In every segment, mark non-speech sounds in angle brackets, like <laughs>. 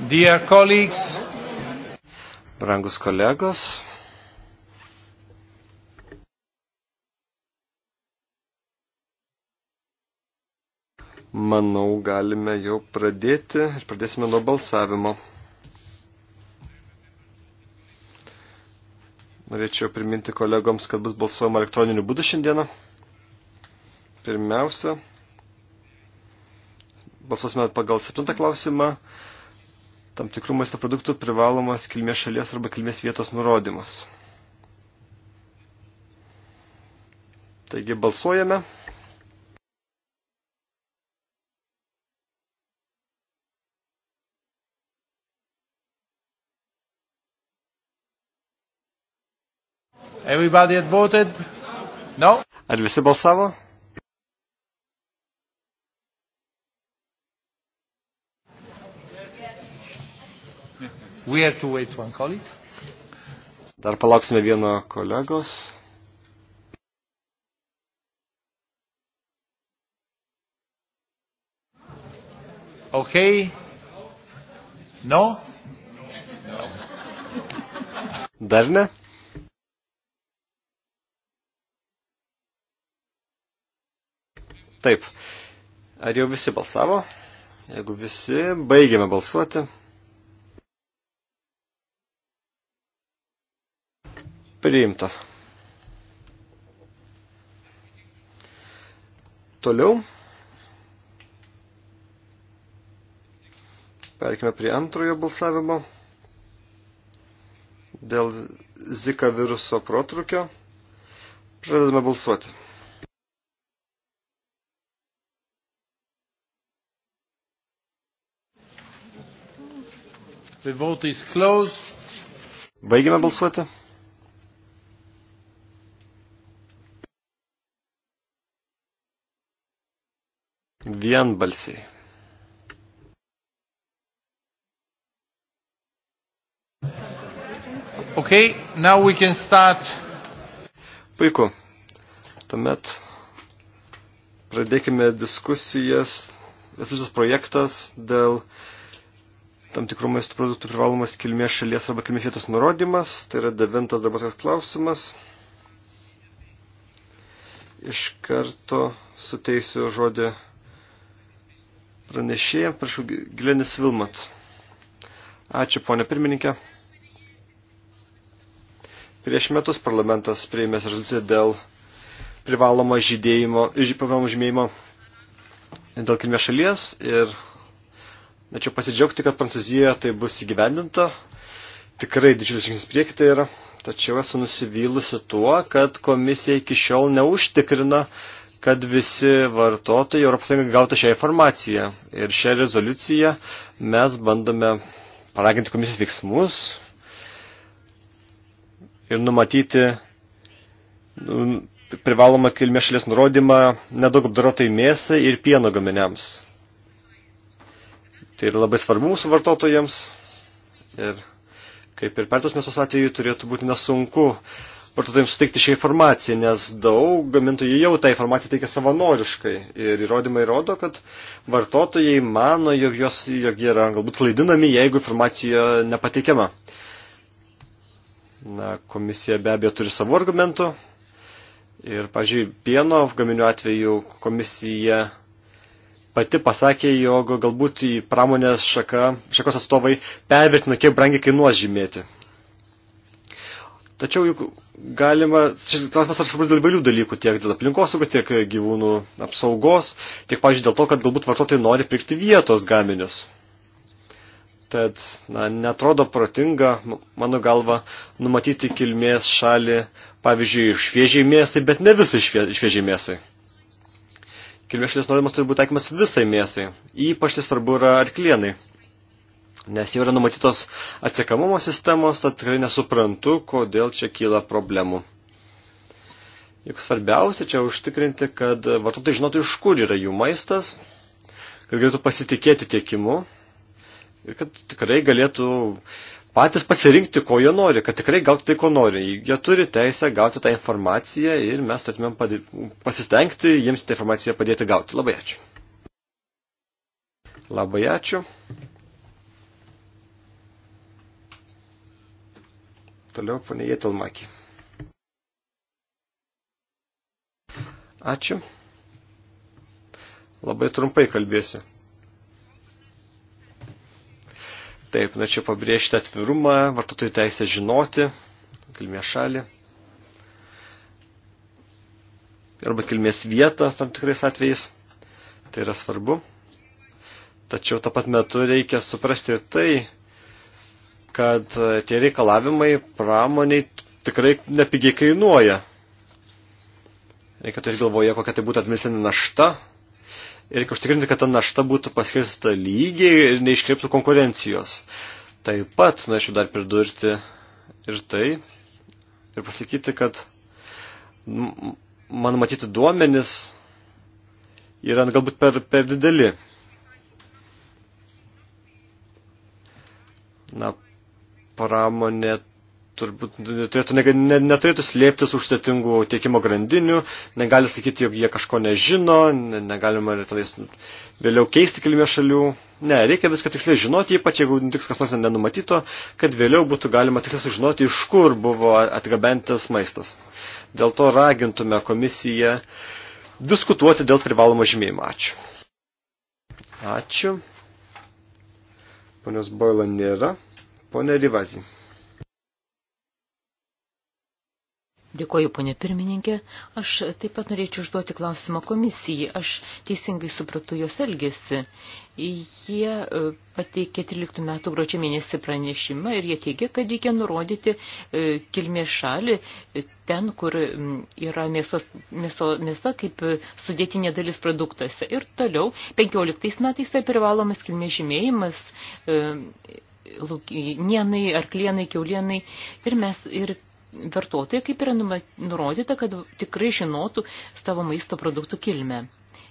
Dear colleagues, brangus kolegos, manau, galime jau pradėti ir pradėsime nuo balsavimo. Norėčiau priminti kolegoms, kad bus balsuojama elektroniniu būdu šiandieną. Pirmiausia, balsuosime pagal septintą klausimą tam tikrų maisto produktų privalomas kilmės šalies arba kilmės vietos nurodymas. Taigi balsuojame. Everybody had voted? No? Ar visi balsavo? We have to wait one colleague. Dar palauksime vieno kolegos. Okay. No? no. Dar ne? Taip. Ar jau visi balsavo? Jeigu visi, baigiame balsuoti. Priimta. Toliau. Perkime prie antrojo balsavimo. Dėl Zika viruso protrukio. Pradedame balsuoti. The vote is closed. Baigime balsuoti. vienbalsiai. Okay, now we can start. Puiku. Tuomet pradėkime diskusijas. Visas projektas dėl tam tikrų maisto produktų privalomas kilmės šalies arba kilmės vietos nurodymas. Tai yra devintas darbos klausimas. Iš karto suteisiu žodį pranešėja, prašau, Glenis Vilmat. Ačiū, ponė pirmininkė. Prieš metus parlamentas prieimės rezoliuciją dėl privalomo žydėjimo, privalomo žymėjimo dėl kilmės šalies ir tačiau pasidžiaugti, kad Prancūzijoje tai bus įgyvendinta. Tikrai didžiulis žingsnis prieki tai yra, tačiau esu nusivylusi tuo, kad komisija iki šiol neužtikrina uh, kad visi vartotojai ES gautų šią informaciją. Ir šią rezoliuciją mes bandome paraginti komisijos veiksmus ir numatyti nu, privalomą kilmės šalies nurodymą nedaug apdarotai mėsai ir pieno gaminiams. Tai yra labai svarbu mūsų vartotojams ir kaip ir pertos mėsos atveju turėtų būti nesunku vartotojams suteikti šią informaciją, nes daug gamintojų jau tą informaciją teikia savanoriškai. Ir įrodymai rodo, kad vartotojai mano, jog, jos, jog jie yra galbūt klaidinami, jeigu informacija nepateikiama. Na, komisija be abejo turi savo argumentų. Ir, pažiūrėjau, pieno gaminių atveju komisija pati pasakė, jog galbūt į pramonės šaka, šakos atstovai pervertino, kiek brangiai kainuos žymėti. Tačiau juk galima, šis klausimas yra svarbus dėl įvairių dalykų, tiek dėl aplinkosaugos, tiek e, gyvūnų apsaugos, tiek, pažiūrėjau, dėl to, kad galbūt vartotojai nori pirkti vietos gaminius. Tad, na, netrodo protinga, mano galva, numatyti kilmės šalį, pavyzdžiui, šviežiai mėsai, bet ne visai švie, šviežiai mėsai. Kilmės šalies norimas turi būti taikymas visai mėsai, ypač tai svarbu yra arklienai nes jau yra numatytos atsiekamumo sistemos, tad tikrai nesuprantu, kodėl čia kyla problemų. Juk svarbiausia čia užtikrinti, kad vartotojai žinotų, iš kur yra jų maistas, kad galėtų pasitikėti tiekimu ir kad tikrai galėtų patys pasirinkti, ko jie nori, kad tikrai gautų tai, ko nori. Jie turi teisę gauti tą informaciją ir mes turėtumėm pasistengti jiems tą informaciją padėti gauti. Labai ačiū. Labai ačiū. Toliau ponė Jėtelmakė. Ačiū. Labai trumpai kalbėsiu. Taip, na čia pabrėžti atvirumą, vartotojų teisę žinoti, kilmės šalį. Arba kilmės vietą tam tikrais atvejais. Tai yra svarbu. Tačiau tą pat metu reikia suprasti ir tai, kad e, tie reikalavimai pramoniai tikrai nepigiai kainuoja. Reikia turėti galvoje, kokia tai būtų administrinė našta. Ir reikia užtikrinti, kad ta našta būtų paskirsta lygiai ir neiškreiptų konkurencijos. Taip pat norėčiau dar pridurti ir tai, ir pasakyti, kad man matyti duomenis yra galbūt per, per dideli. Na, pramonė turbūt neturėtų, ne, neturėtų slėptis už sėtingų tiekimo grandinių, negali sakyti, jog jie kažko nežino, ne, negalima ir tada vėliau keisti kilmės šalių. Ne, reikia viską tiksliai žinoti, ypač jeigu tiks kas nors nenumatyto, kad vėliau būtų galima tiksliai sužinoti, iš kur buvo atgabentas maistas. Dėl to ragintume komisiją diskutuoti dėl privalomo žymėjimo. Ačiū. Ačiū. Ponios Boilan nėra. Pone Rivazi. Dėkoju, ponė pirmininkė. Aš taip pat norėčiau užduoti klausimą komisijai. Aš teisingai supratau jos elgesį. Jie e, pateikė 13 metų gruodžio mėnesį pranešimą ir jie teigia, kad reikia nurodyti e, kilmės šalį e, ten, kur yra mėsos, mėso, mėsa kaip sudėtinė dalis produktuose. Ir toliau 15 metais tai privalomas kilmės žymėjimas lūkienai, arklienai, keulienai ir mes ir vartotojai, kaip yra nurodyta, kad tikrai žinotų savo maisto produktų kilmę.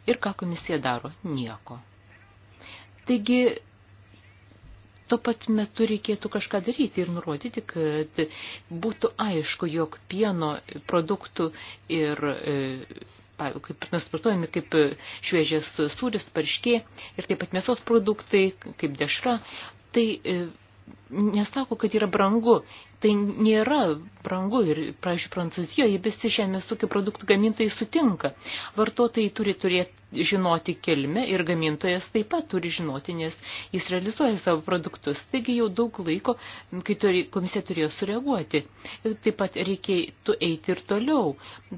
Ir ką komisija daro? Nieko. Taigi, tuo pat metu reikėtų kažką daryti ir nurodyti, kad būtų aišku, jog pieno produktų ir, e, pavyzdžiui, kaip transportuojami kaip šviežias sūris, parškė ir taip pat mėsos produktai, kaip dešra, tai e, nesako, kad yra brangu. Tai nėra brangu ir, pavyzdžiui, Prancūzijoje visi žemės ūkio produktų gamintojai sutinka. Vartotojai turi turėti žinoti kilmę ir gamintojas taip pat turi žinoti, nes jis realizuoja savo produktus. Taigi jau daug laiko, kai turi, komisija turėjo sureaguoti. Ir taip pat reikėtų eiti ir toliau.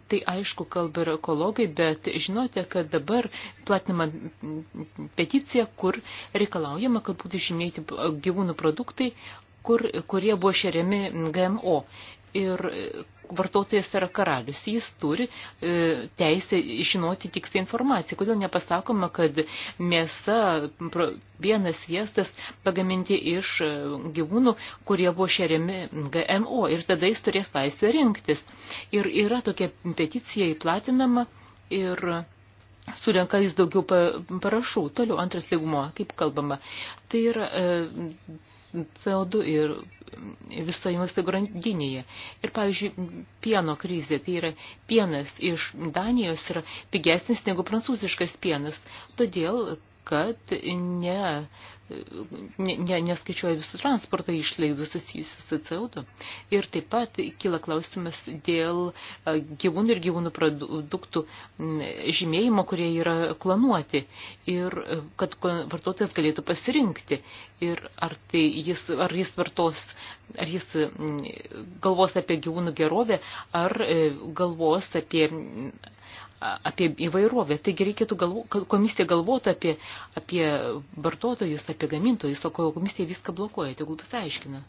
Tai aišku, kalba ir ekologai, bet žinote, kad dabar platinama peticija, kur reikalaujama, kad būtų žymėti gyvūnų produktai kur, kurie buvo šeriami GMO. Ir e, vartotojas yra karalius, jis turi e, teisę žinoti tikslią informaciją. Kodėl nepasakoma, kad mėsa, vienas sviestas pagaminti iš e, gyvūnų, kurie buvo šeriami GMO ir tada jis turės laisvę rinktis. Ir yra tokia peticija įplatinama ir surenka jis daugiau parašų. Toliau antras lygmuo, kaip kalbama. Tai yra e, CO2 ir mm, visoje maisto grandinėje. Ir, pavyzdžiui, pieno krizė, tai yra pienas iš Danijos yra pigesnis negu prancūziškas pienas, todėl, kad ne ne, ne, neskaičiuoja visų transporto išlaidų susijusių su CO2. Ir taip pat kyla klausimas dėl gyvūnų ir gyvūnų produktų žymėjimo, kurie yra klonuoti ir kad vartotojas galėtų pasirinkti. Ir ar, tai jis, ar jis vartos, ar jis galvos apie gyvūnų gerovę, ar e, galvos apie apie įvairovę. Taigi reikėtų galvo, komisija galvoti apie, apie vartotojus, apie gamintojus, o komisija viską blokuoja, tegul pasiaiškina.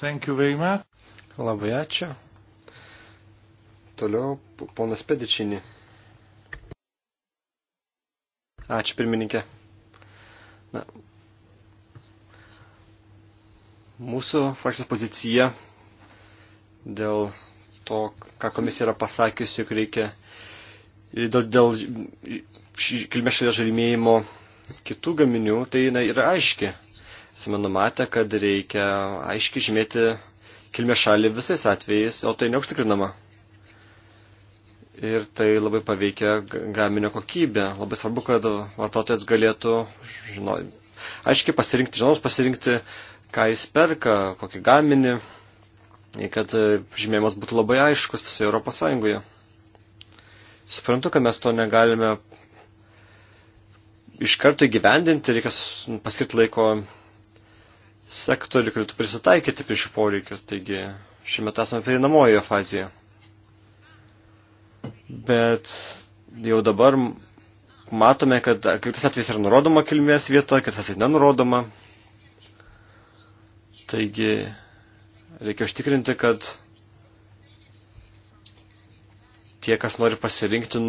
Thank you very much. Labai ačiū. Toliau ponas Pedičinį. Ačiū pirmininkė. Na, mūsų frakcijos pozicija dėl to, ką komisija yra pasakiusi, jog reikia dėl, dėl kilmės šalies žalimėjimo kitų gaminių, tai na, yra aiški. Esame numatę, kad reikia aiškiai žymėti kilmės šalį visais atvejais, o tai neužtikrinama. Ir tai labai paveikia gaminio kokybę. Labai svarbu, kad vartotojas galėtų žino, aiškiai pasirinkti, žinomus pasirinkti, ką jis perka, kokį gaminį ir kad e, žymėjimas būtų labai aiškus visoje Europos Sąjungoje. Suprantu, kad mes to negalime iš karto įgyvendinti, reikia paskirti laiko sektorių, kurį tu prisitaikyti prie šių poreikių. Taigi, šiuo metu esame prieinamojoje fazėje. Bet jau dabar matome, kad kitas atvejs yra nurodoma kilmės vieta, kitas atvejs nenurodoma. Taigi, Reikia užtikrinti, kad tie, kas nori pasirinkti,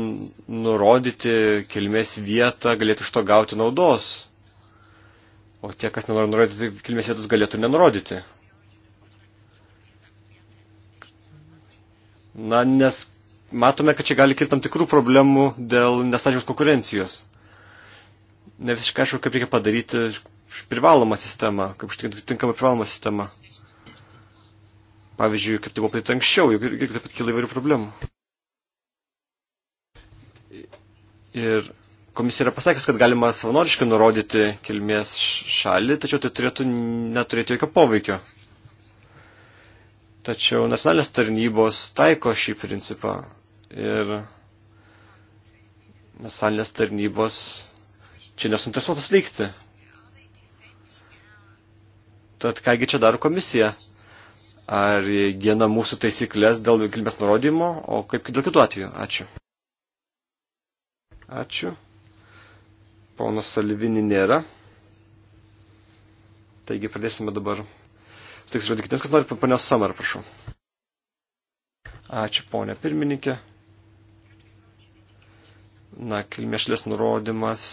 nurodyti kilmės vietą, galėtų iš to gauti naudos. O tie, kas nenori nurodyti kilmės vietos, galėtų nenurodyti. Na, nes matome, kad čia gali kilti tam tikrų problemų dėl nesažinos konkurencijos. Ne visiškai aišku, kaip reikia padaryti privalomą sistemą, kaip užtikrinti tinkamą privalomą sistemą. Pavyzdžiui, kaip tai buvo padaryta anksčiau, juk irgi taip pat kila įvairių problemų. Ir komisija yra pasakęs, kad galima savanoriškai nurodyti kilmės šalį, tačiau tai turėtų neturėti jokio poveikio. Tačiau nacionalinės tarnybos taiko šį principą ir nacionalinės tarnybos čia nesuinteresuotas veikti. Tad kągi čia daro komisija? ar gina mūsų taisyklės dėl kilmės nurodymo, o kaip dėl kitų atvejų. Ačiū. Ačiū. Pauno Salvini nėra. Taigi pradėsime dabar. Sutiks žodį kitiems, kas nori, panios Samar, prašau. Ačiū, ponė pirmininkė. Na, kilmės šalies nurodymas.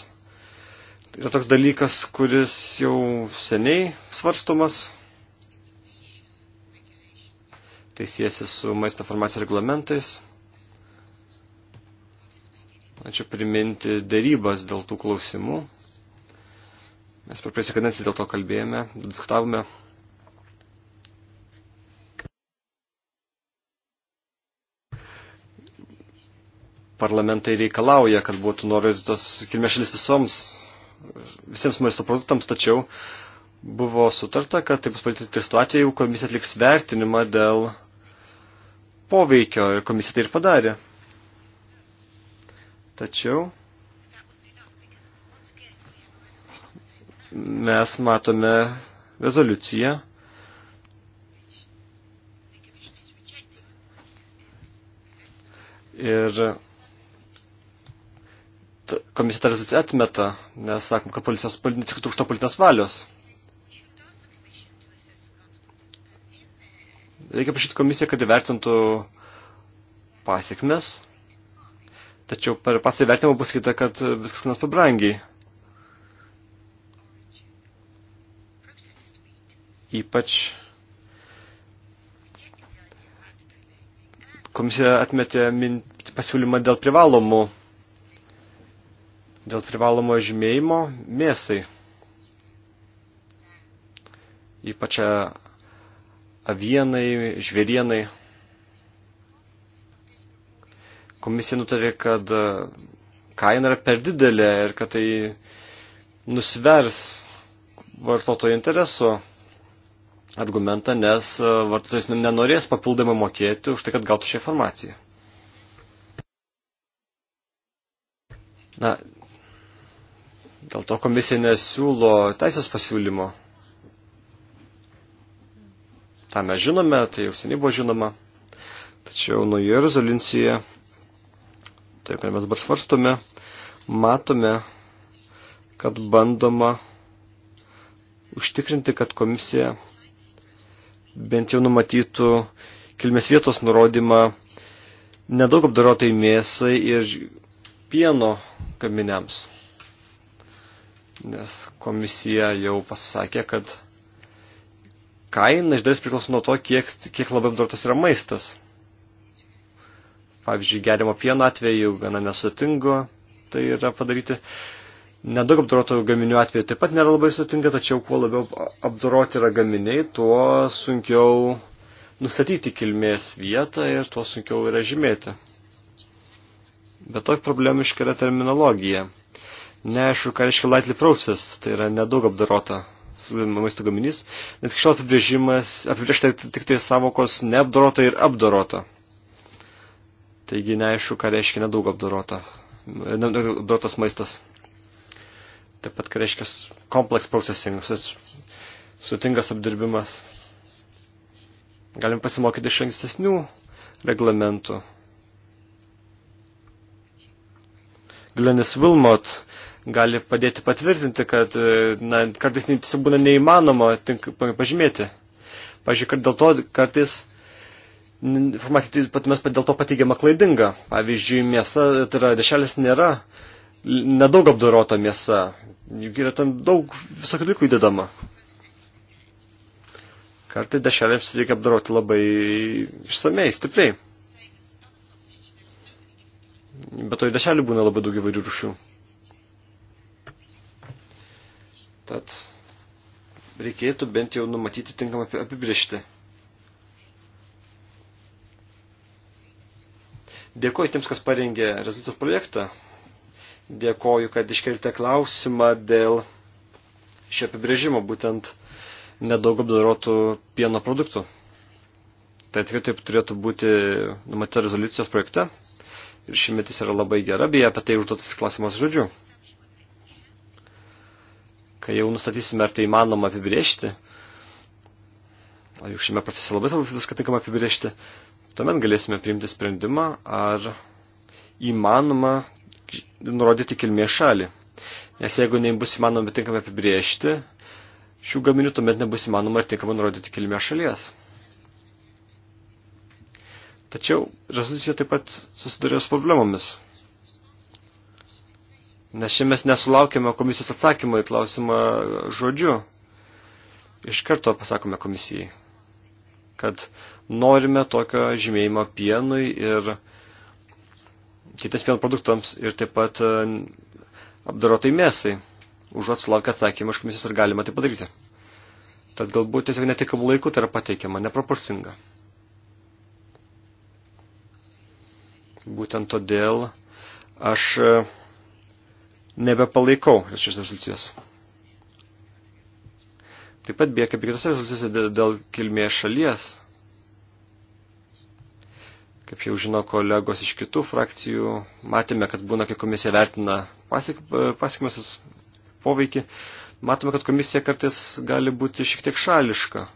Yra toks dalykas, kuris jau seniai svarstomas, Tai siesi su maisto farmacijos reglamentais. Ačiū priminti darybas dėl tų klausimų. Mes per praėjusią kadenciją dėl to kalbėjome, diskutavome. Parlamentai reikalauja, kad būtų nurodytos kilmės šalis visoms, visiems maisto produktams, tačiau uh, buvo sutarta, kad tai bus padaryti tik tuo atveju, jeigu komisija atliks vertinimą dėl poveikio ir komisija tai ir padarė. Tačiau mes matome rezoliuciją, ir komisija tą rezoliuciją atmeta, nes sakom, kad policijos trūksta politinės valios. Reikia prašyti komisiją, kad įvertintų pasiekmes, tačiau per pastarį vertimą bus kita, kad viskas kainuos pabrangiai. Ypač komisija atmetė pasiūlymą dėl privalomų, dėl privalomo žymėjimo mėsai. Ypač avienai, žvėrienai. Komisija nutarė, kad e, kaina yra per didelė ir kad tai nusvers vartotojo interesų argumentą, nes e, vartotojas nenorės papildomai mokėti už tai, kad gautų šią informaciją. Na, dėl to komisija nesiūlo teisės pasiūlymo tą mes žinome, tai jau seniai buvo žinoma. Tačiau nuo Jeruzalinsėje, taip ir mes dabar svarstome, matome, kad bandoma užtikrinti, kad komisija bent jau numatytų kilmės vietos nurodymą nedaug apdarotai mėsai ir pieno gaminiams. Nes komisija jau pasakė, kad kaina iš dalies priklauso nuo to, kiek, kiek labai apdorotas yra maistas. Pavyzdžiui, gerimo pieno atveju gana nesutingo tai yra padaryti. Nedaug apdorotų gaminių atveju taip pat nėra labai sutinga, tačiau kuo labiau apdoroti yra gaminiai, tuo sunkiau nustatyti kilmės vietą ir tuo sunkiau yra žymėti. Bet to problemiška yra terminologija. Neaišku, ką reiškia lightly process, tai yra nedaug apdorota maisto gaminys, net iki šiol apibrėžimas, apibrėžta tik tai savokos neapdorota ir apdorota. Taigi neaišku, ką reiškia nedaug apdorota, neapdorotas maistas. Taip pat, ką reiškia complex processing, sutingas apdirbimas. Galim pasimokyti iš ankstesnių reglamentų. Glenis Wilmot gali padėti patvirtinti, kad e, na, kartais tiesiog būna neįmanoma tinkamai pažymėti. Pavyzdžiui, kad dėl to kartais informacija tai pat mes dėl to pateigiama klaidinga. Pavyzdžiui, mėsa, tai yra dešelės nėra nedaug apdorota mėsa, juk yra ten daug visokių dalykų įdedama. Kartai dešelėms reikia apdoroti labai išsamei, stipriai. Bet to į dešelį būna labai daug įvairių rušių. Tad reikėtų bent jau numatyti tinkamą apibriežtį. Dėkuoju tiems, kas parengė rezultatų projektą. Dėkuoju, kad iškelite klausimą dėl šio apibrėžimo, būtent nedaug apdarotų pieno produktų. Tai tikrai taip turėtų būti numatyta rezoliucijos projekte. Ir šimetis yra labai gera, beje, apie tai užduotas klausimas žodžiu kai jau nustatysime, ar tai įmanoma apibriežti, o juk šiame procese labai svarbu viską tinkamai apibriežti, tuomet galėsime priimti sprendimą, ar įmanoma nurodyti kilmės šalį. Nes jeigu nebus įmanoma tinkamai apibriežti šių gaminių, tuomet nebus įmanoma ir tinkamai nurodyti kilmės šalies. Tačiau rezoliucija taip pat susidarė su problemomis. Nes šiandien mes nesulaukėme komisijos atsakymo į klausimą žodžiu. Iš karto pasakome komisijai, kad norime tokio žymėjimo pienui ir kitas pieno produktams ir taip pat e, apdarotai mėsai. Užuot sulaukę atsakymą iš komisijos ar galima tai padaryti. Tad galbūt tiesiog netikamų laikų tai yra pateikiama, neproporcinga. Būtent todėl aš e, nebepalaikau šios rezoliucijos. Taip pat, beje, kaip ir kitose rezoliucijose dėl, dėl kilmės šalies, kaip jau žino kolegos iš kitų frakcijų, matėme, kad būna, kai komisija vertina pasiekmes poveikį, matome, kad komisija kartais gali būti šiek tiek šališka,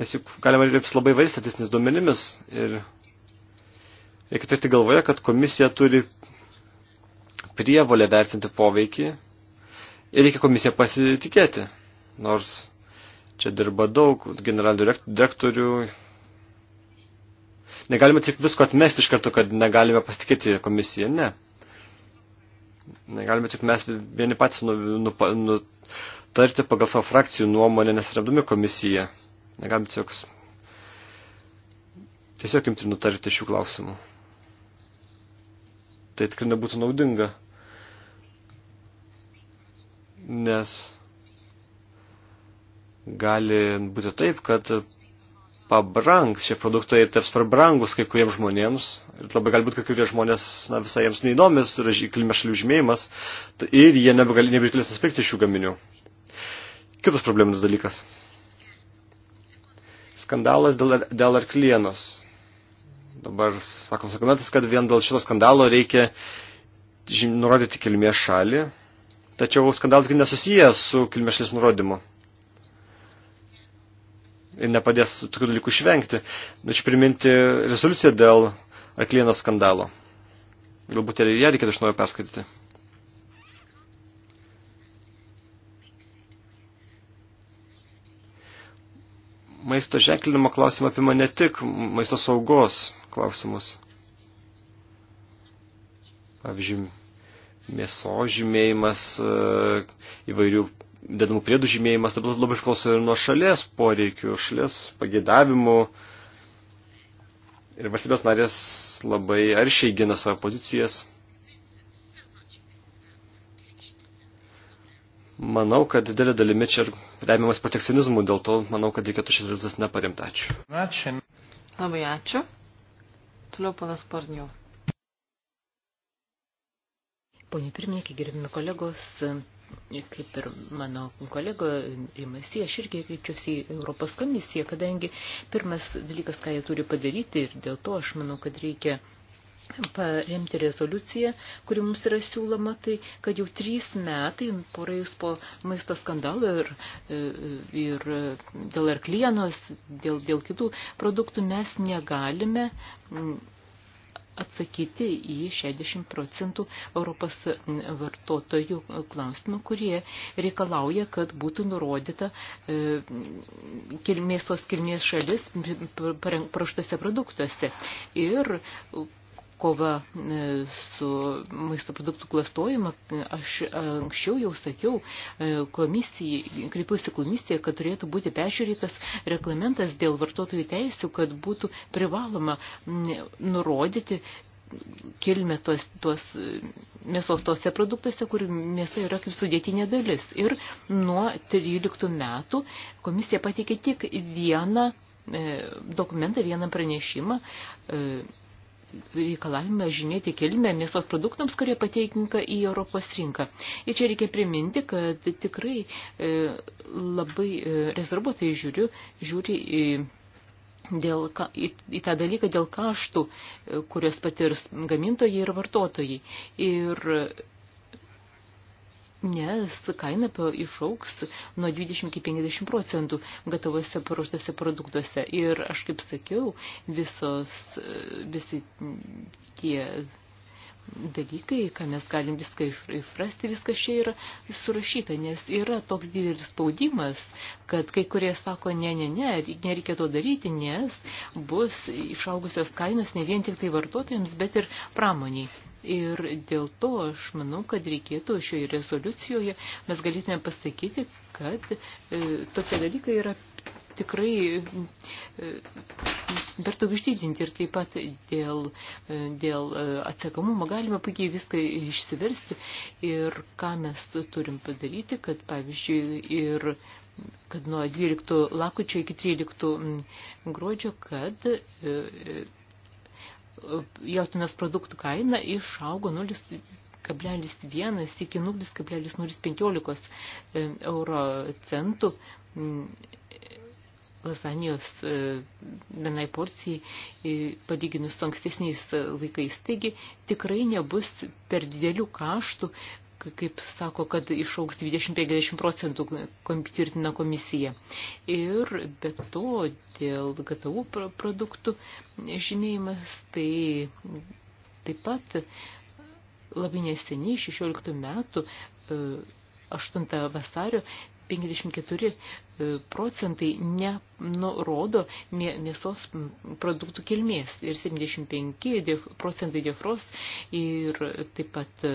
nes juk galima rėptis labai vairiais statistiniais duomenimis ir reikia turėti galvoje, kad komisija turi prievolę vertinti poveikį ir reikia komisiją pasitikėti. Nors čia dirba daug generalinių direktorių. Negalime tik visko atmesti iš karto, kad negalime pasitikėti komisiją. Ne. Negalime tik mes vieni patys nutarti nu, nu, pagal savo frakcijų nuomonę, nesiremdami komisiją. Negalime tiesiog, tiesiog imti nutarti šių klausimų. Tai tikrai nebūtų naudinga nes gali būti taip, kad pabrangs šie produktai ir tai taps per brangus kai kuriems žmonėms. Ir labai galbūt kai kurie žmonės na, visai jiems neįdomis yra kilmės šalių žymėjimas tai ir jie nebegali nebegalės nusipirkti šių gaminių. Kitas probleminis dalykas. Skandalas dėl, dėl arklienos. Dabar sakomas argumentas, kad vien dėl šito skandalo reikia nurodyti kilmės šalį Tačiau skandalsgi nesusijęs su kilmešlės nurodymu. Ir nepadės tokių dalykų išvengti. Norėčiau priminti rezoliuciją dėl arklienos skandalo. Galbūt ir ją reikėtų iš naujo perskaityti. maisto ženklinimo klausimą apima ne tik maisto saugos klausimus. Pavyzdžiui, mėsos žymėjimas, e, įvairių dedamų priedų žymėjimas dabar tai labai priklauso ir nuo šalies poreikių, šalies pagėdavimų. Ir valstybės narės labai aršiai gina savo pozicijas. Manau, kad didelė dalimi čia remiamas protekcionizmu, dėl to manau, kad reikėtų šis rezultatas neparemti. Ačiū. Labai ačiū. Toliau panas Parniau. Pone pirmininkė, gerbimi kolegos, kaip ir mano kolego Rimas, aš irgi kreipčiausi į Europos komisiją, kadangi pirmas dalykas, ką jie turi padaryti ir dėl to aš manau, kad reikia paremti rezoliuciją, kuri mums yra siūloma, tai kad jau trys metai porajus po maisto skandalo ir, ir dėl arklienos, dėl, dėl kitų produktų mes negalime atsakyti į 60 procentų Europos vartotojų klausimų, kurie reikalauja, kad būtų nurodyta e, kilmės tos kilmės šalis praštuose produktuose. Ir kova e, su maisto produktų klastojimu, aš e, anksčiau jau sakiau e, komisijai, kreipiausi komisiją, kad turėtų būti peržiūrėtas reglamentas dėl vartotojų teisų, kad būtų privaloma nurodyti kilmę tos, tos mėsos tose produktuose, kur mėsa yra kaip sudėtinė dalis. Ir nuo 13 metų komisija pateikė tik vieną dokumentą, vieną pranešimą reikalavimą žymėti kilmę mėsos produktams, kurie pateikinka į Europos rinką. Ir čia reikia priminti, kad tikrai e, labai e, rezervuotai žiūriu, žiūri į. Dėl, į, į tą dalyką dėl kaštų, e, kurios patirs gamintojai ir vartotojai. Ir nes kaina išauks nuo 20 iki 50 procentų gatavose paruoštose produktuose. Ir aš kaip sakiau, visos, visi tie dalykai, ką mes galim viską išrasti, viskas čia yra surašyta, nes yra toks didelis spaudimas, kad kai kurie sako, ne, ne, ne, nereikia to daryti, nes bus išaugusios kainos ne vien tik tai vartotojams, bet ir pramoniai. Ir dėl to aš manau, kad reikėtų šioje rezoliucijoje mes galėtume pasakyti, kad e, tokie dalykai yra tikrai verta uždydinti ir taip pat dėl, e, dėl e, atsakomumo galima puikiai viską išsiversti ir ką mes turim padaryti, kad pavyzdžiui ir kad nuo 12 lakučio iki 13 mm, gruodžio, kad jautinas produktų kaina išaugo 0. 0,1 iki 0,015 e, euro centų mm, lasanijos e, vienai porcijai e, palyginus su ankstesniais laikais. Taigi tikrai nebus per didelių kaštų, kaip sako, kad išauks 20-50 procentų tvirtina komisija. Ir be to dėl GTU produktų žymėjimas tai taip pat labai neseniai, 16 metų, 8 e, vasario, 54 e, procentai ne nurodo mėsos produktų kilmės ir 75 procentai diefros ir taip pat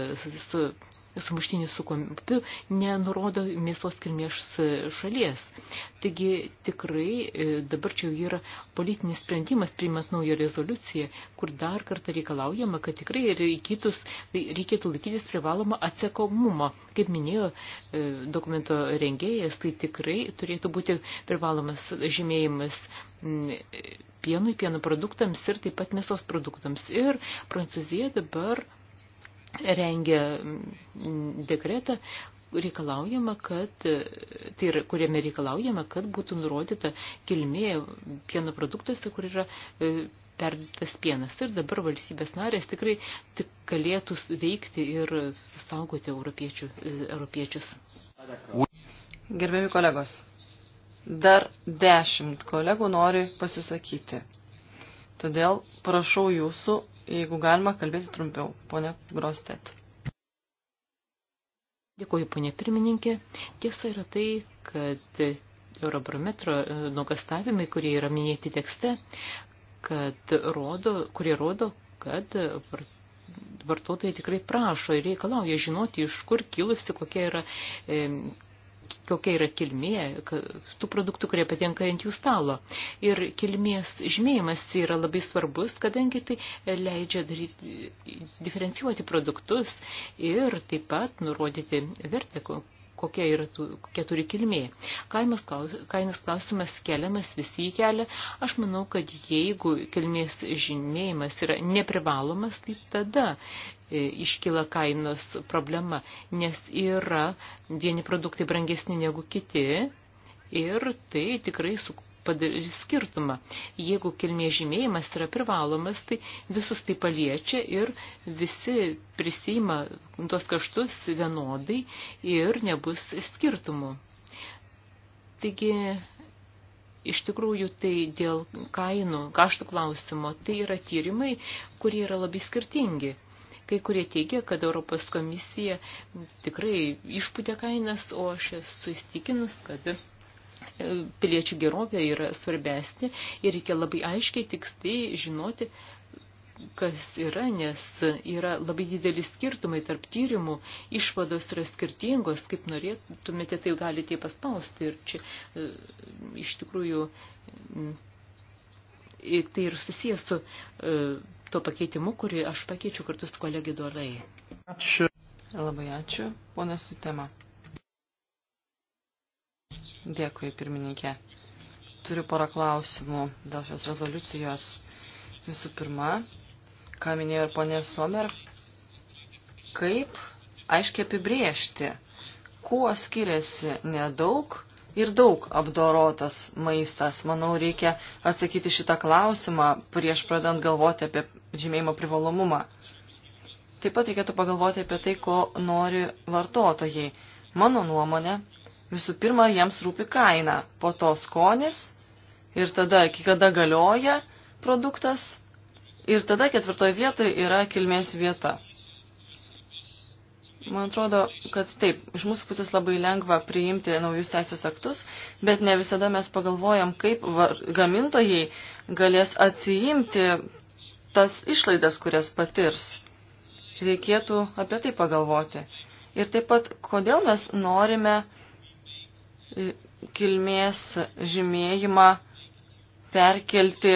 su sumuštinis su kompiu nenurodo mėsos kilmės šalies. Taigi tikrai e, dabar čia jau yra politinis sprendimas priimant naują rezoliuciją, kur dar kartą reikalaujama, kad tikrai reikytus, tai reikėtų laikytis privalomą atsakomumo. Kaip minėjo e, dokumento rengėjas, tai tikrai turėtų būti privalomas žymėjimas pienui, pieno produktams ir taip pat mėsos produktams. Ir Prancūzija dabar rengia dekretą, reikalaujama, kad, tai yra, kuriame reikalaujama, kad būtų nurodyta kilmė pieno produktuose, kur yra e, perdirbtas pienas. Ir dabar valstybės narės tikrai tik galėtų veikti ir saugoti europiečių, e, europiečius. Gerbėmi kolegos, Dar dešimt kolegų nori pasisakyti. Todėl prašau jūsų, jeigu galima, kalbėti trumpiau, ponė Grostet. Dėkuoju, ponė pirmininkė. Tiesa yra tai, kad Eurobarometro e, nuogastavimai, kurie yra minėti tekste, kad rodo, kurie rodo, kad vartotojai tikrai prašo ir reikalauja žinoti, iš kur kilusi, kokia yra e, kokia yra kilmė tų produktų, kurie patenka ant jų stalo. Ir kilmės žymėjimas yra labai svarbus, kadangi tai leidžia daryti, diferencijuoti produktus ir taip pat nurodyti vertę, kokia, yra, kokia turi kilmė. Kainos, kainos klausimas keliamas, visi jį kelia. Aš manau, kad jeigu kilmės žymėjimas yra neprivalomas, tai tada E, iškyla kainos problema, nes yra vieni produktai brangesni negu kiti ir tai tikrai padarys skirtumą. Jeigu kilmės žymėjimas yra privalomas, tai visus tai paliečia ir visi prisima tuos kaštus vienodai ir nebus skirtumų. Taigi, iš tikrųjų tai dėl kainų, kaštų klausimo, tai yra tyrimai, kurie yra labai skirtingi. Kai kurie teigia, kad Europos komisija tikrai išputė kainas, o aš esu įstikinus, kad e, piliečių gerovė yra svarbesnė ir reikia labai aiškiai tiksliai žinoti, kas yra, nes yra labai dideli skirtumai tarp tyrimų, išvados yra skirtingos, kaip norėtumėte, tai galite paspausti ir čia e, iš tikrųjų tai ir susijęs su e, tuo pakeitimu, kurį aš pakeičiu kartu su kolegi Dorai. Ačiū. Labai ačiū, ponas Vitema. Dėkui, pirmininkė. Turiu porą klausimų dėl šios rezoliucijos. Visų pirma, ką minėjo ir ponė Somer, kaip aiškiai apibriežti, kuo skiriasi nedaug ir daug apdorotas maistas. Manau, reikia atsakyti šitą klausimą prieš pradant galvoti apie žymėjimo privalomumą. Taip pat reikėtų pagalvoti apie tai, ko nori vartotojai. Mano nuomonė, visų pirma, jiems rūpi kaina, po to skonis ir tada, iki kada galioja produktas ir tada ketvirtoje vietoje yra kilmės vieta. Man atrodo, kad taip, iš mūsų pusės labai lengva priimti naujus teisės aktus, bet ne visada mes pagalvojam, kaip var, gamintojai galės atsiimti tas išlaidas, kurias patirs. Reikėtų apie tai pagalvoti. Ir taip pat, kodėl mes norime e, kilmės žymėjimą perkelti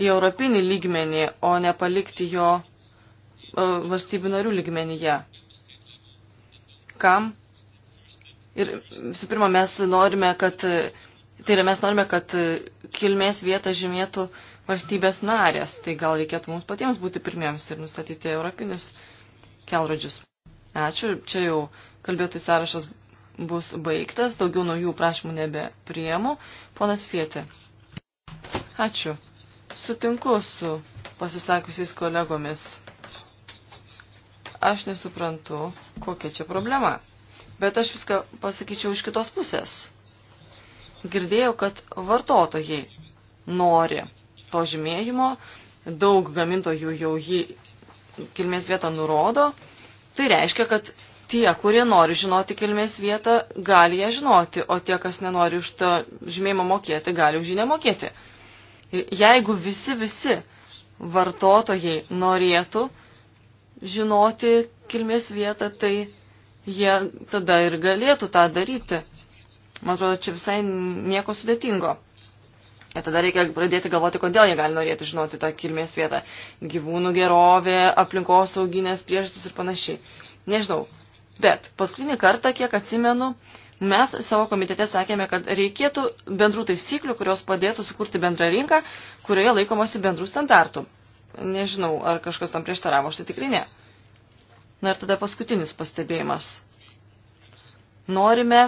į europinį lygmenį, o nepalikti jo e, valstybių narių lygmenyje kam. Ir visų pirma, mes norime, kad, tai yra, mes norime, kad kilmės vietą žymėtų valstybės narės. Tai gal reikėtų mums patiems būti pirmiems ir nustatyti europinius kelrodžius. Ačiū. Čia jau kalbėtojų sąrašas bus baigtas. Daugiau naujų prašymų nebepriemu. Ponas Fietė. Ačiū. Sutinku su pasisakusiais kolegomis. Aš nesuprantu, kokia čia problema. Bet aš viską pasakyčiau iš kitos pusės. Girdėjau, kad vartotojai nori to žymėjimo, daug gamintojų jau jį kilmės vietą nurodo. Tai reiškia, kad tie, kurie nori žinoti kilmės vietą, gali ją žinoti, o tie, kas nenori už tą žymėjimą mokėti, gali už jį nemokėti. Ir jeigu visi, visi vartotojai norėtų, žinoti kilmės vietą, tai jie tada ir galėtų tą daryti. Man atrodo, čia visai nieko sudėtingo. Ir tada reikia pradėti galvoti, kodėl jie gali norėti žinoti tą kilmės vietą. Gyvūnų gerovė, aplinkos sauginės priežastis ir panašiai. Nežinau. Bet paskutinį kartą, kiek atsimenu, mes savo komitete sakėme, kad reikėtų bendrų taisyklių, kurios padėtų sukurti bendrą rinką, kurioje laikomasi bendrų standartų. Nežinau, ar kažkas tam prieštaravo, aš tai tikrai ne. Na ir tada paskutinis pastebėjimas. Norime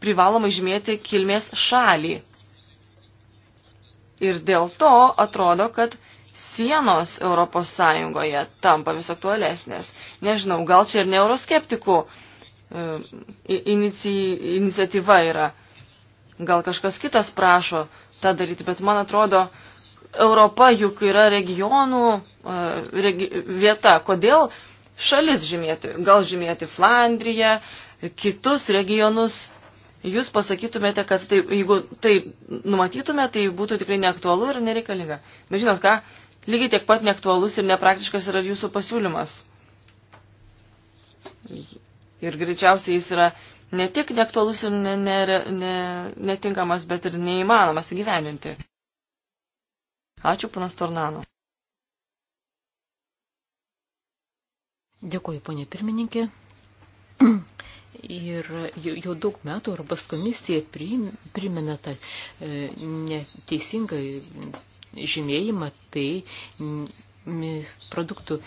privalomai žymėti kilmės šalį. Ir dėl to atrodo, kad sienos Europos Sąjungoje tampa vis aktualesnės. Nežinau, gal čia ir ne euroskeptikų e, iniciatyva yra. Gal kažkas kitas prašo tą daryti, bet man atrodo, Europa juk yra regionų e, regi, vieta. Kodėl šalis žymėti? Gal žymėti Flandriją, kitus regionus? Jūs pasakytumėte, kad tai, jeigu tai numatytume, tai būtų tikrai neaktualu ir nereikalinga. Bet žinot ką, lygiai tiek pat neaktualus ir nepraktiškas yra jūsų pasiūlymas. Ir greičiausiai jis yra ne tik neaktualus ir ne, ne, ne, netinkamas, bet ir neįmanomas įgyveninti. Ačiū, panas Tornano. Dėkuoju, ponė pirmininkė. Ir jau, jau daug metų Europos komisija primena tą e, neteisingą žymėjimą, tai produktų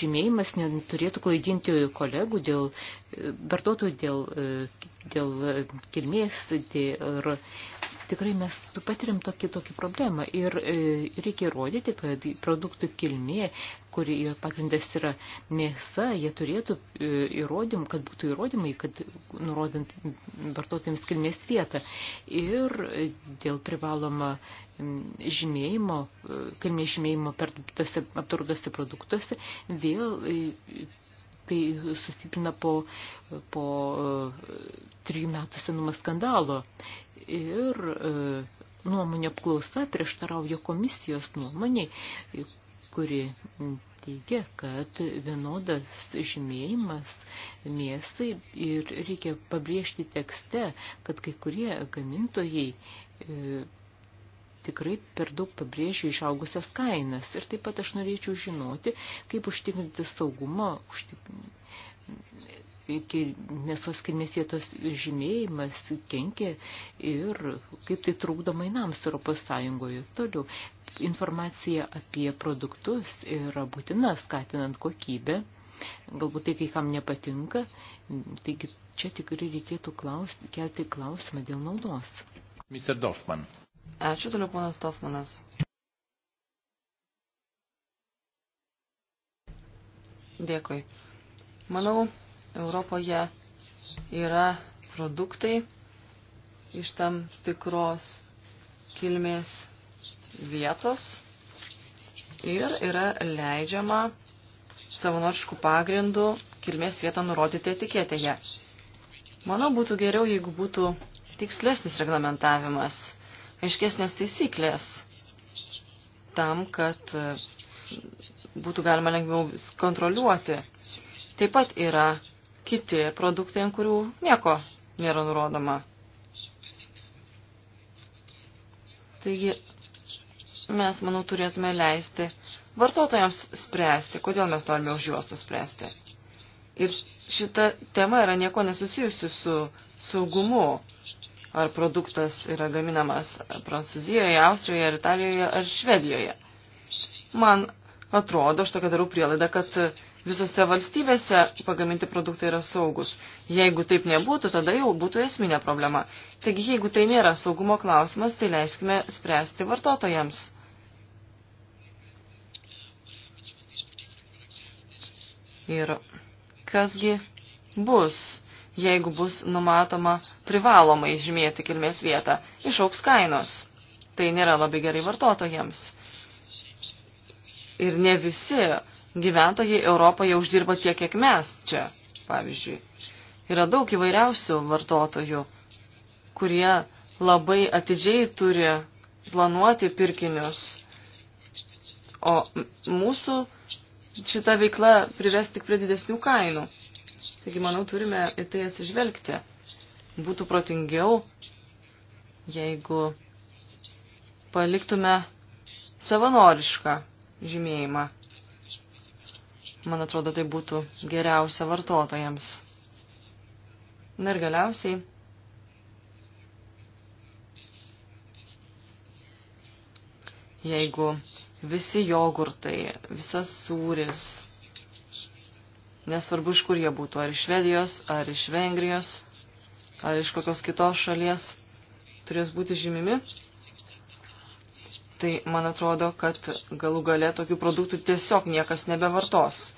žymėjimas neturėtų klaidinti kolegų dėl vartotojų, dėl, e, dėl kilmės dėl, tikrai mes patirim tokį, tokį problemą ir e, reikia įrodyti, kad produktų kilmė, kuri pagrindas yra mėsa, jie turėtų e, įrodym, kad būtų įrodymai, kad nurodant vartotojams kilmės vietą. Ir e, dėl privaloma žymėjimo, e, kilmės žymėjimo per tose aptardose produktuose vėl e, tai sustiprina po, po e, trijų metų senumo skandalo. Ir e, nuomonė apklausa prieštarauja komisijos nuomonė, kuri teigia, kad vienodas žymėjimas mėsai ir reikia pabrėžti tekste, kad kai kurie gamintojai e, tikrai per daug pabrėžia išaugusias kainas. Ir taip pat aš norėčiau žinoti, kaip užtikrinti saugumą, užtikrinti mėsos kilmės vietos žymėjimas kenkia ir kaip tai trukdo mainams Europos Sąjungoje. Toliau, informacija apie produktus yra būtina skatinant kokybę. Galbūt tai kai kam nepatinka, taigi čia tikrai reikėtų klaus, kelti klausimą dėl naudos. Mr. Dorfman. Ačiū toliau, ponas Tofmanas. Dėkui. Manau, Europoje yra produktai iš tam tikros kilmės vietos ir yra leidžiama savanoriškų pagrindų kilmės vietą nurodyti etiketėje. Manau, būtų geriau, jeigu būtų tikslesnis reglamentavimas aiškesnės taisyklės tam, kad e, būtų galima lengviau kontroliuoti. Taip pat yra kiti produktai, ant kurių nieko nėra nurodoma. Taigi mes, manau, turėtume leisti vartotojams spręsti, kodėl mes norime už juos nuspręsti. Ir šita tema yra nieko nesusijusi su saugumu ar produktas yra gaminamas Prancūzijoje, Austrijoje, ar Italijoje ar Švedijoje. Man atrodo, aš tokia darau prielaidą, kad visose valstybėse pagaminti produktai yra saugus. Jeigu taip nebūtų, tada jau būtų esminė problema. Taigi, jeigu tai nėra saugumo klausimas, tai leiskime spręsti vartotojams. Ir kasgi bus jeigu bus numatoma privalomai žymėti kilmės vietą, išauks kainos. Tai nėra labai gerai vartotojams. Ir ne visi gyventojai Europoje uždirba tiek, kiek mes čia, pavyzdžiui. Yra daug įvairiausių vartotojų, kurie labai atidžiai turi planuoti pirkinius, o mūsų šita veikla prives tik prie didesnių kainų. Taigi, manau, turime į tai atsižvelgti. Būtų protingiau, jeigu paliktume savanorišką žymėjimą. Man atrodo, tai būtų geriausia vartotojams. Na ir galiausiai. Jeigu visi jogurtai, visas sūris, nesvarbu iš kur jie būtų, ar iš Švedijos, ar iš Vengrijos, ar iš kokios kitos šalies, turės būti žymimi. Tai man atrodo, kad galų gale tokių produktų tiesiog niekas nebevartos.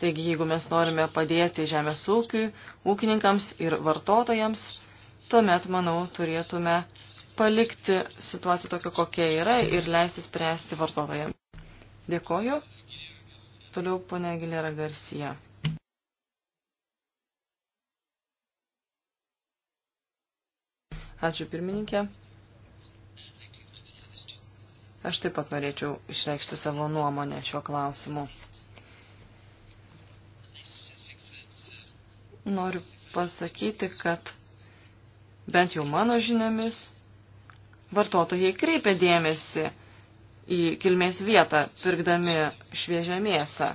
Taigi, jeigu mes norime padėti žemės ūkiui, ūkininkams ir vartotojams, tuomet, manau, turėtume palikti situaciją tokią, kokia yra ir leisti spręsti vartotojams. Dėkoju. Toliau ponia Gilera Garcia. Ačiū pirmininkė. Aš taip pat norėčiau išreikšti savo nuomonę šiuo klausimu. Noriu pasakyti, kad bent jau mano žiniomis vartotojai kreipia dėmesį į kilmės vietą, pirkdami šviežią mėsą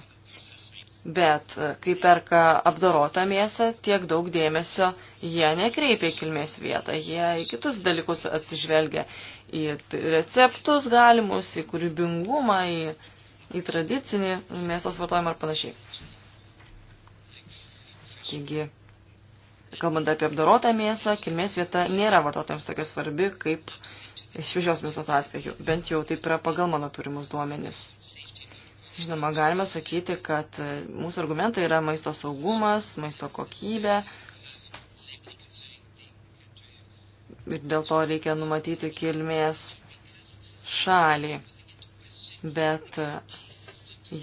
bet e, kai perka apdorotą mėsą, tiek daug dėmesio jie nekreipia į kilmės vietą, jie į kitus dalykus atsižvelgia, į receptus galimus, į kūrybingumą, į, į tradicinį mėsos vartojimą ar panašiai. Taigi, kalbant apie apdorotą mėsą, kilmės vieta nėra vartotojams tokia svarbi kaip šviežios mėsos atveju, bent jau taip yra pagal mano turimus duomenis. Žinoma, galime sakyti, kad e, mūsų argumentai yra maisto saugumas, maisto kokybė. Ir dėl to reikia numatyti kilmės šalį. Bet e,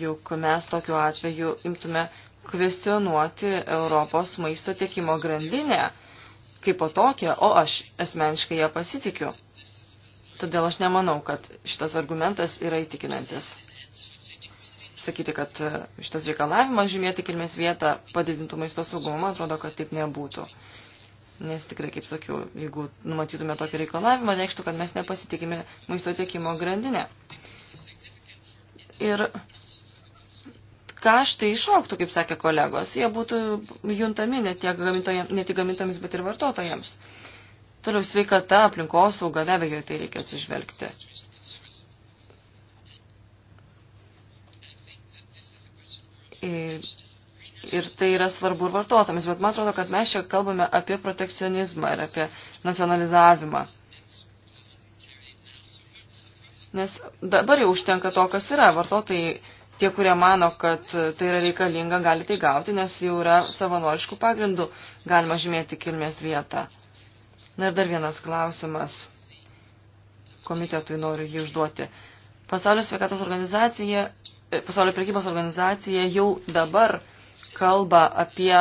juk mes tokiu atveju imtume kvestionuoti Europos maisto tiekimo grandinę kaip po tokią, o aš asmeniškai ją pasitikiu. Todėl aš nemanau, kad šitas argumentas yra įtikinantis sakyti, kad e, šitas reikalavimas žymėti kilmės vietą padidintų maisto saugumą, man atrodo, kad taip nebūtų. Nes tikrai, kaip sakiau, jeigu numatytume tokį reikalavimą, reikštų, kad mes nepasitikime maisto tiekimo grandinę. Ir kaštai išauktų, kaip sakė kolegos, jie būtų juntami ne, tiek ne tik gamintojams, bet ir vartotojams. Toliau sveikata, aplinkosauga, be abejo, tai reikia atsižvelgti. E, ir tai yra svarbu ir vartotojams, bet man atrodo, kad mes čia kalbame apie protekcionizmą ir apie nacionalizavimą. Nes dabar jau užtenka to, kas yra. Vartotojai, tie, kurie mano, kad tai yra reikalinga, gali tai gauti, nes jau yra savanoriškų pagrindų galima žymėti kilmės vietą. Na ir dar vienas klausimas. Komitetui noriu jį užduoti. Pasaulio sveikatos organizacija pasaulio prekybos organizacija jau dabar kalba apie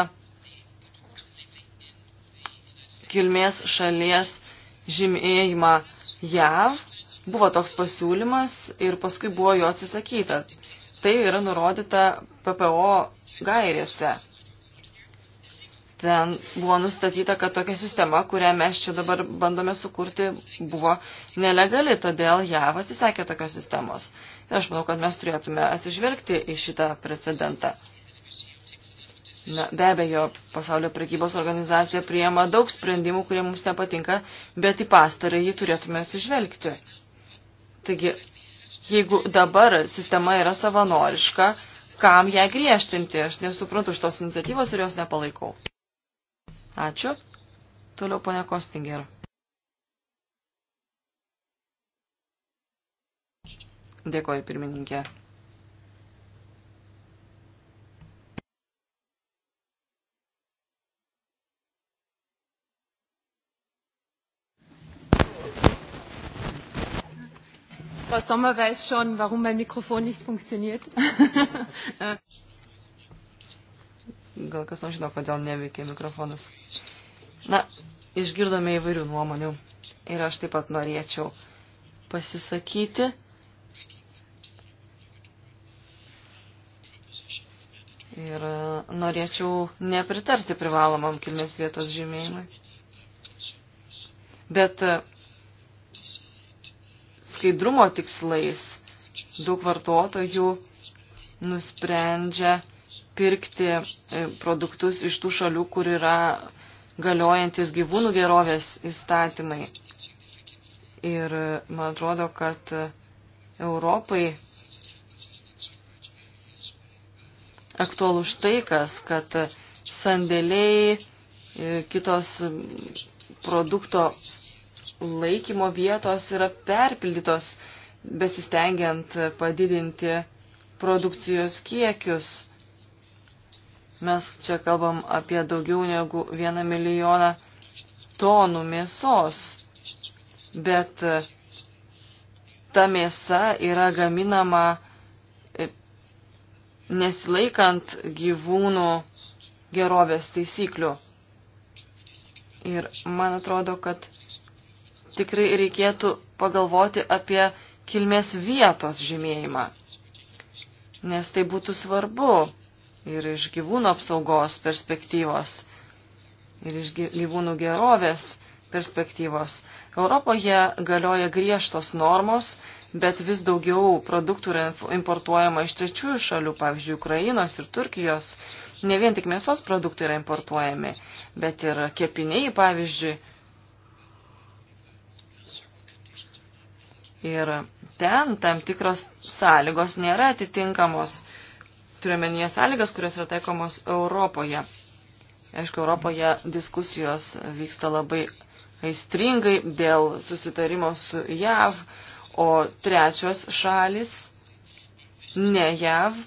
kilmės šalies žymėjimą JAV. Buvo toks pasiūlymas ir paskui buvo jo atsisakyta. Tai yra nurodyta PPO gairėse ten buvo nustatyta, kad tokia sistema, kurią mes čia dabar bandome sukurti, buvo nelegali, todėl JAV atsisakė tokios sistemos. Ir aš manau, kad mes turėtume atsižvelgti į šitą precedentą. Na, be abejo, pasaulio prekybos organizacija priema daug sprendimų, kurie mums nepatinka, bet į pastarą jį turėtume atsižvelgti. Taigi, jeigu dabar sistema yra savanoriška, kam ją griežtinti? Aš nesuprantu šitos iniciatyvos ir jos nepalaikau. Ačiū. Toliau ponia Kostinger. Dėkoju, pirmininkė. Frau Sommer weiß schon, warum mein Mikrofon nicht funktioniert. <laughs> <laughs> Äh, Gal kas nors žino, kodėl neveikia mikrofonas. Na, išgirdome įvairių nuomonių. Ir aš taip pat norėčiau pasisakyti. Ir norėčiau nepritarti privalomam kilmės vietos žymėjimui. Bet e, skaidrumo tikslais daug vartotojų nusprendžia pirkti e, produktus iš tų šalių, kur yra galiojantis gyvūnų gerovės įstatymai. Ir e, man atrodo, kad e, Europai aktualu štai kas, kad sandėliai, kitos produkto laikymo vietos yra perpildytos, besistengiant padidinti produkcijos kiekius Mes čia kalbam apie daugiau negu vieną milijoną tonų mėsos, bet e, ta mėsa yra gaminama e, nesilaikant gyvūnų gerovės taisyklių. Ir man atrodo, kad tikrai reikėtų pagalvoti apie kilmės vietos žymėjimą, nes tai būtų svarbu ir iš gyvūnų apsaugos perspektyvos, ir iš gyvūnų gerovės perspektyvos. Europoje galioja griežtos normos, bet vis daugiau produktų yra importuojama iš trečiųjų šalių, pavyzdžiui, Ukrainos ir Turkijos. Ne vien tik mėsos produktai yra importuojami, bet ir kepiniai, pavyzdžiui. Ir ten tam tikros sąlygos nėra atitinkamos turiuomenyje sąlygas, kurios yra taikomos Europoje. Aišku, Europoje diskusijos vyksta labai aistringai dėl susitarimo su JAV, o trečios šalis, ne JAV,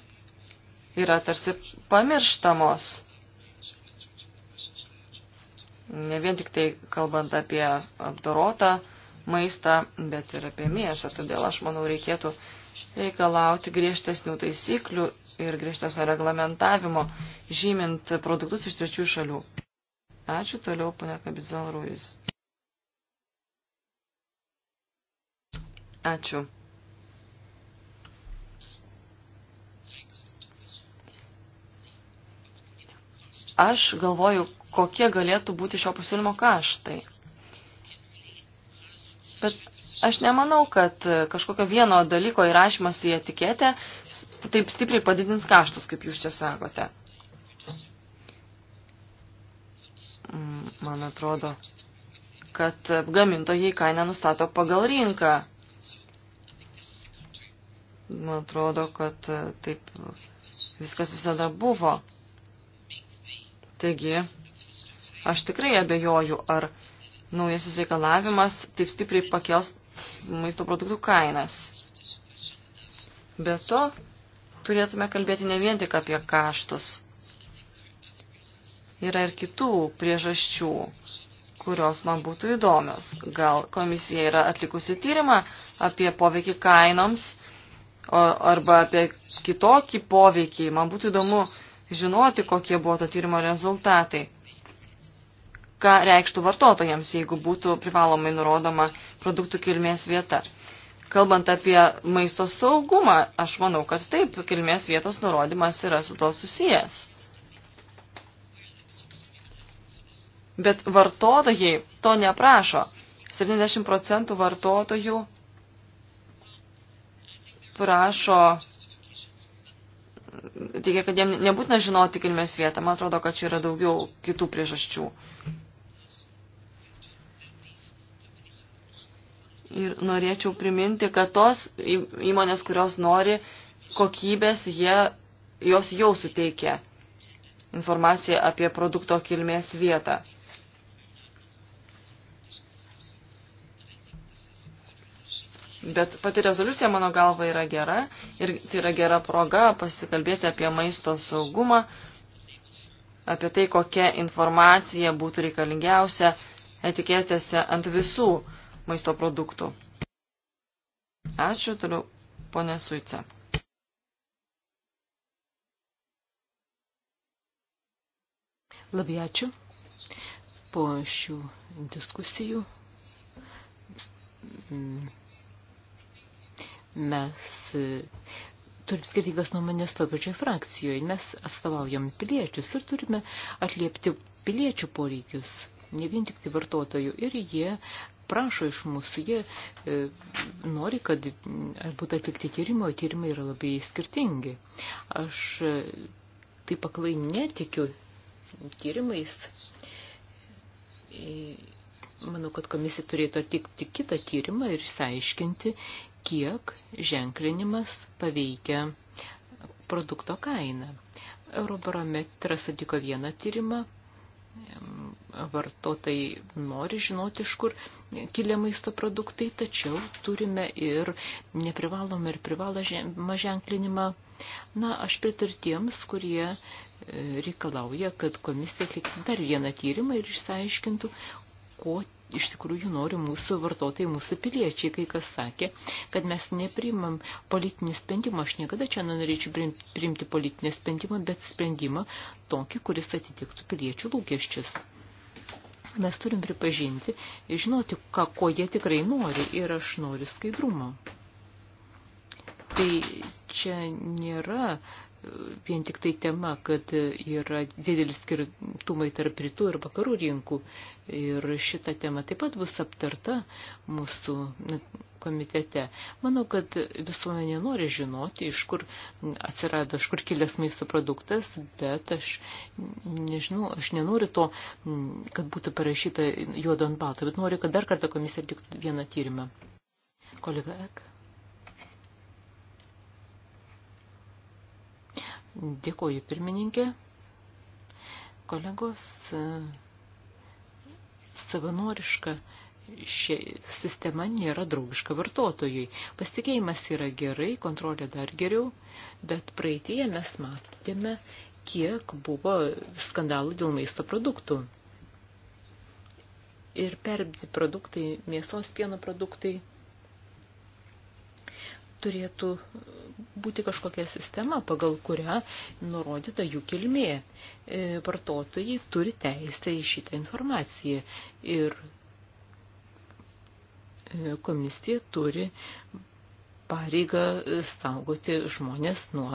yra tarsi pamirštamos. Ne vien tik tai kalbant apie apdorotą maistą, bet ir apie mėsą. Todėl aš manau reikėtų uh, reikalauti griežtesnių taisyklių ir griežtesnio reglamentavimo, žymint produktus iš trečių šalių. Ačiū toliau, ponia Kabizon Ruiz. Ačiū. Aš galvoju, kokie galėtų būti šio pasiūlymo kaštai. Bet Aš nemanau, kad e, kažkokio vieno dalyko įrašymas į etiketę taip stipriai padidins kaštus, kaip jūs čia sakote. Mm, man atrodo, kad gamintojai kainą nustato pagal rinką. Man atrodo, kad e, taip viskas visada buvo. Taigi, aš tikrai abejoju, ar naujasis reikalavimas taip stipriai pakels maisto produktų kainas. Be to, turėtume kalbėti ne vien tik apie kaštus. Yra ir kitų priežasčių, kurios man būtų įdomios. Gal komisija yra atlikusi tyrimą apie poveikį kainoms arba apie kitokį poveikį. Man būtų įdomu žinoti, kokie buvo to tyrimo rezultatai ką reikštų vartotojams, jeigu būtų privalomai nurodoma produktų kilmės vieta. Kalbant apie maisto saugumą, aš manau, kad taip, kilmės vietos nurodymas yra su to susijęs. Bet vartotojai to neprašo. 70 procentų vartotojų prašo, teigia, kad jiem nebūtina žinoti kilmės vietą. Man atrodo, kad čia yra daugiau kitų priežasčių. Ir norėčiau priminti, kad tos įmonės, kurios nori kokybės, jie, jos jau suteikia informaciją apie produkto kilmės vietą. Bet pati rezoliucija mano galva yra gera ir tai yra gera proga pasikalbėti apie maisto saugumą, apie tai, kokia informacija būtų reikalingiausia etiketėse ant visų maisto produktų. Ačiū, toliau ponė Suica. Labai ačiū po šių diskusijų. Mm, mes e, turim skirtingas nuomonės to pačioje frakcijoje. Mes atstovaujam piliečius ir turime atliepti piliečių poreikius, ne vien tik tai vartotojų. Ir jie prašo iš mūsų, jie e, nori, kad būtų atlikti tyrimo, o tyrimai yra labai skirtingi. Aš e, taip aklai netikiu tyrimais. E, manau, kad komisija turėtų atlikti kitą tyrimą ir išsiaiškinti, kiek ženklinimas paveikia produkto kainą. Eurobarometras atliko vieną tyrimą, vartotojai nori žinoti, iš kur kilia maisto produktai, tačiau turime ir neprivalomą ir privalomą ženklinimą. Na, aš pritariu tiems, kurie e, reikalauja, kad komisija atliktų dar vieną tyrimą ir išsiaiškintų, ko iš tikrųjų nori mūsų vartotojai, mūsų piliečiai, kai kas sakė, kad mes neprimam politinį sprendimą. Aš niekada čia nenorėčiau priimti politinį sprendimą, bet sprendimą tokį, kuris atitiktų piliečių lūkesčius. Mes turim pripažinti ir žinoti, ką, ko jie tikrai nori ir aš noriu skaidrumo. Tai čia nėra vien tik tai tema, kad yra didelis skirtumai tarp rytų ir vakarų rinkų. Ir šita tema taip pat bus aptarta mūsų komitete. Manau, kad visuomenė nori žinoti, iš kur atsirado, iš kur kilęs maisto produktas, bet aš nežinau, aš nenoriu to, kad būtų parašyta juodo ant balto, bet noriu, kad dar kartą komisija atliktų vieną tyrimą. Kolega Ek. Dėkoju pirmininkė. Kolegos, e, savanoriška ši sistema nėra draugiška vartotojui. Pasitikėjimas yra gerai, kontrolė dar geriau, bet praeitie mes matėme, kiek buvo skandalų dėl maisto produktų. Ir perbdi produktai, mėsos pieno produktai turėtų būti kažkokia sistema, pagal kurią nurodyta jų kilmė. E, vartotojai turi teisę į šitą informaciją ir e, komisija turi pareigą saugoti žmonės nuo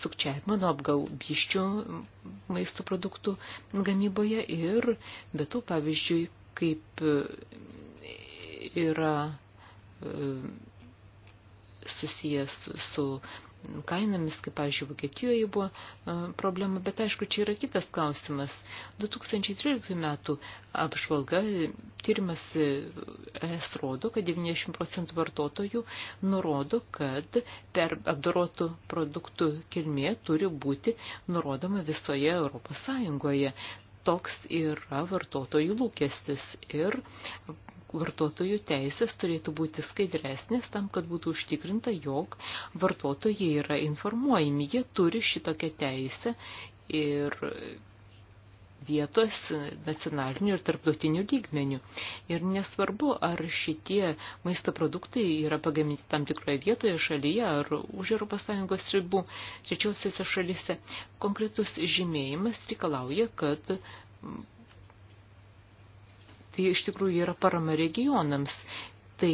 sukčiavimo, nuo apgaubiščių maisto produktų gamyboje ir, bet to, pavyzdžiui, kaip yra e, susijęs su, su kainomis, kaip, pavyzdžiui, Vokietijoje buvo e, problema, bet aišku, čia yra kitas klausimas. 2013 metų apžvalga, tyrimas es rodo, kad 90 procentų vartotojų nurodo, kad per apdorotų produktų kilmė turi būti nurodoma visoje Europos Sąjungoje toks yra vartotojų lūkestis ir vartotojų teisės turėtų būti skaidresnės tam, kad būtų užtikrinta, jog vartotojai yra informuojami, jie turi šitokią teisę ir vietos nacionalinių ir tarptautinių lygmenių. Ir nesvarbu, ar šitie maisto produktai yra pagaminti tam tikroje vietoje, šalyje ar už ES ribų, trečiosiuose šalyse, konkretus žymėjimas reikalauja, kad tai iš tikrųjų yra parama regionams. Tai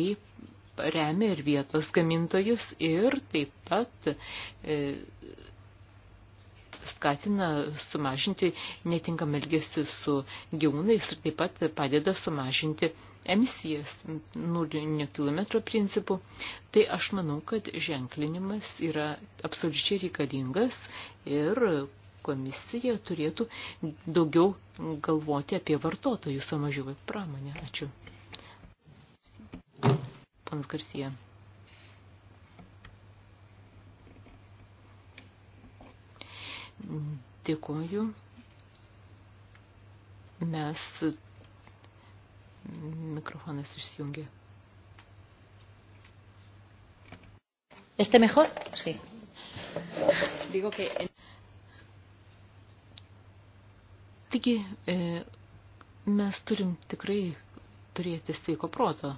remia ir vietos gamintojus ir taip pat e, skatina sumažinti netinkamą elgesį su gyvūnais ir taip pat padeda sumažinti emisijas nulinio kilometro principų, tai aš manau, kad ženklinimas yra absoliučiai reikalingas ir komisija turėtų daugiau galvoti apie vartotojus, o mažiau apie pramonę. Ačiū. Panas Garsija. Dėkuoju. Mes mikrofonas išsijungė. ¿Este mejor? Sí. Digo que... Taigi, e, mes turim tikrai turėti sveiko proto.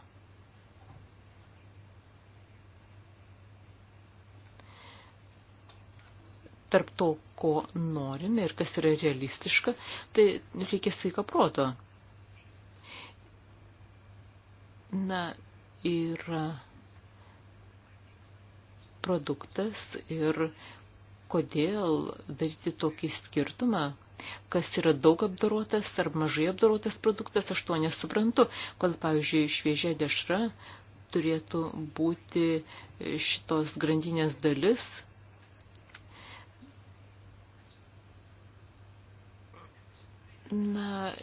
Tarp to, ko norime ir kas yra realistiška, tai reikia sveiko proto. Na, yra produktas ir kodėl daryti tokį skirtumą kas yra daug apdorotas ar mažai apdorotas produktas, aš to nesuprantu, kol, pavyzdžiui, šviežia dešra turėtų būti šitos grandinės dalis. Na,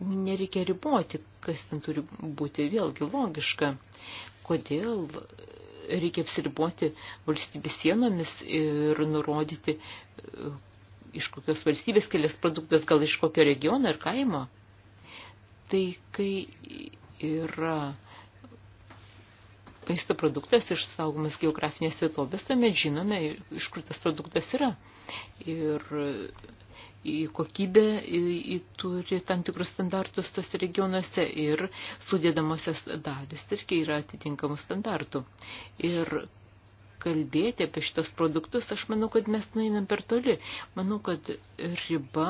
nereikia riboti, kas ten turi būti, vėlgi logiška. Kodėl reikia apsiriboti valstybės sienomis ir nurodyti, iš kokios valstybės kilęs produktas, gal iš kokio regiono ir kaimo. Tai kai yra maisto produktas išsaugomas geografinės vietovės, tuomet žinome, iš kur tas produktas yra. Ir į kokybę į, į turi tam tikrus standartus tose regionuose ir sudėdamosios dalis tai irgi yra atitinkamų standartų. Ir kalbėti apie šitos produktus, aš manau, kad mes nueinam per toli. Manau, kad riba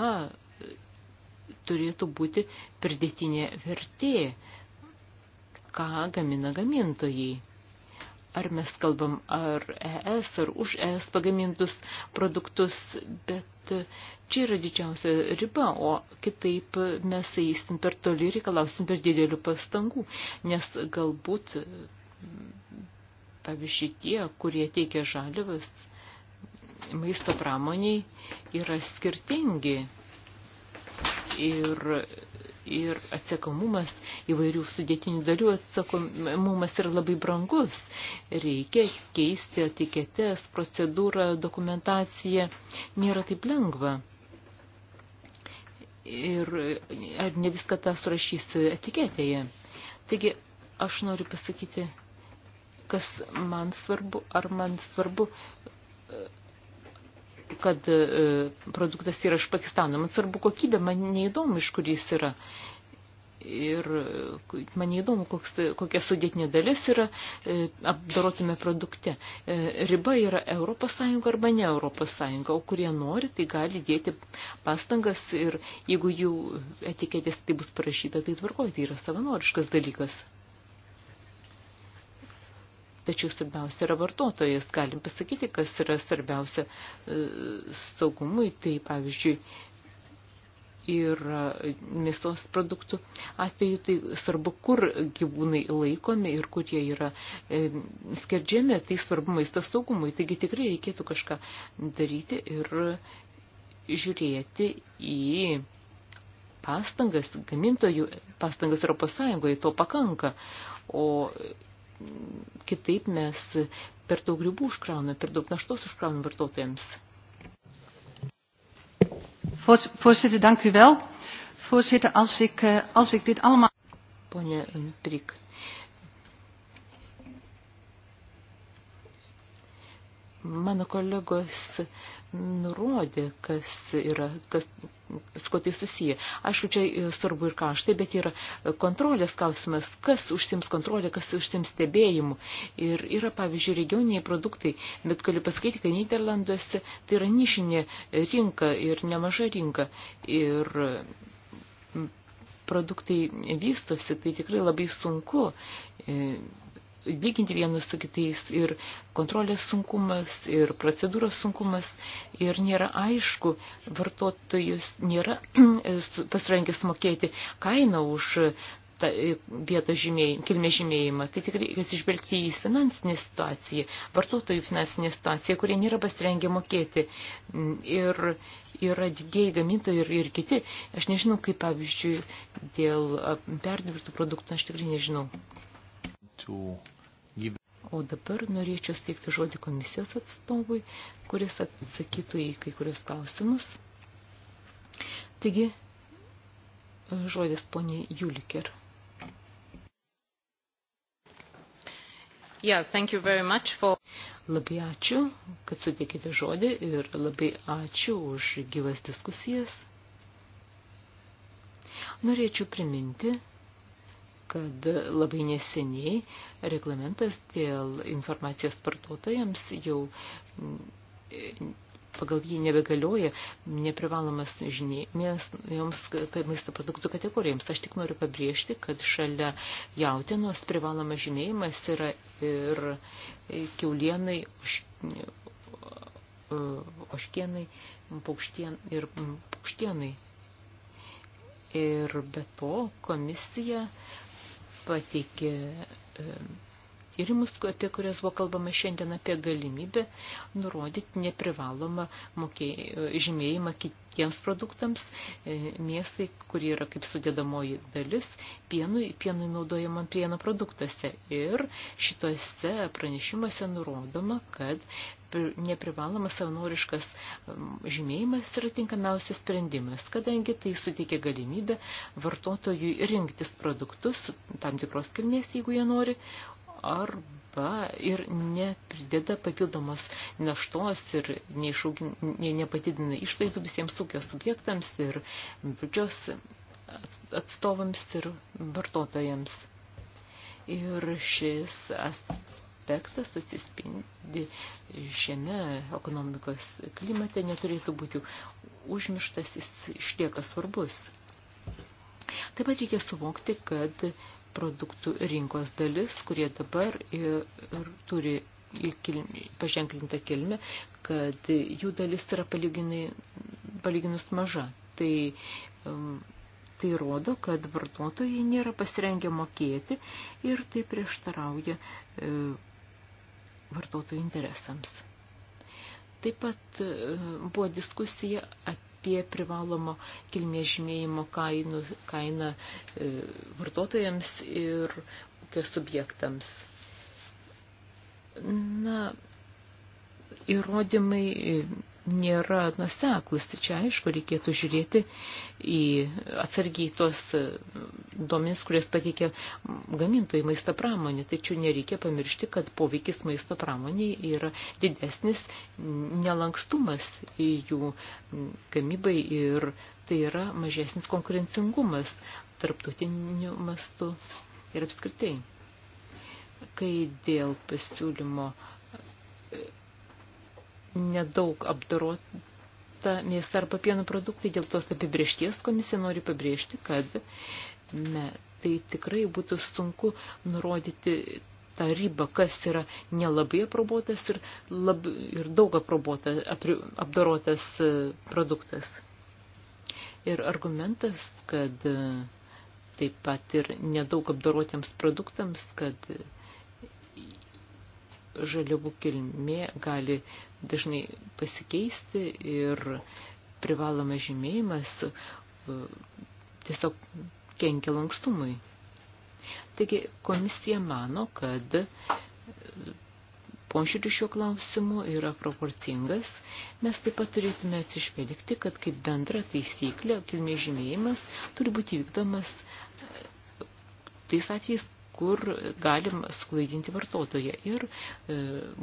turėtų būti pridėtinė vertė, ką gamina gamintojai. Ar mes kalbam ar ES, ar už ES pagamintus produktus, bet čia yra didžiausia riba, o kitaip mes eisim per toli ir reikalausim per didelių pastangų, nes galbūt Pavyzdžiui, tie, kurie teikia žalivas maisto pramoniai, yra skirtingi. Ir, ir atsakomumas įvairių sudėtinių dalių atsakomumas yra labai brangus. Reikia keisti etiketes, procedūrą, dokumentaciją. Nėra taip lengva ir ar ne viską tą surašys etiketėje. Taigi, aš noriu pasakyti, kas man svarbu, ar man svarbu, e, kad e, produktas yra iš Pakistano. Man svarbu kokybė, man neįdomu, iš kur jis yra. Ir e, man įdomu, koks, kokia sudėtinė dalis yra apdarotume produkte. Riba yra Europos Sąjunga arba ne Europos Sąjunga, o kurie nori, tai gali dėti pastangas ir jeigu jų etiketės tai bus parašyta, tai tvarkoj, tai yra savanoriškas dalykas. Tačiau svarbiausia yra vartotojas. Galim pasakyti, kas yra svarbiausia e, saugumui. Tai pavyzdžiui, ir mėsos produktų atveju, tai svarbu, kur gyvūnai laikomi ir kur jie yra e, skerdžiami, tai svarbu maisto saugumui. Taigi tikrai reikėtų kažką daryti ir žiūrėti į pastangas, gamintojų pastangas Europos Sąjungoje, to pakanka. O kitaip mes per daug ribų užkrauname, per daug naštos užkrauname vartotojams. Voorzitter, dank u wel. Voorzitter, als ik, eh, als ik dit allemaal... Pone Prik, Mano kolegos nurodė, kas yra, kas, su ko tai susiję. Aišku, čia svarbu ir kaštai, bet yra kontrolės klausimas, kas užsims kontrolę, kas užsims stebėjimu. Ir yra, pavyzdžiui, regioniniai produktai, bet galiu pasakyti, kad Niderlanduose tai yra nišinė rinka ir nemaža rinka. Ir produktai vystosi, tai tikrai labai sunku e, lyginti vienus su kitais ir kontrolės sunkumas, ir procedūros sunkumas, ir nėra aišku, vartotojus nėra <clears throat> pasirengęs mokėti kainą už ta, vietos žymėjim, kilmės žymėjimą. Tai tikrai reikia atsižvelgti į finansinę situaciją, vartotojų finansinę situaciją, kurie nėra pasirengę mokėti. Ir yra didėjai gamintojai ir, ir kiti. Aš nežinau, kaip pavyzdžiui, dėl perdirbtų produktų, aš tikrai nežinau. To O dabar norėčiau steigti žodį komisijos atstovui, kuris atsakytų į kai kurios klausimus. Taigi, žodis poniai Juliker. Yeah, thank you very much for... Labai ačiū, kad suteikite žodį ir labai ačiū už gyvas diskusijas. Norėčiau priminti, kad labai neseniai reglamentas dėl informacijos vartotojams jau mm, pagal jį nebegalioja neprivalomas žinėmės joms maisto produktų kategorijoms. Aš tik noriu pabrėžti, kad šalia jautienos privalomas žinėjimas yra ir keulienai, oš, oškienai paukštien, ir paukštienai. Ir be to komisija uh, pateikė tyrimus, apie kurias buvo kalbama šiandien apie galimybę nurodyti neprivalomą mokė, žymėjimą kitiems produktams, e, mėsai, kurie yra kaip sudėdamoji dalis, pienui, pienui naudojama pieno produktuose. Ir šituose pranešimuose nurodoma, kad neprivalomas savanoriškas žymėjimas yra tinkamiausias sprendimas, kadangi tai suteikia galimybę vartotojui rinktis produktus tam tikros kilmės, jeigu jie nori, arba ir neprideda papildomos naštos ir neišaugin, ne, nepadidina išlaidų visiems ūkio subjektams ir valdžios atstovams ir vartotojams. Ir šis aspektas atsispindi šiame ekonomikos klimate, neturėtų būti užmištas, jis išlieka svarbus. Taip pat reikia suvokti, kad produktų rinkos dalis, kurie dabar ir, ir turi paženklintą kilmę, kad jų dalis yra palyginai, palyginus maža. Tai, um, tai rodo, kad vartotojai nėra pasirengę mokėti ir tai prieštarauja e, vartotojų interesams. Taip pat e, buvo diskusija apie apie privalomo kilmės žymėjimo kainų, kainą e, vartotojams ir ūkio subjektams. Na, įrodymai nėra nuseklus. Tai čia aišku, reikėtų žiūrėti į atsargiai tos e, duomenys, kurias pateikia gamintojai maisto pramonė. Tačiau nereikia pamiršti, kad poveikis maisto pramonė yra didesnis nelankstumas jų gamybai ir tai yra mažesnis konkurencingumas tarptautiniu mastu ir apskritai. Kai dėl pasiūlymo uh, nedaug apdarota mėsa arba pieno produktai, dėl tos apibriešties komisija nori pabrėžti, kad me, tai tikrai būtų sunku nurodyti tą ribą, kas yra nelabai aprobotas ir, lab, ir daug aprobota, apri, apdorotas e, produktas. Ir argumentas, kad e, taip pat ir nedaug apdorotiems produktams, kad žaliavų kilmė gali dažnai pasikeisti ir privalomas žymėjimas e, tiesiog kenkia lankstumui. Taigi komisija mano, kad požiūrių šiuo klausimu yra proporcingas, mes taip pat turėtume atsižvelgti, kad kaip bendra taisyklė kilmės žymėjimas turi būti vykdomas e, tais atvejais, kur galim sklaidinti vartotoje. Ir e,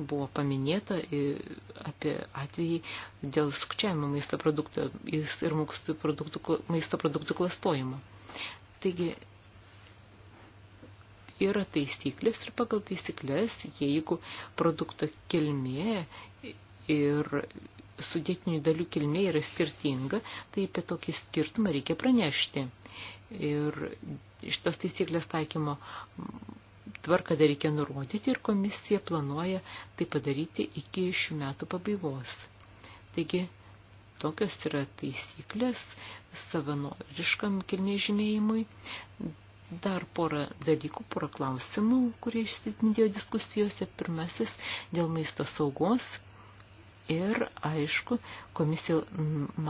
buvo paminėta e, apie atvejį dėl sukčiavimo maisto produktų ir maisto produktų, maisto produktų klastojimo. Taigi, yra taisyklės ir pagal taisyklės, jeigu produkto kilmė ir sudėtinių dalių kilmė yra skirtinga, tai apie tokį skirtumą reikia pranešti. Ir šitas taisyklės taikymo tvarką dar reikia nurodyti ir komisija planuoja tai padaryti iki šių metų pabaigos. Taigi, tokios yra taisyklės savanoriškam kilmės žymėjimui. Dar porą dalykų, porą klausimų, kurie išsitindėjo diskusijose. Pirmasis dėl maisto saugos. Ir, aišku, komisija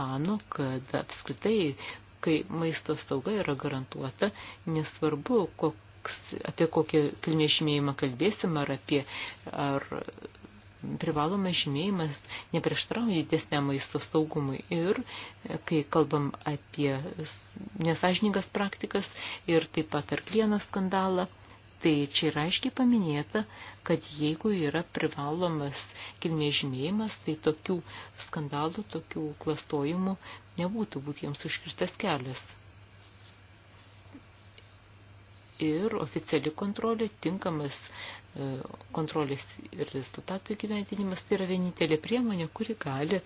mano, kad apskritai kai maisto sauga yra garantuota, nesvarbu, koks, apie kokį kilmės žymėjimą kalbėsim, ar apie ar privalomas žymėjimas neprieštrauja didesniam maisto saugumui. Ir kai kalbam apie nesažiningas praktikas ir taip pat arklienos skandalą, Tai čia yra aiškiai paminėta, kad jeigu yra privalomas kilmės žymėjimas, tai tokių skandalų, tokių klastojimų nebūtų būti jiems užkirstas kelias. Ir oficiali kontrolė, tinkamas e, kontrolės ir rezultatų įgyventinimas tai yra vienintelė priemonė, kuri gali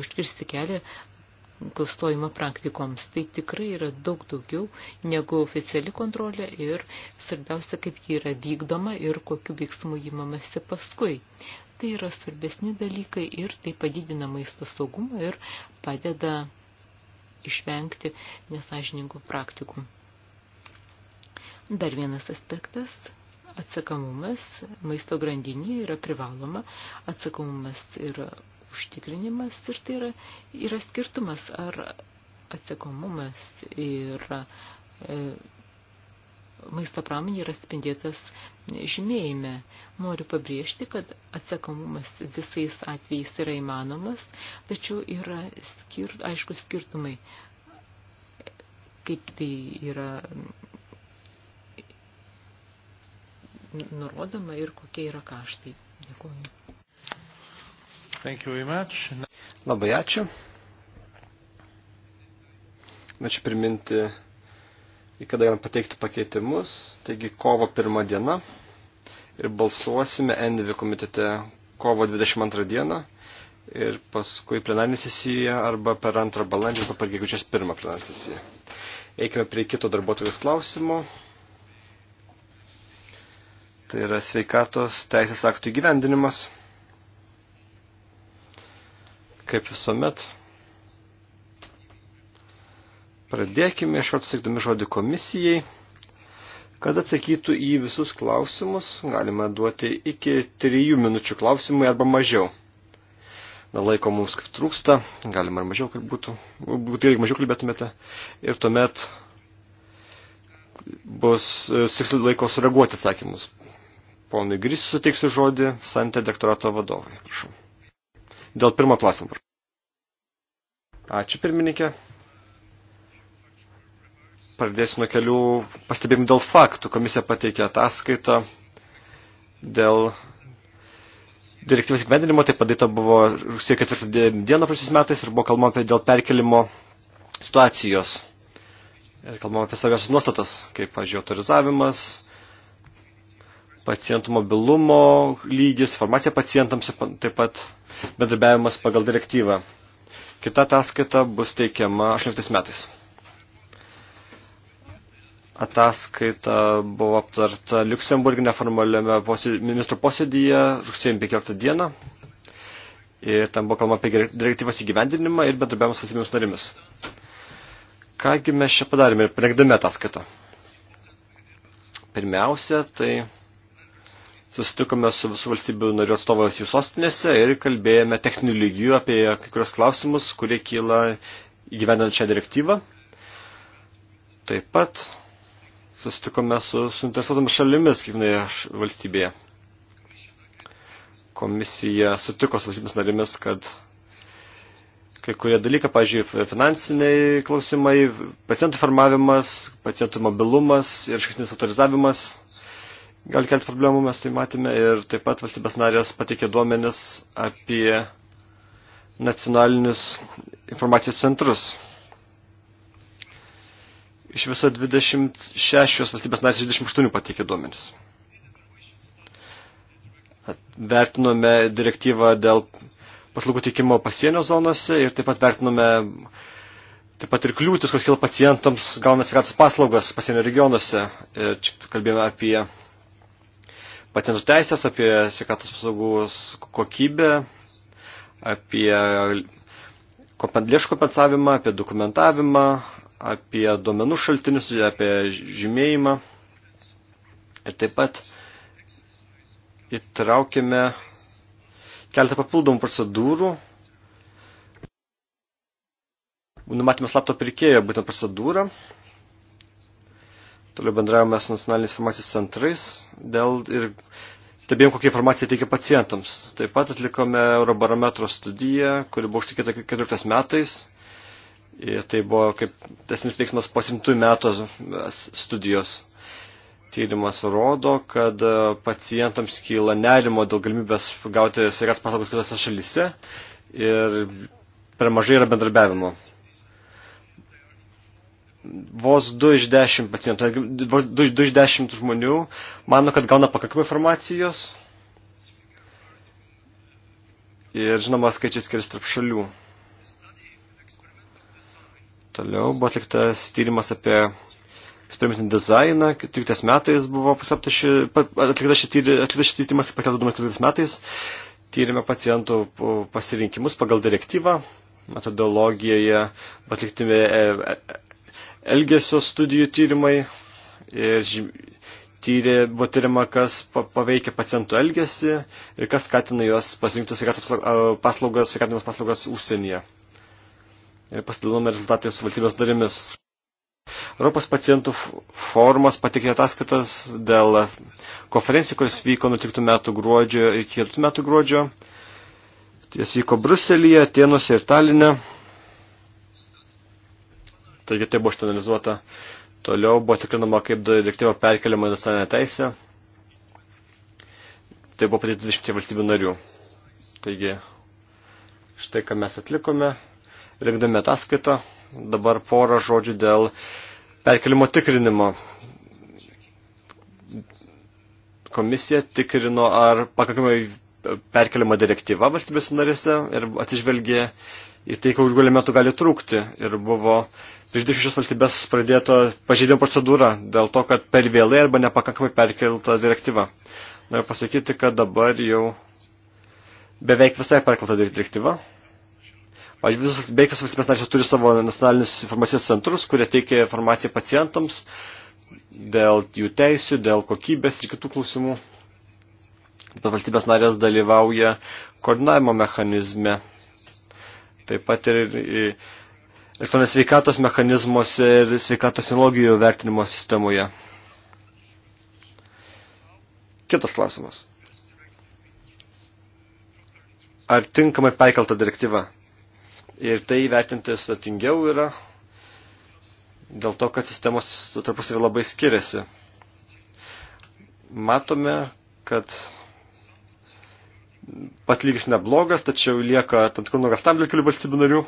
užkirsti kelią klastojimo praktikoms. Tai tikrai yra daug daugiau negu oficiali kontrolė ir svarbiausia, kaip ji yra vykdoma ir kokiu veiksmu įmamasi paskui. Tai yra svarbesni dalykai ir tai padidina maisto saugumą ir padeda išvengti nesažiningų praktikų. Dar vienas aspektas atsakamumas maisto grandinėje yra privaloma, atsakamumas yra užtikrinimas ir tai yra, yra skirtumas, ar atsakomumas yra e, maisto pramonė yra spindėtas žymėjime. Noriu pabrėžti, kad atsakomumas visais atvejais yra įmanomas, tačiau yra skir, aišku skirtumai, kaip tai yra nurodoma ir kokie yra kaštai. Dėkuoju. Labai ačiū. Ačiū priminti, į kada galim pateikti pakeitimus. Taigi kovo pirmą dieną ir balsuosime NDV komitete kovo 22 dieną ir paskui plenarinė sesija arba per antrą balandį arba per gegužės pirmą plenarinę sesiją. Eikime prie kito darbuotojos klausimo. Tai yra sveikatos teisės aktų įgyvendinimas. Kaip visuomet, pradėkime iš karto sakdami žodį komisijai. Kad atsakytų į visus klausimus, galima duoti iki trijų minučių klausimai arba mažiau. Na, laiko mums kaip trūksta, galima ir mažiau, kad būtų, būtų ir mažiau kalbėtumėte. Ir tuomet bus e, tiksliai laiko sureaguoti atsakymus. Ponui Gris suteiksiu žodį, santė direktorato vadovai. Prašau. Dėl pirmo klausimo. Ačiū pirmininkė. Pradėsiu nuo kelių pastebėjimų dėl faktų. Komisija pateikė ataskaitą dėl direktyvos įgyvendinimo. Tai padaryta buvo rugsėjo 4 dieną praėjusiais metais ir buvo kalbama apie dėl perkelimo situacijos. Ir kalbama apie saviosios nuostatas, kaip, pažiūrėjau, autorizavimas, pacientų mobilumo lygis, formacija pacientams ir taip pat bendrabiavimas pagal direktyvą. Kita ataskaita bus teikiama 18 metais. Ataskaita buvo aptarta Luxemburgė neformaliame posėdė, ministro posėdyje rugsėjo 15 dieną. Ir ten buvo kalbama apie direktyvos įgyvendinimą ir bendrabiavimus valstybėms narimis. Kągi mes čia padarėme, rengdami ataskaitą. Pirmiausia, tai susitikome su visų valstybių narių atstovais jų sostinėse ir kalbėjome techninių lygių apie kai kurios klausimus, kurie kyla įgyvendant šią direktyvą. Taip pat susitikome su suinteresuotomis šalimis kiekvienoje valstybėje. Komisija sutiko su valstybės narimis, kad kai kurie dalykai, pažiūrėjau, finansiniai klausimai, pacientų formavimas, pacientų mobilumas ir šaktinis autorizavimas gali kelti problemų, mes tai matėme ir taip pat valstybės narės pateikė duomenis apie nacionalinius informacijos centrus. Iš viso 26 valstybės narės 28 pateikė duomenis. Vertinome direktyvą dėl paslaugų teikimo pasienio zonose ir taip pat vertinome taip pat ir kliūtis, kurios kila pacientams gauna sveikatos paslaugas pasienio regionuose. Ir čia kalbėjome apie pacientų teisės, apie sveikatos apsaugos kokybę, apie lėšų kompensavimą, apie dokumentavimą, apie duomenų šaltinius, apie žymėjimą. Ir taip pat įtraukėme keletą papildomų procedūrų. Numatėme slapto pirkėjo būtent procedūrą, Toliau bendravome su nacionaliniais informacijos centrais dėl ir stebėjom, kokią informaciją teikia pacientams. Taip pat atlikome Eurobarometro studiją, kuri buvo užtikėta 14 metais. Ir tai buvo kaip tesnis veiksmas po 100 metų studijos. Tyrimas rodo, kad pacientams kyla nerimo dėl galimybės gauti sveikas paslaugas kitose šalyse ir per mažai yra bendrabiavimo vos 2 iš 10 pacientų, vos 2, 2 iš 10 žmonių mano, kad gauna pakankamai informacijos. Ir žinoma, skaičiai skiriasi tarp šalių. Toliau buvo atliktas tyrimas apie eksperimentinį dizainą. 13 metais buvo ši, atliktas šis tyrimas, pakeltas 13 metais. Tyrime pacientų pasirinkimus pagal direktyvą metodologijoje atliktimi e, e, elgesio studijų tyrimai ir tyrė, buvo tyrima, kas paveikia pacientų elgesį ir kas skatina juos pasirinkti paslaugas, sveikatinos paslaugas užsienyje. Ir pasidalinome rezultatai su valstybės darimis. Europos pacientų forumas patikė ataskaitas dėl konferencijų, kuris vyko nuo 3 metų gruodžio iki 4 metų gruodžio. Ties vyko Bruselėje, Tienuose ir Taline. Taigi tai buvo išanalizuota. Toliau buvo tikrinama, kaip direktyva perkeliama į nacionalinę teisę. Tai buvo pateikti 20 valstybių narių. Taigi, štai ką mes atlikome, rinkdami ataskaitą. Dabar porą žodžių dėl perkelimo tikrinimo. Komisija tikrino, ar pakankamai perkeliama direktyva valstybės narėse ir atsižvelgė į tai, kokiu galiu metu gali trūkti. Ir buvo prieš 26 valstybės pradėto pažeidimo procedūra dėl to, kad per vėlai arba nepakankamai perkelta direktyva. Noriu pasakyti, kad dabar jau beveik visai perkelta direktyva. Pavyzdžiui, visos, beveik visos valstybės narės turi savo nacionalinius informacijos centrus, kurie teikia informaciją pacientams dėl jų teisių, dėl kokybės ir kitų klausimų. Bet valstybės narės dalyvauja koordinavimo mechanizme taip pat ir e, elektroninės sveikatos mechanizmuose ir sveikatos technologijų vertinimo sistemoje. Kitas klausimas. Ar tinkamai perkelta direktyva? Ir tai vertinti sudėtingiau yra dėl to, kad sistemos tarpusavį labai skiriasi. Matome, kad patlygis neblogas, tačiau lieka tam tikrų nuogastam dėl kelių valstybių narių.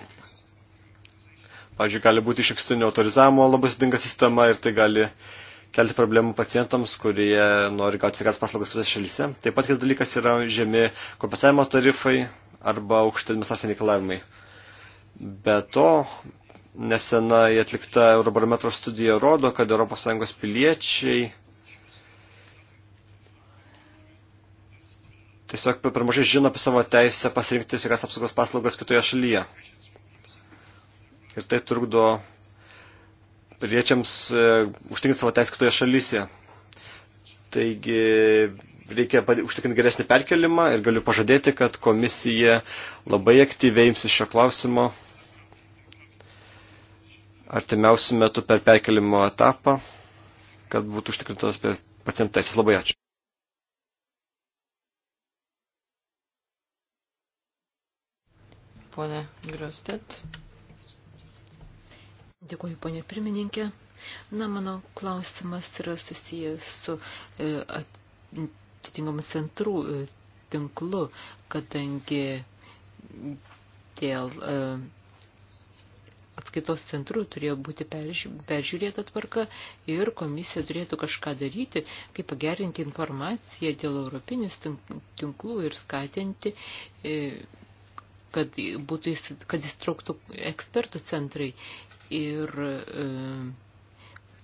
Pavyzdžiui, gali būti iš ekstinio autorizavimo labai sudinga sistema ir tai gali kelti problemų pacientams, kurie nori gauti sveikatos paslaugas kitose šalyse. Taip pat kitas dalykas yra žemi kompensavimo tarifai arba aukšti administraciniai reikalavimai. Be to, nesenai atlikta Eurobarometro studija rodo, kad ES piliečiai tiesiog per mažai žino apie savo teisę pasirinkti sveikatos apsaugos paslaugas kitoje šalyje. Ir tai trukdo piliečiams e, užtikrinti savo teisę kitoje šalyse. Taigi reikia užtikrinti geresnį perkelimą ir galiu pažadėti, kad komisija labai aktyviai imsis šio klausimo artimiausių metų per perkelimo etapą, kad būtų užtikrintas pacientų teisės. Labai ačiū. ponė Grostet. Dėkuoju, ponė pirmininkė. Na, mano klausimas yra susijęs su e, atitinkamų centrų e, tinklu, kadangi dėl e, atskaitos centrų turėjo būti perži peržiūrėta tvarka ir komisija turėtų kažką daryti, kaip pagerinti informaciją dėl europinių tinklų ir skatinti kad, būtų, kad įstrauktų ekspertų centrai ir e,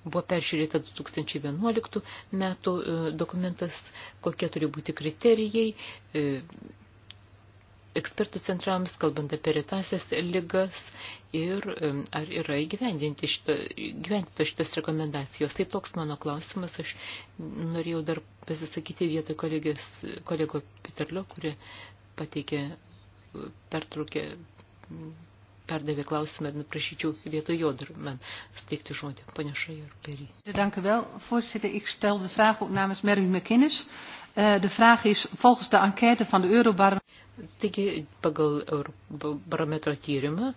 buvo peržiūrėta 2011 metų e, dokumentas, kokie turi būti kriterijai e, ekspertų centrams, kalbant apie retasias lygas ir e, ar yra įgyvendinti šito, šitas rekomendacijos. Tai toks mano klausimas, aš norėjau dar pasisakyti vietą kolegės, kolego Piterlio, kuri pateikė pertraukė, perdavė klausimą, prašyčiau vietoj jo dar man steigti žodį, panašai ir perį. Dank u wel, voorzitter. Ik stel de vraag ook namens Mary McInnes. Eh, de vraag is, volgens de enquête van de Eurobarometer. Taigi, pagal barometro tyrimą,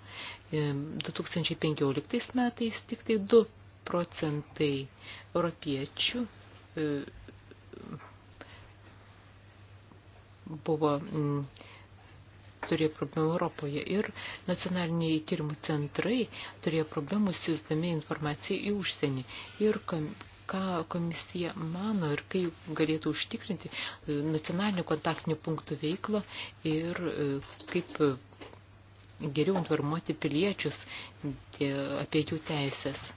2015 metais tik tai 2 procentai europiečių e, buvo turėjo problemų Europoje ir nacionaliniai tyrimų centrai turėjo problemų siūsdami informaciją į užsienį. Ir ką komisija mano ir kaip galėtų užtikrinti e, nacionalinių kontaktinių punktų veiklą ir e, kaip e, geriau informuoti piliečius apie jų teisės.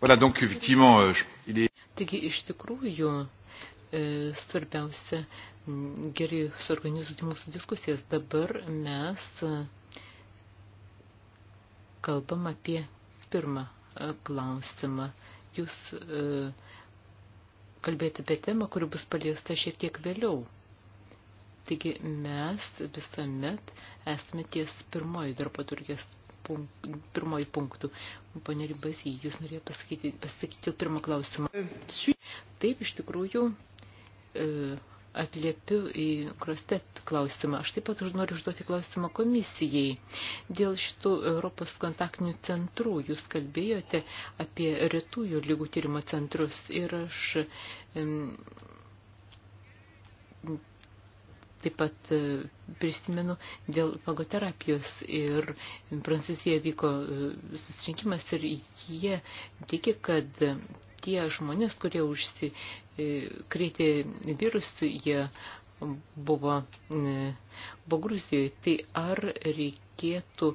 Voilà, donc, effectivement, euh, je, il est... Taigi, iš tikrųjų, e, svarbiausia gerai suorganizuoti mūsų diskusijas. Dabar mes e, kalbam apie pirmą e, klausimą. Jūs kalbėjote apie temą, kuri bus paliesta šiek tiek vėliau. Taigi mes visuomet esame ties pirmoji darbo turkės punk, pirmoji punktų. Pane Ribasy, jūs norėjo pasakyti, pasakyti pirmą klausimą. Taip, iš tikrųjų, e, atliepiu į Krostet klausimą. Aš taip pat noriu užduoti klausimą komisijai. Dėl šitų Europos kontaktinių centrų jūs kalbėjote apie retųjų lygų tyrimo centrus ir aš taip pat e, prisimenu dėl fagoterapijos ir Prancūzijoje vyko e, susirinkimas ir jie tiki, kad tie žmonės, kurie užsikrėtė e, virusų, jie buvo, buvo Gruzijoje. Tai ar reikėtų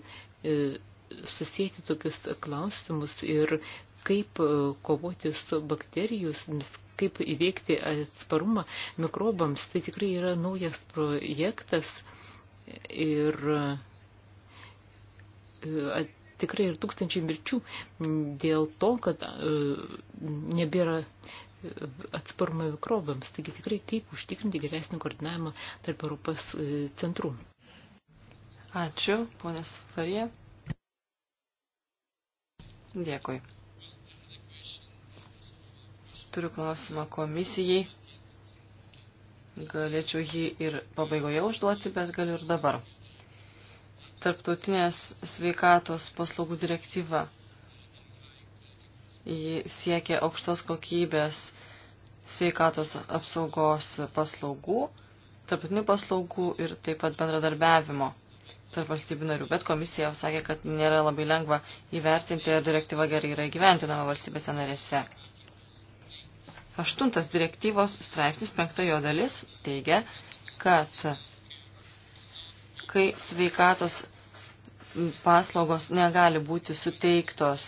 susijęti tokius klausimus ir kaip e, kovoti su bakterijomis, kaip įveikti atsparumą mikrobams. Tai tikrai yra naujas projektas ir e, tikrai ir tūkstančiai mirčių dėl to, kad e, nebėra atsparumą mikrobams. Taigi tikrai kaip užtikrinti geresnį koordinavimą tarp Europos centrų. Ačiū, ponės Farija. Dėkui. Turiu klausimą komisijai. Galėčiau jį ir pabaigoje užduoti, bet galiu ir dabar. Tarptautinės sveikatos paslaugų direktyva. Ji siekia aukštos kokybės sveikatos apsaugos paslaugų, tarptautinių paslaugų ir taip pat bendradarbiavimo tarp valstybių narių, bet komisija sakė, kad nėra labai lengva įvertinti, ar direktyva gerai yra įgyventinama valstybėse narėse. Aštuntas direktyvos straipsnis penktojo dalis teigia, kad kai sveikatos paslaugos negali būti suteiktos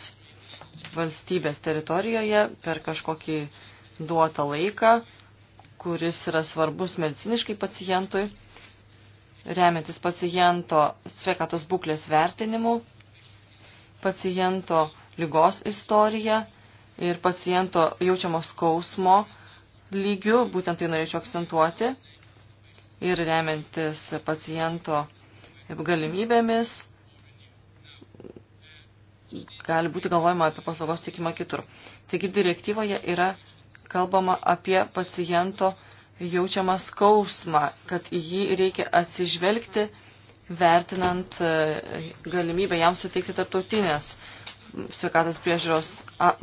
valstybės teritorijoje per kažkokį duotą laiką, kuris yra svarbus mediciniškai pacientui, remiantis paciento sveikatos būklės vertinimu, paciento lygos istorija ir paciento jaučiamo skausmo lygių, būtent tai norėčiau akcentuoti, ir remiantis paciento galimybėmis gali būti galvojama apie paslaugos teikimą kitur. Taigi direktyvoje yra kalbama apie paciento jaučiamą skausmą, kad į jį reikia atsižvelgti, vertinant e, galimybę jam suteikti tarptautinės sveikatos priežiūros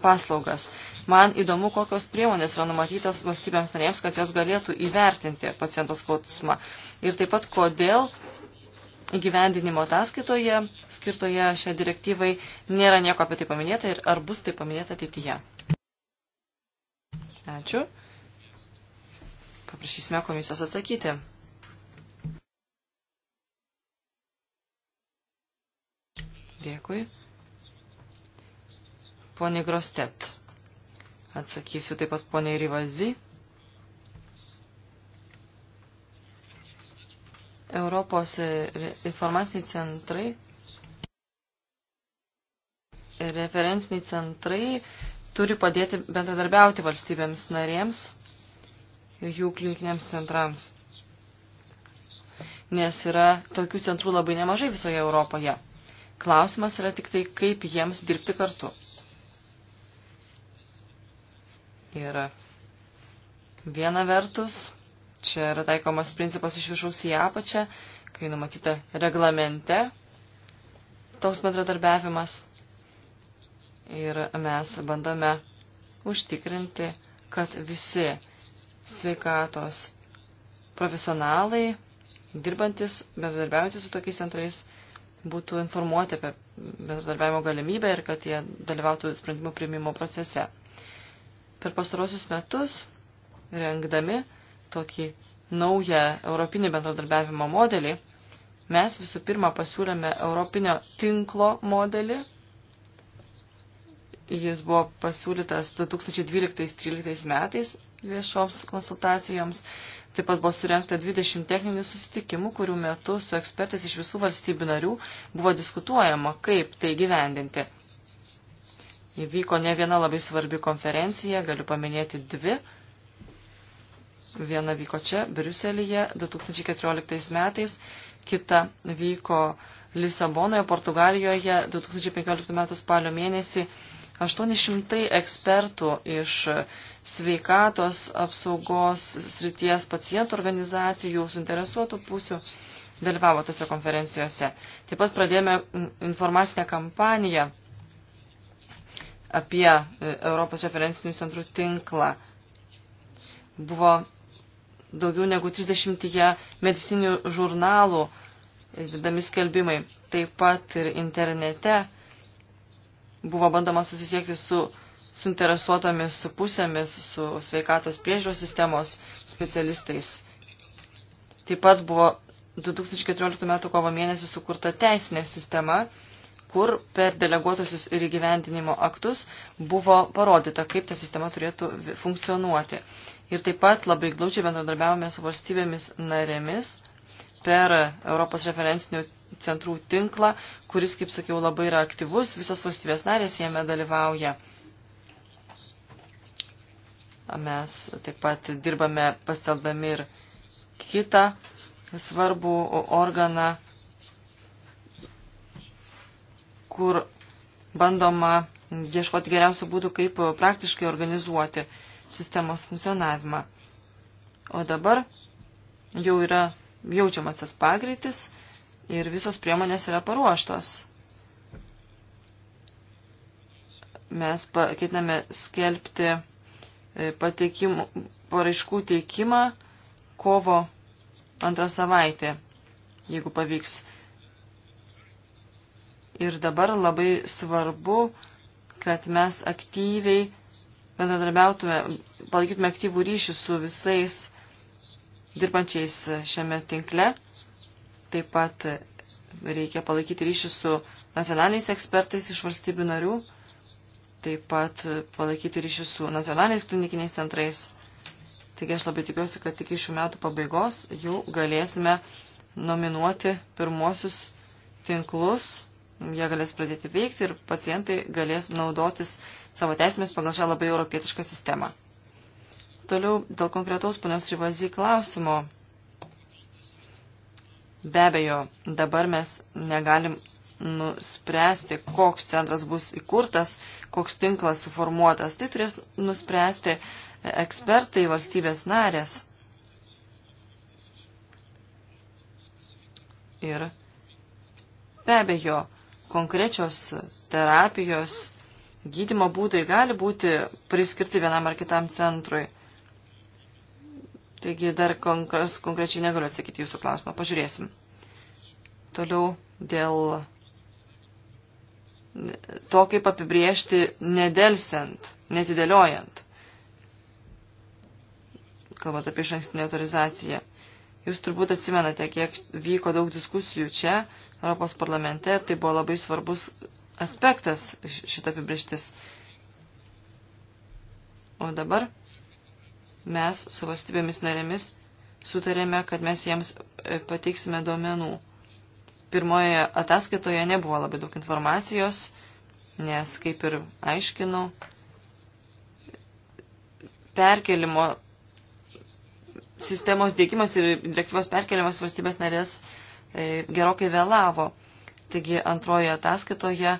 paslaugas. Man įdomu, kokios priemonės yra numatytos valstybėms narėms, kad jos galėtų įvertinti paciento skausmą. Ir taip pat, kodėl įgyvendinimo ataskaitoje skirtoje šią direktyvai nėra nieko apie tai paminėta ir ar bus tai paminėta ateityje. Ačiū. Paprašysime komisijos atsakyti. Dėkui ponė Grostet. Atsakysiu taip pat ponė Rivazi. Europos e, informaciniai centrai, e, referenciniai centrai turi padėti bendradarbiauti valstybėms narėms ir jų klinikiniams centrams. Nes yra tokių centrų labai nemažai visoje Europoje. Klausimas yra tik tai, kaip jiems dirbti kartu yra viena vertus, čia yra taikomas principas iš viršaus į apačią, kai numatyta reglamente toks bendradarbiavimas. Ir mes bandome užtikrinti, kad visi sveikatos profesionalai, dirbantis, bendradarbiaujantis su tokiais centrais, būtų informuoti apie bendradarbiavimo galimybę ir kad jie dalyvautų sprendimų priimimo procese. Per pastarosius metus, rengdami tokį naują europinį bendradarbiavimo modelį, mes visų pirma pasiūlėme europinio tinklo modelį. Jis buvo pasiūlytas 2012-2013 metais viešoms konsultacijoms. Taip pat buvo surinkta 20 techninių susitikimų, kurių metu su ekspertais iš visų valstybių narių buvo diskutuojama, kaip tai gyvendinti. Įvyko ne viena labai svarbi konferencija, galiu paminėti dvi. Viena vyko čia, Briuselyje, 2014 metais, kita vyko Lisabonoje, Portugalijoje, 2015 metų spalio mėnesį. 800 ekspertų iš sveikatos apsaugos srities pacientų organizacijų, suinteresuotų pusių dalyvavo tose konferencijose. Taip pat pradėjome informacinę kampaniją apie e, Europos referencinių centrų tinklą. Buvo daugiau negu 30 medicinių žurnalų vedami skelbimai. Taip pat ir internete buvo bandoma susisiekti su suinteresuotomis pusėmis, su sveikatos priežiūros sistemos specialistais. Taip pat buvo 2014 m. kovo mėnesį sukurta teisinė sistema, kur per deleguotusius ir įgyvendinimo aktus buvo parodyta, kaip ta sistema turėtų funkcionuoti. Ir taip pat labai glaučiai bendradarbiavome su valstybėmis narėmis per Europos referencinių centrų tinklą, kuris, kaip sakiau, labai yra aktyvus, visos valstybės narės jame dalyvauja. Mes taip pat dirbame pasteldami ir kitą svarbų organą kur bandoma ieškoti geriausių būdų, kaip praktiškai organizuoti sistemos funkcionavimą. O dabar jau yra jaučiamas tas pagreitis ir visos priemonės yra paruoštos. Mes ketiname skelbti e, pateikimų, paraiškų teikimą kovo antrą savaitę, jeigu pavyks Ir dabar labai svarbu, kad mes aktyviai bendradarbiautume, palaikytume aktyvų ryšį su visais dirbančiais šiame tinkle. Taip pat reikia palaikyti ryšį su nacionaliniais ekspertais iš valstybių narių, taip pat palaikyti ryšį su nacionaliniais klinikiniais centrais. Taigi aš labai tikiuosi, kad iki šių metų pabaigos jau galėsime nominuoti pirmosius tinklus jie galės pradėti veikti ir pacientai galės naudotis savo teisėmis pagal šią labai europietišką sistemą. Toliau dėl konkretaus ponios Rivazy klausimo. Be abejo, dabar mes negalim nuspręsti, koks centras bus įkurtas, koks tinklas suformuotas. Tai turės nuspręsti ekspertai valstybės narės. Ir be abejo, konkrečios terapijos gydimo būdai gali būti priskirti vienam ar kitam centrui. Taigi dar konkres, konkrečiai negaliu atsakyti jūsų klausimą. Pažiūrėsim. Toliau dėl to, kaip apibriežti nedelsiant, netidėliojant, kalbant apie išankstinę autorizaciją. Jūs turbūt atsimenate, kiek vyko daug diskusijų čia, Europos parlamente, ir tai buvo labai svarbus aspektas šita apibrieštis. O dabar mes su valstybėmis narėmis sutarėme, kad mes jiems e, pateiksime duomenų. Pirmoje ataskaitoje nebuvo labai daug informacijos, nes, kaip ir aiškinau, perkelimo sistemos dėkimas ir direktyvos perkeliamas valstybės narės e, gerokai vėlavo. Taigi antroje ataskaitoje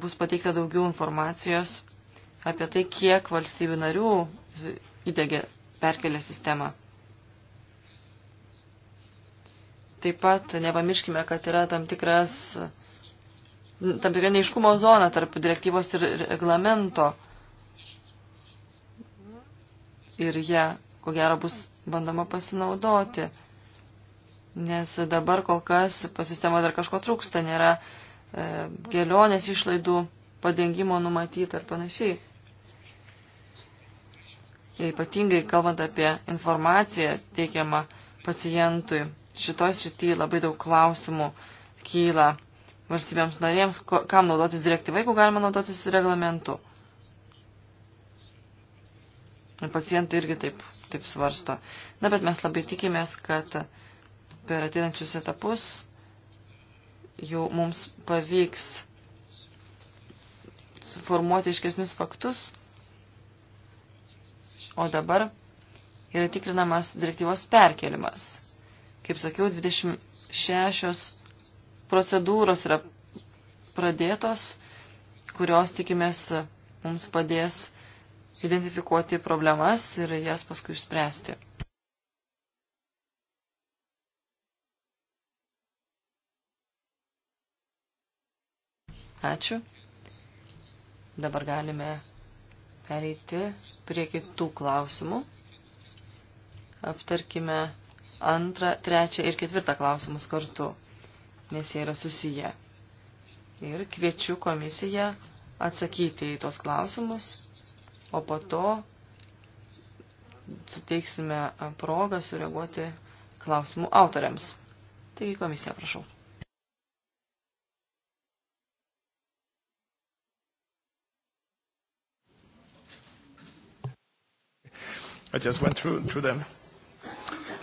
bus pateikta daugiau informacijos apie tai, kiek valstybių narių įdėgė perkelę sistemą. Taip pat nepamirškime, kad yra tam tikras tam tikra neiškumo zona tarp direktyvos ir reglamento. Ir jie, ko gero, bus bandoma pasinaudoti. Nes dabar kol kas pasistema dar kažko trūksta, nėra e, kelionės išlaidų padengimo numatyti ar panašiai. Ir ypatingai kalbant apie informaciją teikiamą pacientui, šitoj srity labai daug klausimų kyla valstybėms narėms, kam naudotis direktyvai, jeigu galima naudotis reglamentu. Ir pacientai irgi taip, taip svarsto. Na, bet mes labai tikimės, kad per ateinančius etapus jau mums pavyks suformuoti iškesnius faktus, o dabar yra tikrinamas direktyvos perkelimas. Kaip sakiau, 26 procedūros yra pradėtos, kurios tikimės mums padės identifikuoti problemas ir jas paskui išspręsti. Ačiū. Dabar galime pereiti prie kitų klausimų. Aptarkime antrą, trečią ir ketvirtą klausimus kartu, nes jie yra susiję. Ir kviečiu komisiją atsakyti į tos klausimus o po to suteiksime progą sureaguoti klausimų autoriams. Taigi komisija, prašau. I just went through, through them.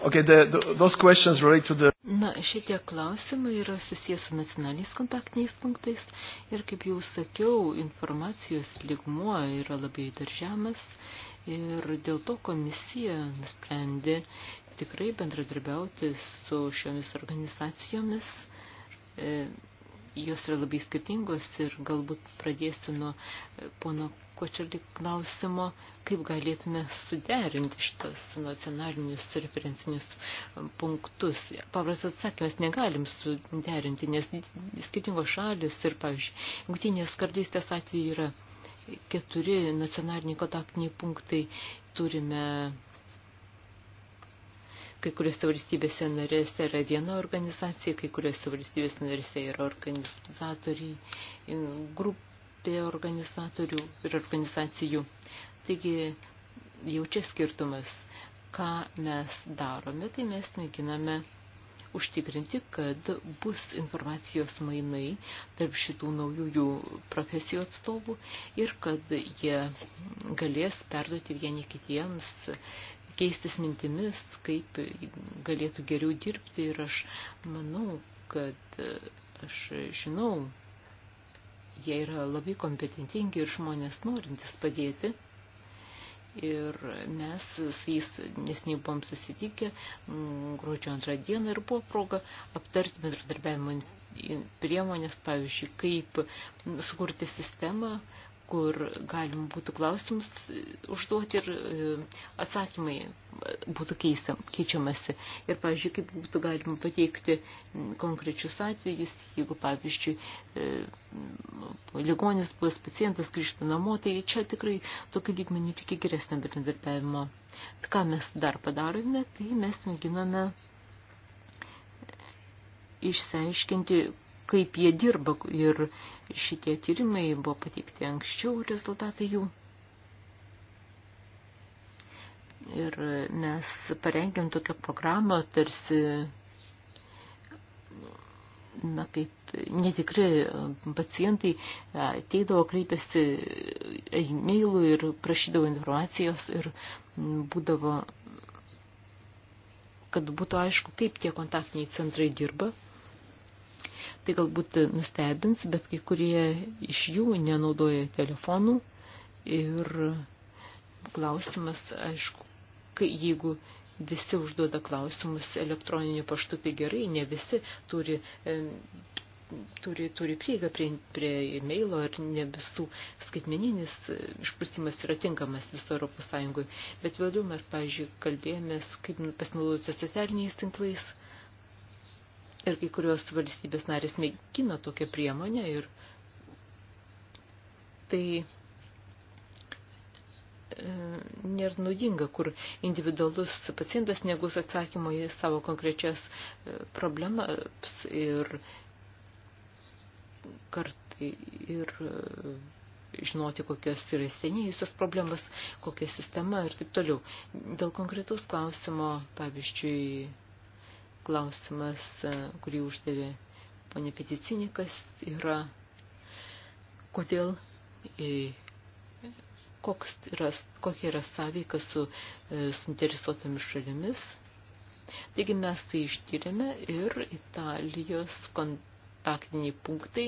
Okay, the, the, those questions relate to the... Na, šitie klausimai yra susijęs su nacionaliniais kontaktiniais punktais ir, kaip jau sakiau, informacijos ligmuo yra labai dar žemas ir dėl to komisija nusprendė tikrai bendradarbiauti su šiomis organizacijomis. E, jos yra labai skirtingos ir galbūt pradėsiu nuo pono Kočelį klausimo, kaip galėtume suderinti šitos nacionalinius referencinius punktus. Pavras atsakymas, negalim suderinti, nes skirtingos šalis ir, pavyzdžiui, jungtinės karalystės atveju yra keturi nacionaliniai kontaktiniai punktai. Turime kai kuriuose valstybėse narėse yra viena organizacija, kai kuriuose valstybėse narėse yra organizatoriai, grup, apie organizatorių ir organizacijų. Taigi jau čia skirtumas, ką mes darome, tai mes mėginame užtikrinti, kad bus informacijos mainai tarp šitų naujųjų profesijų atstovų ir kad jie galės perduoti vieni kitiems keistis mintimis, kaip galėtų geriau dirbti ir aš manau, kad aš žinau, Jie yra labai kompetentingi ir žmonės norintys padėti. Ir mes su jais nesiniai buvom susitikę mm, gruodžio antrą dieną ir buvo proga aptarti bendradarbiavimo priemonės, pavyzdžiui, kaip sukurti sistemą, kur galima būtų klausimus užduoti ir e, atsakymai būtų keista, keičiamasi. Ir, pavyzdžiui, kaip būtų galima pateikti konkrečius atvejus, jeigu, pavyzdžiui, e, ligonis bus pacientas grįžta namo, tai čia tikrai tokiu lygmenį reikia geresnio bendradarbiavimo. Tai ką mes dar padarome, tai mes mėginame e, išsiaiškinti, kaip jie dirba ir šitie tyrimai buvo pateikti anksčiau rezultatai jų. Ir mes parengėm tokią programą, tarsi, na, kaip netikri pacientai ateidavo, kreipėsi e-mailų ir prašydavo informacijos ir būdavo, kad būtų aišku, kaip tie kontaktiniai centrai dirba tai galbūt nustebins, bet kai kurie iš jų nenaudoja telefonų ir klausimas, aišku, kai, jeigu visi užduoda klausimus elektroniniu paštu, tai gerai, ne visi turi, e, turi, turi prieigą prie, prie e-mailo ir ne visų skaitmeninis e, išprusimas yra tinkamas viso Europos Sąjungoje. Bet vėliau mes, pavyzdžiui, kalbėjomės, kaip pasinaudoti socialiniais tinklais Ir kai kurios valstybės narės mėgino tokią priemonę ir tai e, nėra naudinga, kur individualus pacientas negus atsakymo į savo konkrečias e, problemas ir kartai ir e, žinoti, kokios yra senėjusios problemas, kokia sistema ir taip toliau. Dėl konkretaus klausimo, pavyzdžiui, klausimas, e, kurį uždavė ponė Peticinikas, yra kodėl, e, koks yra, kokia yra sąveika su e, suinteresuotomis šalimis. Taigi mes tai ištyrėme ir Italijos kontaktiniai punktai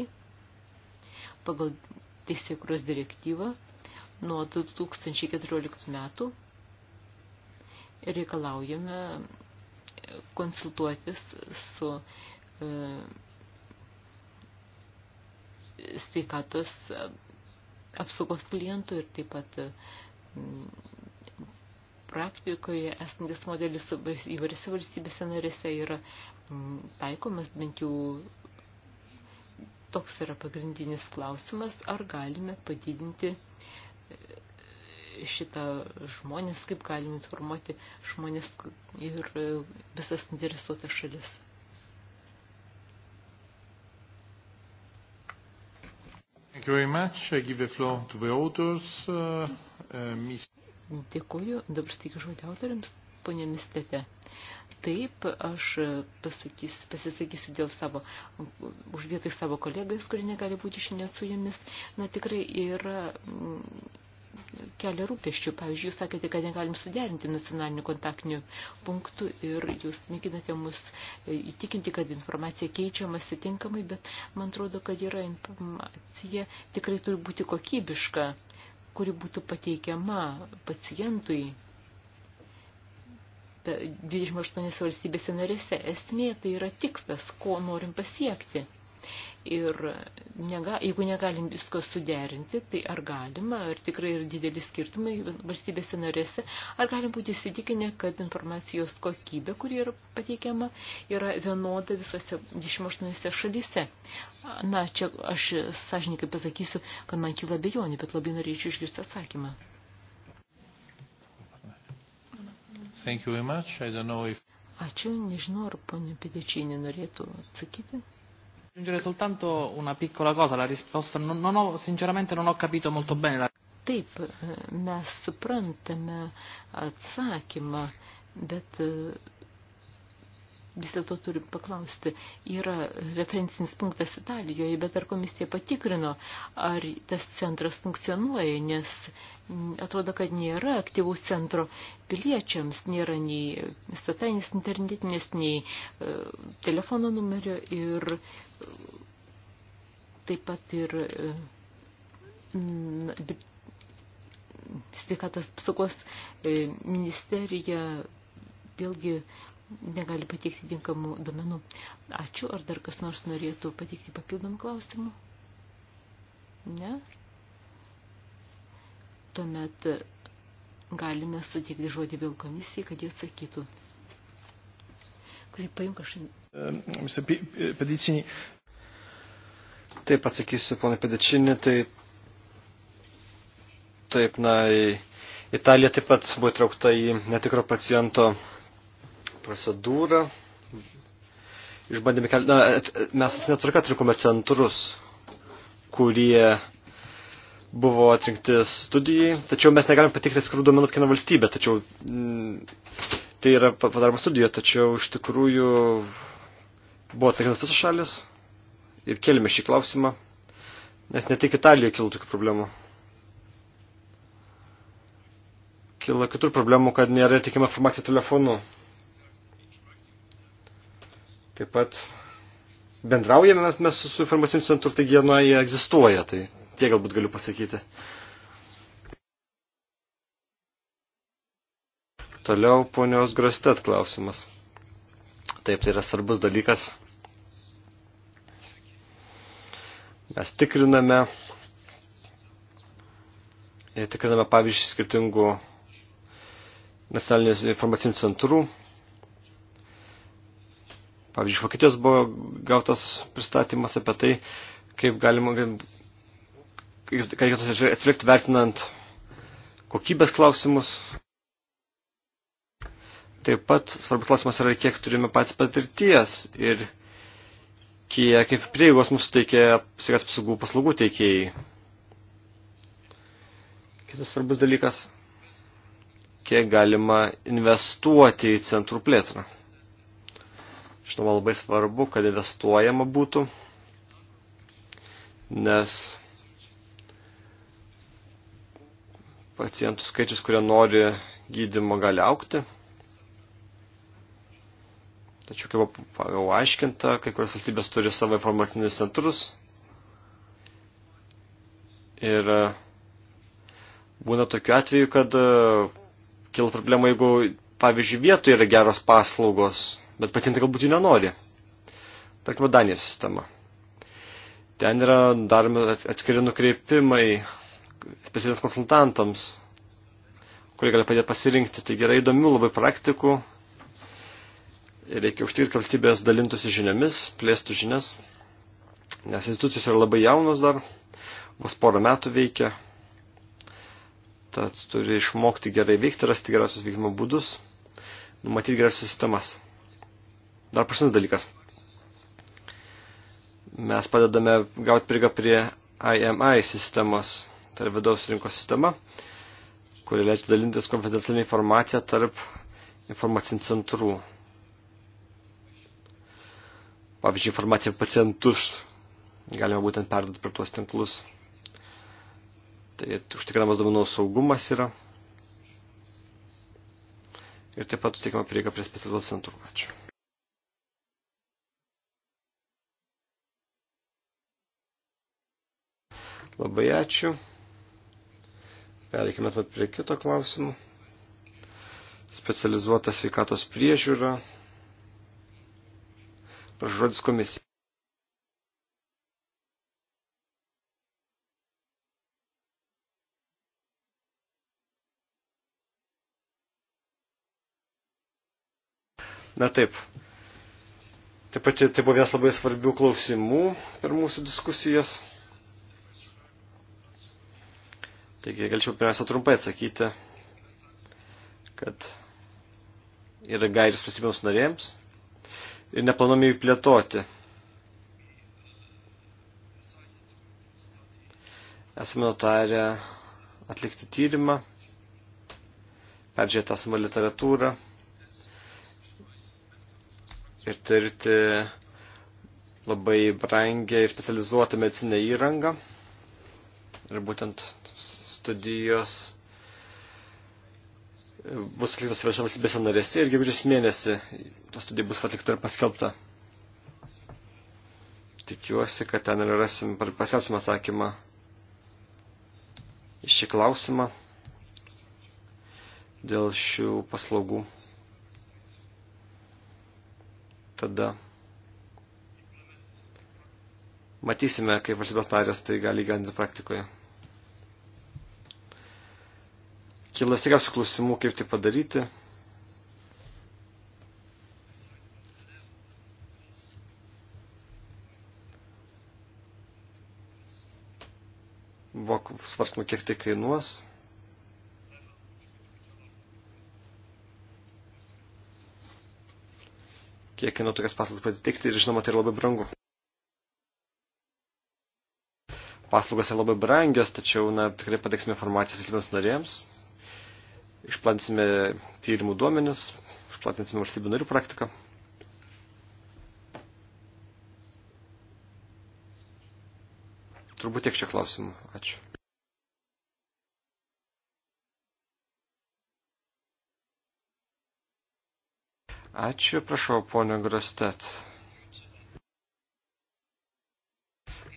pagal teisėkuros direktyvą nuo 2014 metų reikalaujame konsultuotis su e, sveikatos apsaugos klientų ir taip pat e, praktikoje esantis modelis įvairiose valstybėse narėse yra taikomas, bent jau toks yra pagrindinis klausimas, ar galime padidinti šitą žmonės, kaip galim informuoti žmonės ir e, visas interesuotas šalis. Thank you very much. I give the floor to the authors. Uh, uh, mis... Dėkuoju. Dabar steikiu žodį autoriams, ponė Mistete. Taip, aš pasakysiu, pasisakysiu dėl savo, už vietoj savo kolegais, kurie negali būti šiandien su jumis. Na, tikrai yra kelia rūpeščių. Pavyzdžiui, jūs sakėte, kad negalim suderinti nacionalinių kontaktinių punktų ir jūs mėginate mus e, įtikinti, kad informacija keičiamasi tinkamai, bet man atrodo, kad yra informacija tikrai turi būti kokybiška, kuri būtų pateikiama pacientui. 28 valstybėse narėse esmė tai yra tikslas, ko norim pasiekti. Ir nega, jeigu negalim visko suderinti, tai ar galima, ar tikrai yra dideli skirtumai valstybėse narėse, ar galim būti įsitikinę, kad informacijos kokybė, kuri yra pateikiama, yra vienoda visose 28 šalyse. Na, čia aš sąžininkai pasakysiu, kad man kyla bejonių, bet labai norėčiau išgirsti atsakymą. Thank you very much. I don't know if... Ačiū, nežinau, ar ponė Pidečinė norėtų atsakyti. Aggiungere soltanto una piccola cosa alla risposta. Non, non ho, sinceramente non ho capito molto bene la... Taip, mes suprantame atsakymą, bet vis dėlto turim paklausti, yra referencinis punktas Italijoje, bet ar komisija patikrino, ar tas centras funkcionuoja, nes atrodo, kad nėra aktyvaus centro piliečiams, nėra nei svetainės internetinės, nei e, telefono numerio ir e, taip pat ir e, sveikatos apsaugos e, ministerija vėlgi negali pateikti tinkamų duomenų. Ačiū, ar dar kas nors norėtų pateikti papildomų klausimų? Ne? Tuomet galime suteikti žodį vėl komisijai, kad jie atsakytų. Kaip paimk aš... Pedicinį. Taip atsakysiu, ponai Pedicinį, tai taip, na, Italija taip pat buvo įtraukta į netikro paciento procedūrą. Išbandėme, kel... na, mes netvarka atrinkome centrus, kurie buvo atrinkti studijai, tačiau mes negalim patikti atskirų duomenų kiekvieną valstybę, tačiau m, mm, tai yra padaroma studija, tačiau iš tikrųjų buvo atsakytas visos šalis ir kelime šį klausimą, nes ne tik Italijoje kilo tokių problemų. Kilo kitur problemų, kad nėra tikima informacija telefonu. Taip pat bendraujame mes su, su informaciniu centru, taigi jie, nu, jie egzistuoja, tai tie galbūt galiu pasakyti. Toliau ponios Grostet klausimas. Taip, tai yra svarbus dalykas. Mes tikriname ir tikriname pavyzdžiui skirtingų nacionalinių informacinių centrų Pavyzdžiui, iš Vokietijos buvo gautas pristatymas apie tai, kaip galima, kad reikėtų atsilikti vertinant kokybės klausimus. Taip pat svarbus klausimas yra, kiek turime patys patirties ir kiek kaip prieigos mūsų teikia sveikatos apsaugų paslaugų teikėjai. Kitas svarbus dalykas, kiek galima investuoti į centrų plėtrą. Žinoma, labai svarbu, kad investuojama būtų, nes pacientų skaičius, kurie nori gydimo, gali aukti. Tačiau, kaip jau aiškinta, kai kurios valstybės turi savo informacinius centrus. Ir e, būna tokiu atveju, kad e, kila problema, jeigu, pavyzdžiui, vietoje yra geros paslaugos, bet pacientai galbūt jų nenori. Tarkime, Danijos sistema. Ten yra daromi atskiri nukreipimai specialistams konsultantams, kurie gali padėti pasirinkti. Taigi yra įdomių labai praktikų. Ir reikia užtikrinti, kad valstybės dalintųsi žiniomis, plėstų žinias, nes institucijos yra labai jaunos dar, vos porą metų veikia, tad turi išmokti gerai veikti, rasti geriausius veikimo būdus, numatyti geriausias sistemas. Dar paskutinis dalykas. Mes padedame gauti prigą prie IMI sistemos, tai vidaus rinkos sistema, kuri leidžia dalintis konfidencialinę informaciją tarp informacinių centrų. Pavyzdžiui, informaciją pacientus galima būtent perduoti per tuos tinklus. Tai užtikrinamas duomenų saugumas yra. Ir taip pat sutikima prieiga prie specialių centrų. Ačiū. Labai ačiū. Pereikime pat prie kito klausimų. Specializuota sveikatos priežiūra. Pražodis komisija. Na taip. Taip pat tai buvo vienas labai svarbių klausimų per mūsų diskusijas. Taigi galčiau pirmiausia trumpai atsakyti, kad yra gairis valstybėms narėms ir neplanuomi jų plėtoti. Esame nutarę atlikti tyrimą, peržiūrėti esamą literatūrą ir tirti labai brangę ir specializuotą medicinę įrangą. Ir būtent studijos bus atliktos viešam valstybėse narėse ir gegužės mėnesį ta studija bus atlikta ir paskelbta. Tikiuosi, kad ten ir rasim, paskelbsim atsakymą į šį klausimą dėl šių paslaugų. Tada matysime, kaip valstybės narės tai gali įgyvendinti praktikoje. Kila sėgiausių klausimų, kaip tai padaryti. Buvo svarstama, kiek tai kainuos. kiek kainuoja tokias paslaugas pateikti ir žinoma, tai yra labai brangu. Paslaugos yra labai brangios, tačiau, na, tikrai pateiksime informaciją valstybėms narėms išplatinsime tyrimų duomenis, išplatinsime valstybių narių praktiką. Turbūt tiek čia klausimų. Ačiū. Ačiū, prašau, ponio Grostet.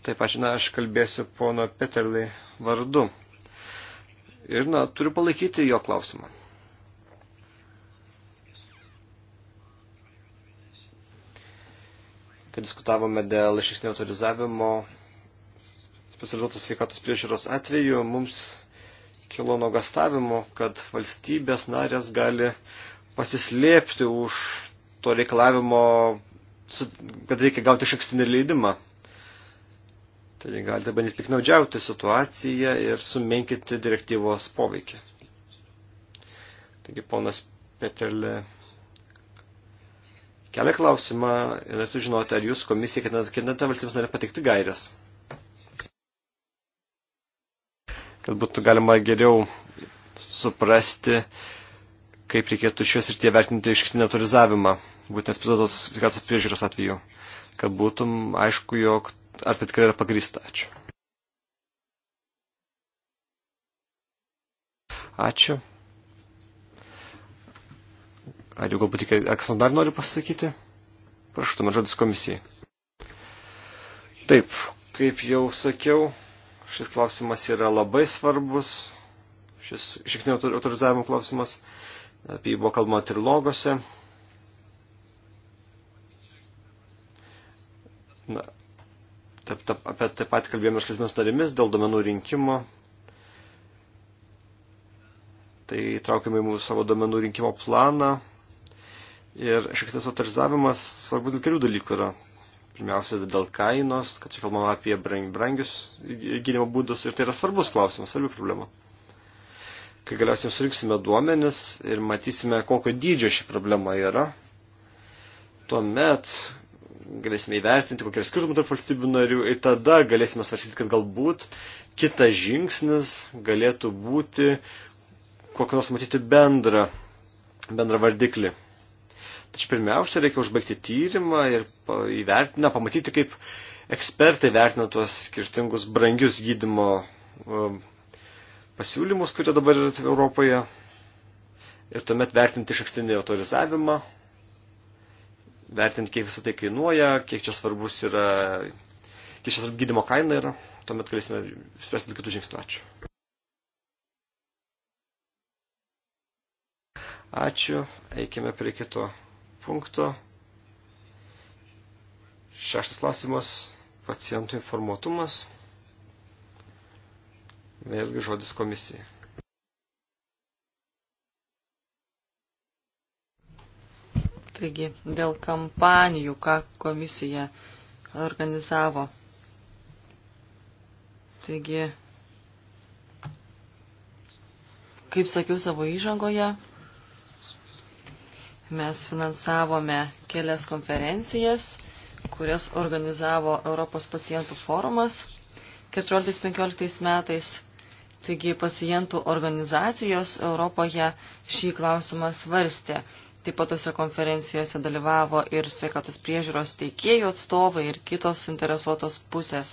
Taip, aš, na, aš kalbėsiu pono Peterlai vardu. Ir, na, turiu palaikyti jo klausimą. Kai diskutavome dėl išėksnio autorizavimo specializuotos sveikatos priežiūros atveju, mums kilo nuogastavimo, kad valstybės narės gali pasislėpti už to reikalavimo, kad reikia gauti šakstinį leidimą. Taigi galite bandyti piknaudžiauti situaciją ir sumenkinti direktyvos poveikį. Taigi ponas Peterle kelia klausimą ir norėtų žinoti, ar jūs komisija ketinate valstybės norė patikti gairias. Kad būtų galima geriau suprasti, kaip reikėtų šios ir tie vertinti išksinį autorizavimą, būtent specializuotos sveikatos priežiūros atveju. Kad būtum aišku, jog ar tai tikrai yra pagrįsta. Ačiū. Ačiū. Ar jau galbūt tik Aleksandras dar nori pasakyti? Prašau, man žodis komisijai. Taip, kaip jau sakiau, šis klausimas yra labai svarbus. Šis šiknio autorizavimo klausimas. Apie jį buvo kalbama trilogose. Na, Taip, taip, apie taip pat kalbėjome iš Lisbės narimis dėl domenų rinkimo. Tai įtraukėme į mūsų savo domenų rinkimo planą. Ir šiek tiek autorizavimas svarbus dėl kelių dalykų yra. Pirmiausia, dėl kainos, kad čia kalbama apie brang, brangius gydimo būdus ir tai yra svarbus klausimas, svarbi problema. Kai galiausiai surinksime duomenis ir matysime, kokio dydžio ši problema yra, tuomet galėsime įvertinti, kokie yra skirtumai tarp valstybių narių ir tada galėsime svarstyti, kad galbūt kitas žingsnis galėtų būti kokį nors matyti bendrą, bendrą vardiklį. Tačiau pirmiausia, reikia užbaigti tyrimą ir įvertinę, pamatyti, kaip ekspertai vertina tuos skirtingus brangius gydimo e, pasiūlymus, kurie dabar yra Europoje. Ir tuomet vertinti iš ekstinį autorizavimą, vertinti, kiek visą tai kainuoja, kiek čia svarbus yra, kiek čia svarbu gydimo kaina yra, tuomet galėsime spręsti kitų žingsnių. Ačiū. Ačiū, eikime prie kito punkto. Šeštas klausimas - pacientų informuotumas. Vėlgi žodis komisijai. Taigi, dėl kampanijų, ką komisija organizavo. Taigi, kaip sakiau savo įžangoje, mes finansavome kelias konferencijas, kurias organizavo Europos pacientų forumas 14-15 metais. Taigi pacientų organizacijos Europoje šį klausimą svarstė. Taip pat tose konferencijose dalyvavo ir sveikatos priežiūros teikėjų atstovai ir kitos suinteresuotos pusės.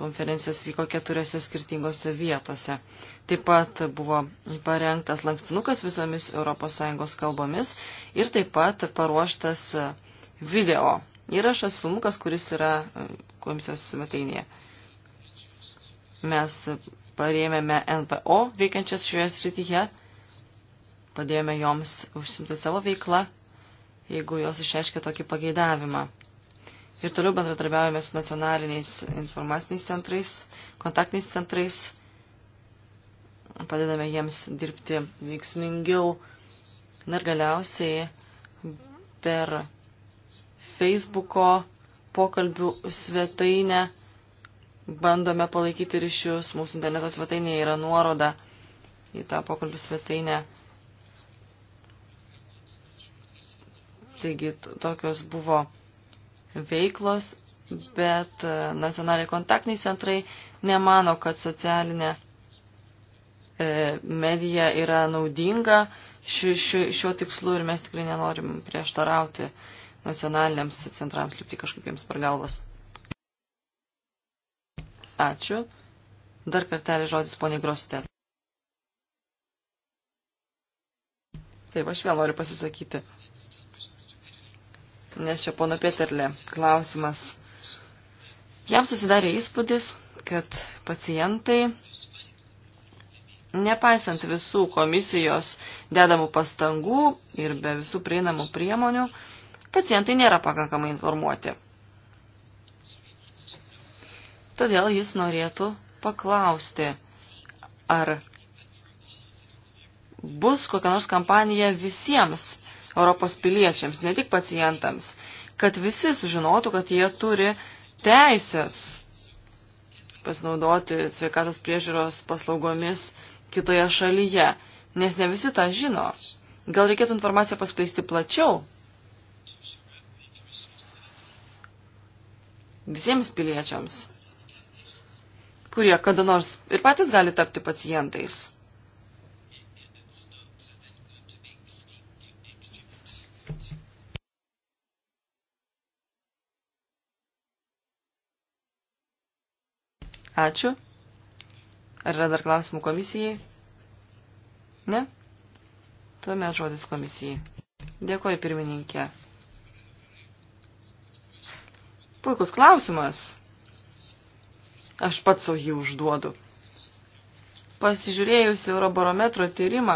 Konferencijos vyko keturiose skirtingose vietose. Taip pat buvo parengtas lankstinukas visomis ES kalbomis ir taip pat paruoštas video įrašas, filmukas, kuris yra e, komisijos svetainėje. Mes parėmėme NPO veikiančias šioje srityje padėjome joms užsimti savo veiklą, jeigu jos išreiškia tokį pageidavimą. Ir toliau bendradarbiaujame su nacionaliniais informaciniais centrais, kontaktiniais centrais, padedame jiems dirbti veiksmingiau. Ir galiausiai per Facebooko pokalbių svetainę bandome palaikyti ryšius. Mūsų interneto svetainėje yra nuoroda į tą pokalbių svetainę Taigi tokios buvo veiklos, bet e, nacionaliniai kontaktiniai centrai nemano, kad socialinė e, medija yra naudinga šiuo, šiuo, šiuo tikslu ir mes tikrai nenorim prieštarauti nacionaliniams centrams lipti kažkaip jiems per galvas. Ačiū. Dar kartelį žodis poniai Groste. Taip, aš vėl noriu pasisakyti nes čia pono Peterle klausimas. Jam susidarė įspūdis, kad pacientai, nepaisant visų komisijos dedamų pastangų ir be visų prieinamų priemonių, pacientai nėra pakankamai informuoti. Todėl jis norėtų paklausti, ar bus kokia nors kampanija visiems Europos piliečiams, ne tik pacientams, kad visi sužinotų, kad jie turi teisės pasinaudoti sveikatos priežiūros paslaugomis kitoje šalyje, nes ne visi tą žino. Gal reikėtų informaciją paskleisti plačiau? Visiems piliečiams, kurie kada nors ir patys gali tapti pacientais. Ačiū. Ar yra dar klausimų komisijai? Ne? Tuomet žodis komisijai. Dėkoju pirmininkė. Puikus klausimas. Aš pats savo jį užduodu. Pasižiūrėjus Eurobarometro tyrimą,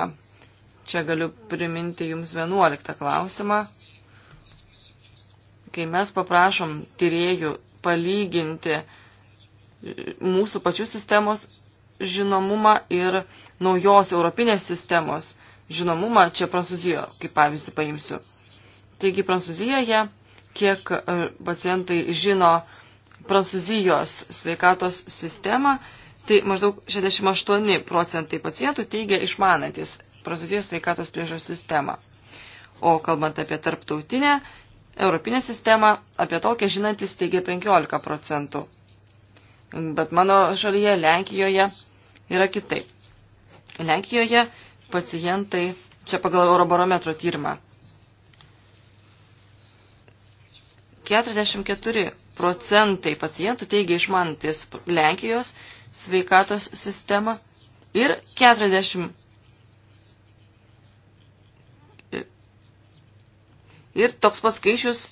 čia galiu priminti jums 11 klausimą, kai mes paprašom tyriejų palyginti mūsų pačių sistemos žinomumą ir naujos europinės sistemos žinomumą čia Prancūzijoje, kaip pavyzdį paimsiu. Taigi Prancūzijoje, kiek e, pacientai žino Prancūzijos sveikatos sistemą, tai maždaug 68 procentai pacientų teigia išmanantis Prancūzijos sveikatos priežos sistemą. O kalbant apie tarptautinę, europinę sistemą, apie tokią žinantis teigia 15 procentų. Bet mano šalyje, Lenkijoje, yra kitaip. Lenkijoje pacientai, čia pagal Eurobarometro tyrimą, 44 procentai pacientų teigia išmanantis Lenkijos sveikatos sistemą ir 40 ir toks paskaičius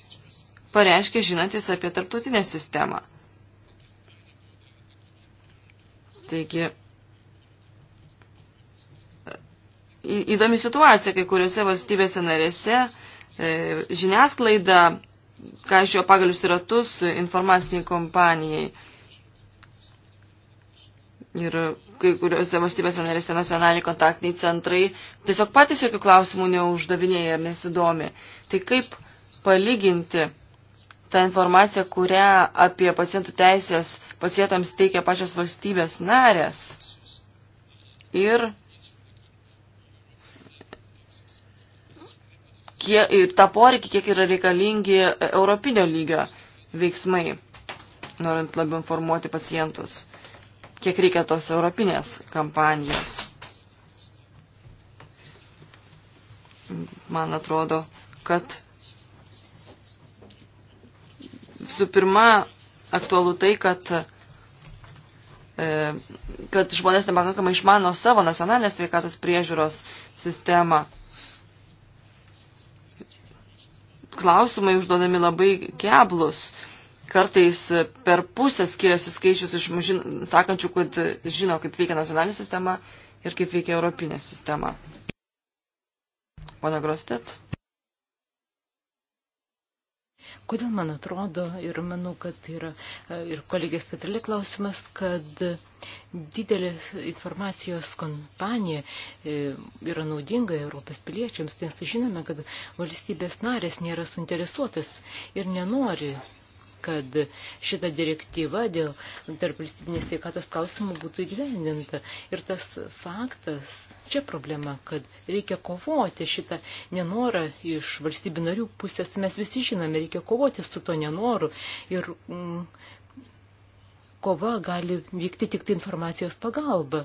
pareiškia žinantis apie tarptautinę sistemą. Taigi, įdomi situacija kai kuriuose valstybėse narėse, e, žiniasklaida, ką iš jo pagalius į ratus informaciniai kompanijai. Ir kai kuriuose valstybėse narėse nacionaliniai kontaktiniai centrai tiesiog patys jokių klausimų neuždavinėja ir nesidomi. Tai kaip palyginti ta informacija, kurią apie pacientų teisės pacientams teikia pačios valstybės narės. Ir, kie, ir tą poreikį, kiek yra reikalingi europinio lygio veiksmai, norint labiau informuoti pacientus, kiek reikia tos europinės kampanijos. Man atrodo, kad Visų pirma, aktualu tai, kad, e, kad žmonės nepakankamai išmano savo nacionalinės sveikatos priežiūros sistemą. Klausimai užduodami labai keblus. Kartais per pusę skiriasi skaičius iš žin, sakančių, kad žino, kaip veikia nacionalinė sistema ir kaip veikia europinė sistema. Pana Grostet. Kodėl man atrodo, ir manau, kad yra e, ir kolegės Petrelė klausimas, kad didelė informacijos kompanija e, yra naudinga Europos piliečiams, nes žinome, kad valstybės narės nėra suinteresuotas ir nenori kad šita direktyva dėl tarp valstybinės sveikatos klausimų būtų įgyvendinta. Ir tas faktas, čia problema, kad reikia kovoti šitą nenorą iš valstybių narių pusės, mes visi žinome, reikia kovoti su to nenoru ir mm, kova gali vykti tik tai informacijos pagalba.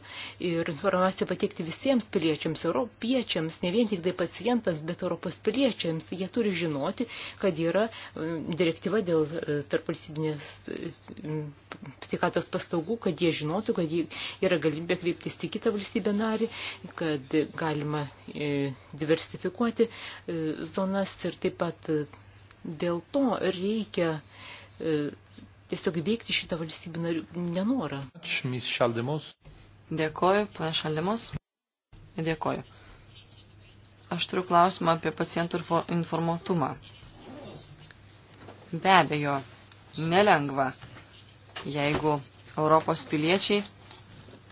Ir informaciją pateikti visiems piliečiams, europiečiams, ne vien tik tai pacientams, bet Europos piliečiams. Jie turi žinoti, kad yra e, direktyva dėl e, tarpvalstybinės e, psichatos paslaugų, kad jie žinotų, kad yra galimybė kreiptis į kitą valstybę narį, kad galima diversifikuoti zonas ir taip pat dėl to reikia tiesiog veikti šitą valstybių narių nenorą. Dėkoju, pana Šaldimus. Dėkoju. Aš turiu klausimą apie pacientų informuotumą. Be abejo, nelengva, jeigu Europos piliečiai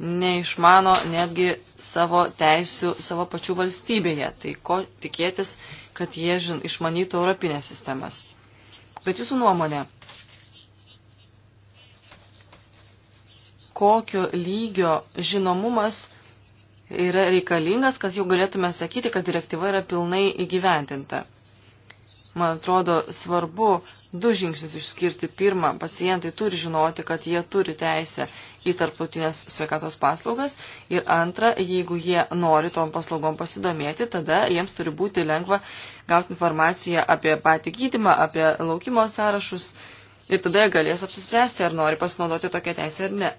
neišmano netgi savo teisių savo pačių valstybėje. Tai ko tikėtis, kad jie žin, išmanytų europinės sistemas. Bet jūsų nuomonė, kokio lygio žinomumas yra reikalingas, kad jau galėtume sakyti, kad direktyva yra pilnai įgyventinta. Man atrodo, svarbu du žingsnius išskirti. Pirma, pacientai turi žinoti, kad jie turi teisę į tarptautinės sveikatos paslaugas. Ir antra, jeigu jie nori tom paslaugom pasidomėti, tada jiems turi būti lengva gauti informaciją apie patį gydimą, apie laukimo sąrašus. Ir tada jie galės apsispręsti, ar nori pasinaudoti tokią teisę ar ne.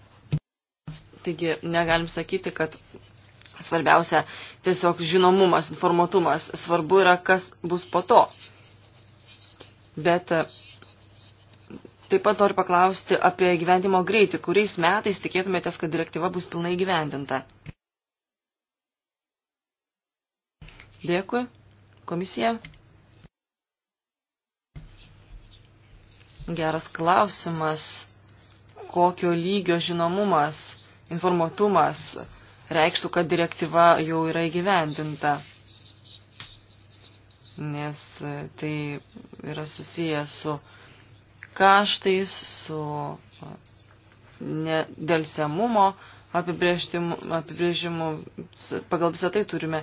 Taigi negalim sakyti, kad svarbiausia tiesiog žinomumas, informatumas. Svarbu yra, kas bus po to. Bet e, taip pat noriu paklausti apie gyvendimo greitį. Kuriais metais tikėtumėtės, kad direktyva bus pilnai gyvendinta? Dėkui. Komisija. Geras klausimas. Kokio lygio žinomumas? informuotumas reikštų, kad direktyva jau yra įgyvendinta, nes tai yra susiję su kaštais, su nedelsiamumo apibrėžimu. Pagal visą tai turime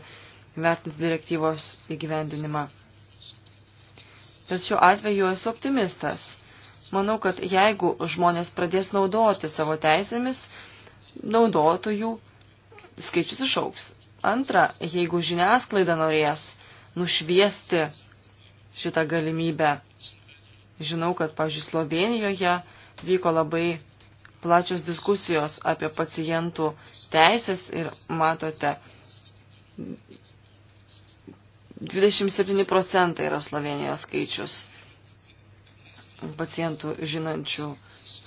vertinti direktyvos įgyvendinimą. Tačiau atveju esu optimistas. Manau, kad jeigu žmonės pradės naudoti savo teisėmis, naudotojų skaičius išauks. Antra, jeigu žiniasklaida norės nušviesti šitą galimybę, žinau, kad, pavyzdžiui, Slovenijoje vyko labai plačios diskusijos apie pacientų teisės ir matote, 27 procentai yra Slovenijos skaičius pacientų žinančių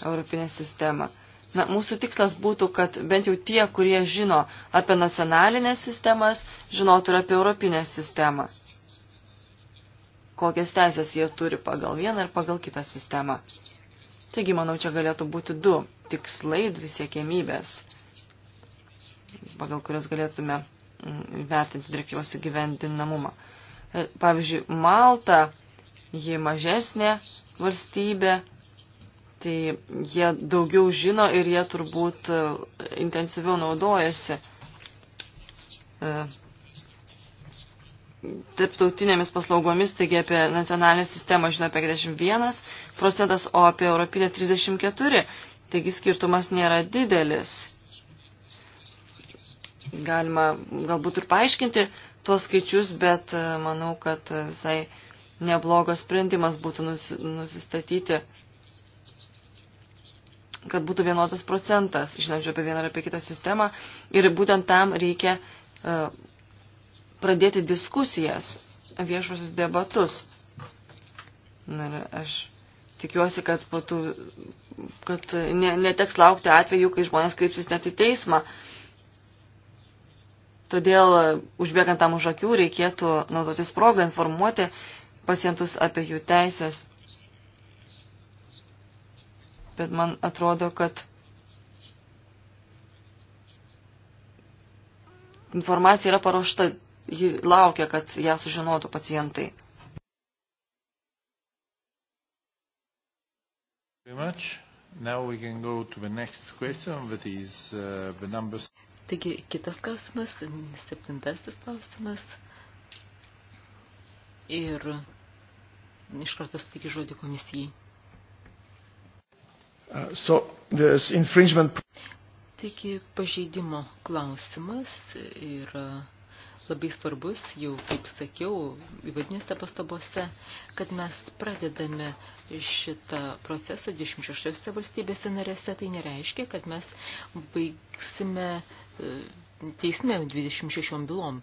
Europinę sistemą. Na, mūsų tikslas būtų, kad bent jau tie, kurie žino apie nacionalinės sistemas, žinotų ir apie europinę sistemą. Kokias teisės jie turi pagal vieną ir pagal kitą sistemą. Taigi, manau, čia galėtų būti du tikslai, dvi siekėmybės, pagal kurias galėtume mm, vertinti direktyvos įgyvendinamumą. E, pavyzdžiui, Malta, ji mažesnė valstybė, Tai jie daugiau žino ir jie turbūt e, intensyviau naudojasi e, tarptautinėmis paslaugomis, taigi apie nacionalinę sistemą žino 51 procentas, o apie europinę 34, taigi skirtumas nėra didelis. Galima galbūt ir paaiškinti tuos skaičius, bet e, manau, kad visai neblogas sprendimas būtų nusistatyti kad būtų vienodas procentas, žinančių apie vieną ar apie kitą sistemą. Ir būtent tam reikia e, pradėti diskusijas, viešuosius debatus. Na, aš tikiuosi, kad, tų, kad ne, neteks laukti atveju, kai žmonės kreipsis net į teismą. Todėl, užbėgant tam už akių, reikėtų naudotis progą informuoti pacientus apie jų teisės bet man atrodo, kad informacija yra paruošta, ji laukia, kad ją sužinotų pacientai. Uh, Taigi kitas klausimas, septintasis klausimas. Ir iš karto suteikiu žodį komisijai. Uh, so this infringement. Taigi pažeidimo klausimas yra labai svarbus, jau kaip sakiau, įvadinėse pastabose, kad mes pradedame šitą procesą 26 valstybėse narėse, tai nereiškia, kad mes baigsime e, teisme 26 bylom.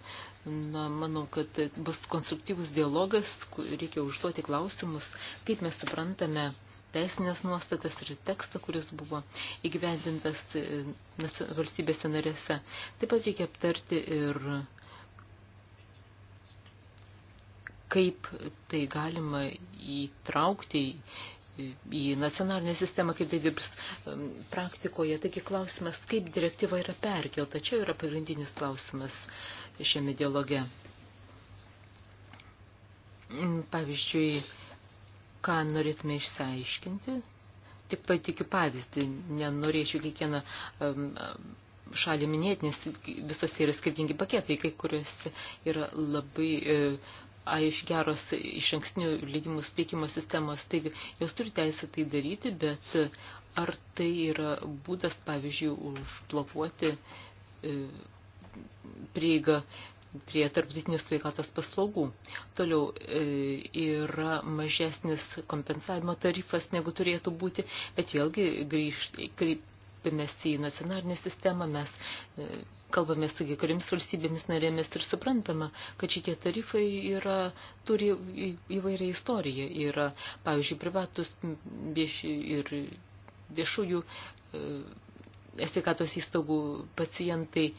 Na, manau, kad bus konstruktyvus dialogas, reikia užduoti klausimus, kaip mes suprantame teisinės nuostatas ir tekstą, kuris buvo įgyvendintas e, valstybėse narėse. Taip pat reikia aptarti ir kaip tai galima įtraukti į nacionalinę sistemą, kaip tai dirbs e, praktikoje. Taigi klausimas, kaip direktyva yra perkelta, čia yra pagrindinis klausimas šiame dialoge. Pavyzdžiui, ką norėtume išsiaiškinti. Tik patikiu pavyzdį, nenorėčiau kiekvieną um, šalį minėti, nes visose yra skirtingi paketai, kai kuriuose yra labai e, aiš geros iš ankstinių leidimų suteikimo sistemos, taigi jos turi teisę tai daryti, bet e, ar tai yra būdas, pavyzdžiui, užblokuoti e, prieigą prie tarptautinių sveikatos paslaugų. Toliau e, yra mažesnis kompensavimo tarifas negu turėtų būti, bet vėlgi grįž, kreipiamės į nacionalinę sistemą, mes e, kalbame su kiekvienomis valstybėmis narėmis ir suprantama, kad šitie tarifai yra, turi įvairią istoriją. Yra, pavyzdžiui, privatus vieši, ir viešųjų e, sveikatos įstaugų pacientai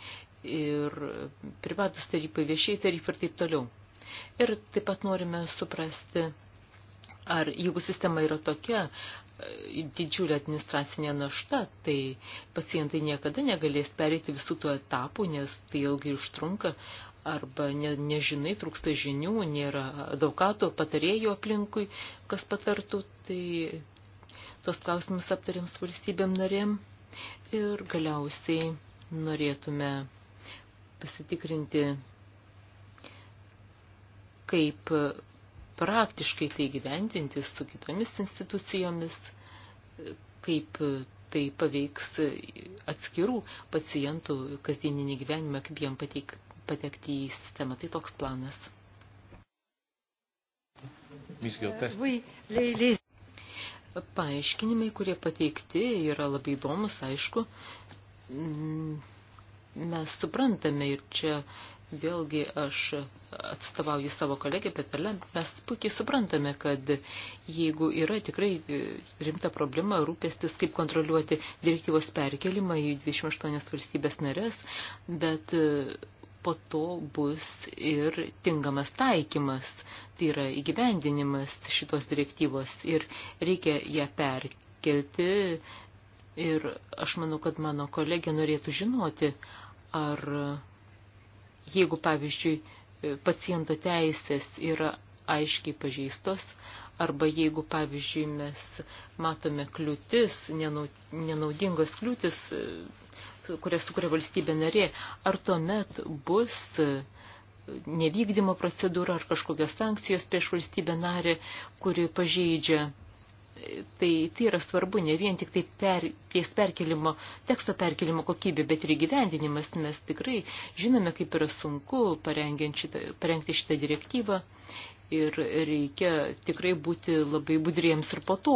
ir privatus tarifai, viešiai tarifai ir taip toliau. Ir taip pat norime suprasti, ar jeigu sistema yra tokia, e, didžiulė administracinė našta, tai pacientai niekada negalės perėti visų tų etapų, nes tai ilgai užtrunka, arba ne, nežinai, trūksta žinių, nėra advokato, patarėjų aplinkui, kas patartų, tai tos klausimus aptarėm su valstybėm narėm ir galiausiai norėtume pasitikrinti, kaip praktiškai tai gyventinti su kitomis institucijomis, kaip tai paveiks atskirų pacientų kasdieninį gyvenimą, kaip jiem pateik, patekti į sistemą. Tai toks planas. Paaiškinimai, kurie pateikti, yra labai įdomus, aišku. Mm mes suprantame ir čia vėlgi aš atstovauju savo kolegę Petelę, mes puikiai suprantame, kad jeigu yra tikrai rimta problema rūpestis, kaip kontroliuoti direktyvos perkelimą į 28 valstybės narės, bet po to bus ir tinkamas taikymas, tai yra įgyvendinimas šitos direktyvos ir reikia ją perkelti Ir aš manau, kad mano kolegė norėtų žinoti, ar jeigu, pavyzdžiui, paciento teisės yra aiškiai pažeistos, arba jeigu, pavyzdžiui, mes matome kliūtis, nenaudingos kliūtis, kurias sukuria valstybė narė, ar tuomet bus nevykdymo procedūra ar kažkokios sankcijos prieš valstybę narį, kuri pažeidžia tai, tai yra svarbu ne vien tik tai per, ties perkelimo, teksto perkelimo kokybė, bet ir įgyvendinimas. Mes tikrai žinome, kaip yra sunku šitą, parengti šitą direktyvą ir reikia tikrai būti labai budriems ir po to,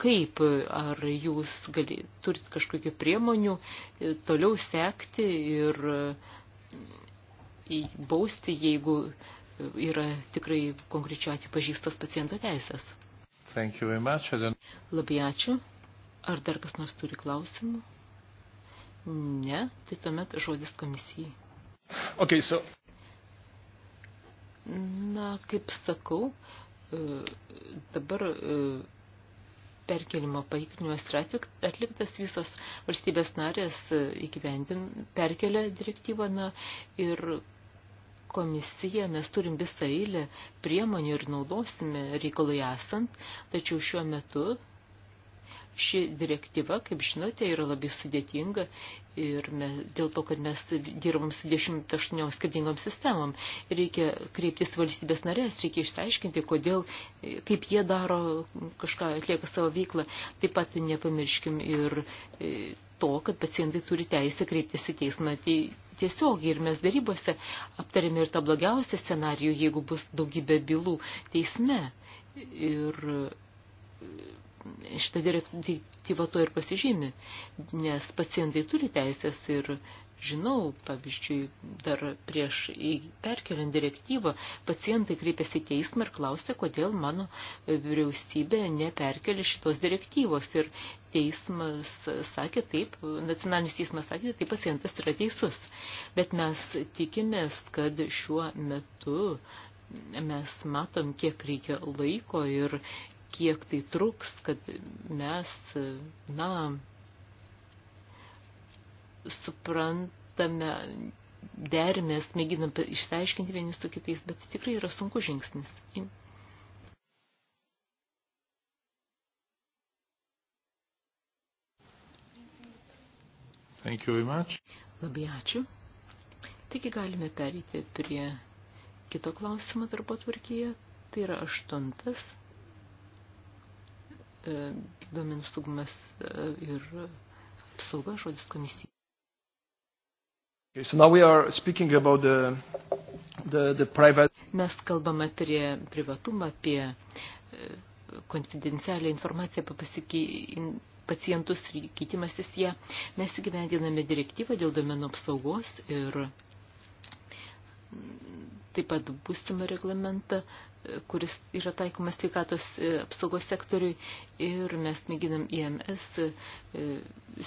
kaip ar jūs gali, turit kažkokių priemonių e, toliau sekti ir e, bausti, jeigu e, yra tikrai konkrečiu atveju pažįstas paciento teisės. Labai ačiū. Ar dar kas nors turi klausimų? Ne, tai tuomet žodis komisijai. Okay, so... Na, kaip sakau, e, dabar e, perkelimo patikrinimas yra atliktas visos valstybės narės e, įgyvendin, perkelia direktyvą na, ir komisija, mes turim visą eilę priemonių ir naudosime reikalui esant, tačiau šiuo metu ši direktyva, kaip žinote, yra labai sudėtinga ir mes, dėl to, kad mes dirbam su 28 skirtingom sistemom, reikia kreiptis valstybės narės, reikia išsiaiškinti, kodėl, kaip jie daro kažką, atlieka savo veiklą. Taip pat nepamirškim ir e, to, kad pacientai turi teisę kreiptis į teismą tiesiogiai ir mes darybose aptarėme ir tą blogiausią scenarijų, jeigu bus daugybė bylų teisme. Ir e, šitą direktyvą to ir pasižymi, nes pacientai turi teisės ir žinau, pavyzdžiui, dar prieš perkeliant direktyvą, pacientai kreipėsi į teismą ir klausė, kodėl mano vyriausybė neperkeli šitos direktyvos. Ir teismas sakė taip, nacionalinis teismas sakė, tai pacientas yra teisus. Bet mes tikimės, kad šiuo metu mes matom, kiek reikia laiko ir kiek tai truks, kad mes, na, suprantame, derimės, mėginam išsiaiškinti vieni su kitais, bet tikrai yra sunku žingsnis. Thank you very much. Labai ačiū. Taigi galime pereiti prie kito klausimo darbo tvarkyje. Tai yra aštuntas e, duomenų saugumas e, ir apsauga žodis komisija. Okay, so now we are speaking about the, the, the private... Mes kalbame apie privatumą, apie e, konfidencialią informaciją apie pasikį, pacientus ir keitimasis ją. Mes įgyvendiname direktyvą dėl domenų apsaugos ir mm, taip pat būstimą reglamentą, e, kuris yra taikomas sveikatos e, apsaugos sektoriui ir mes mėginam IMS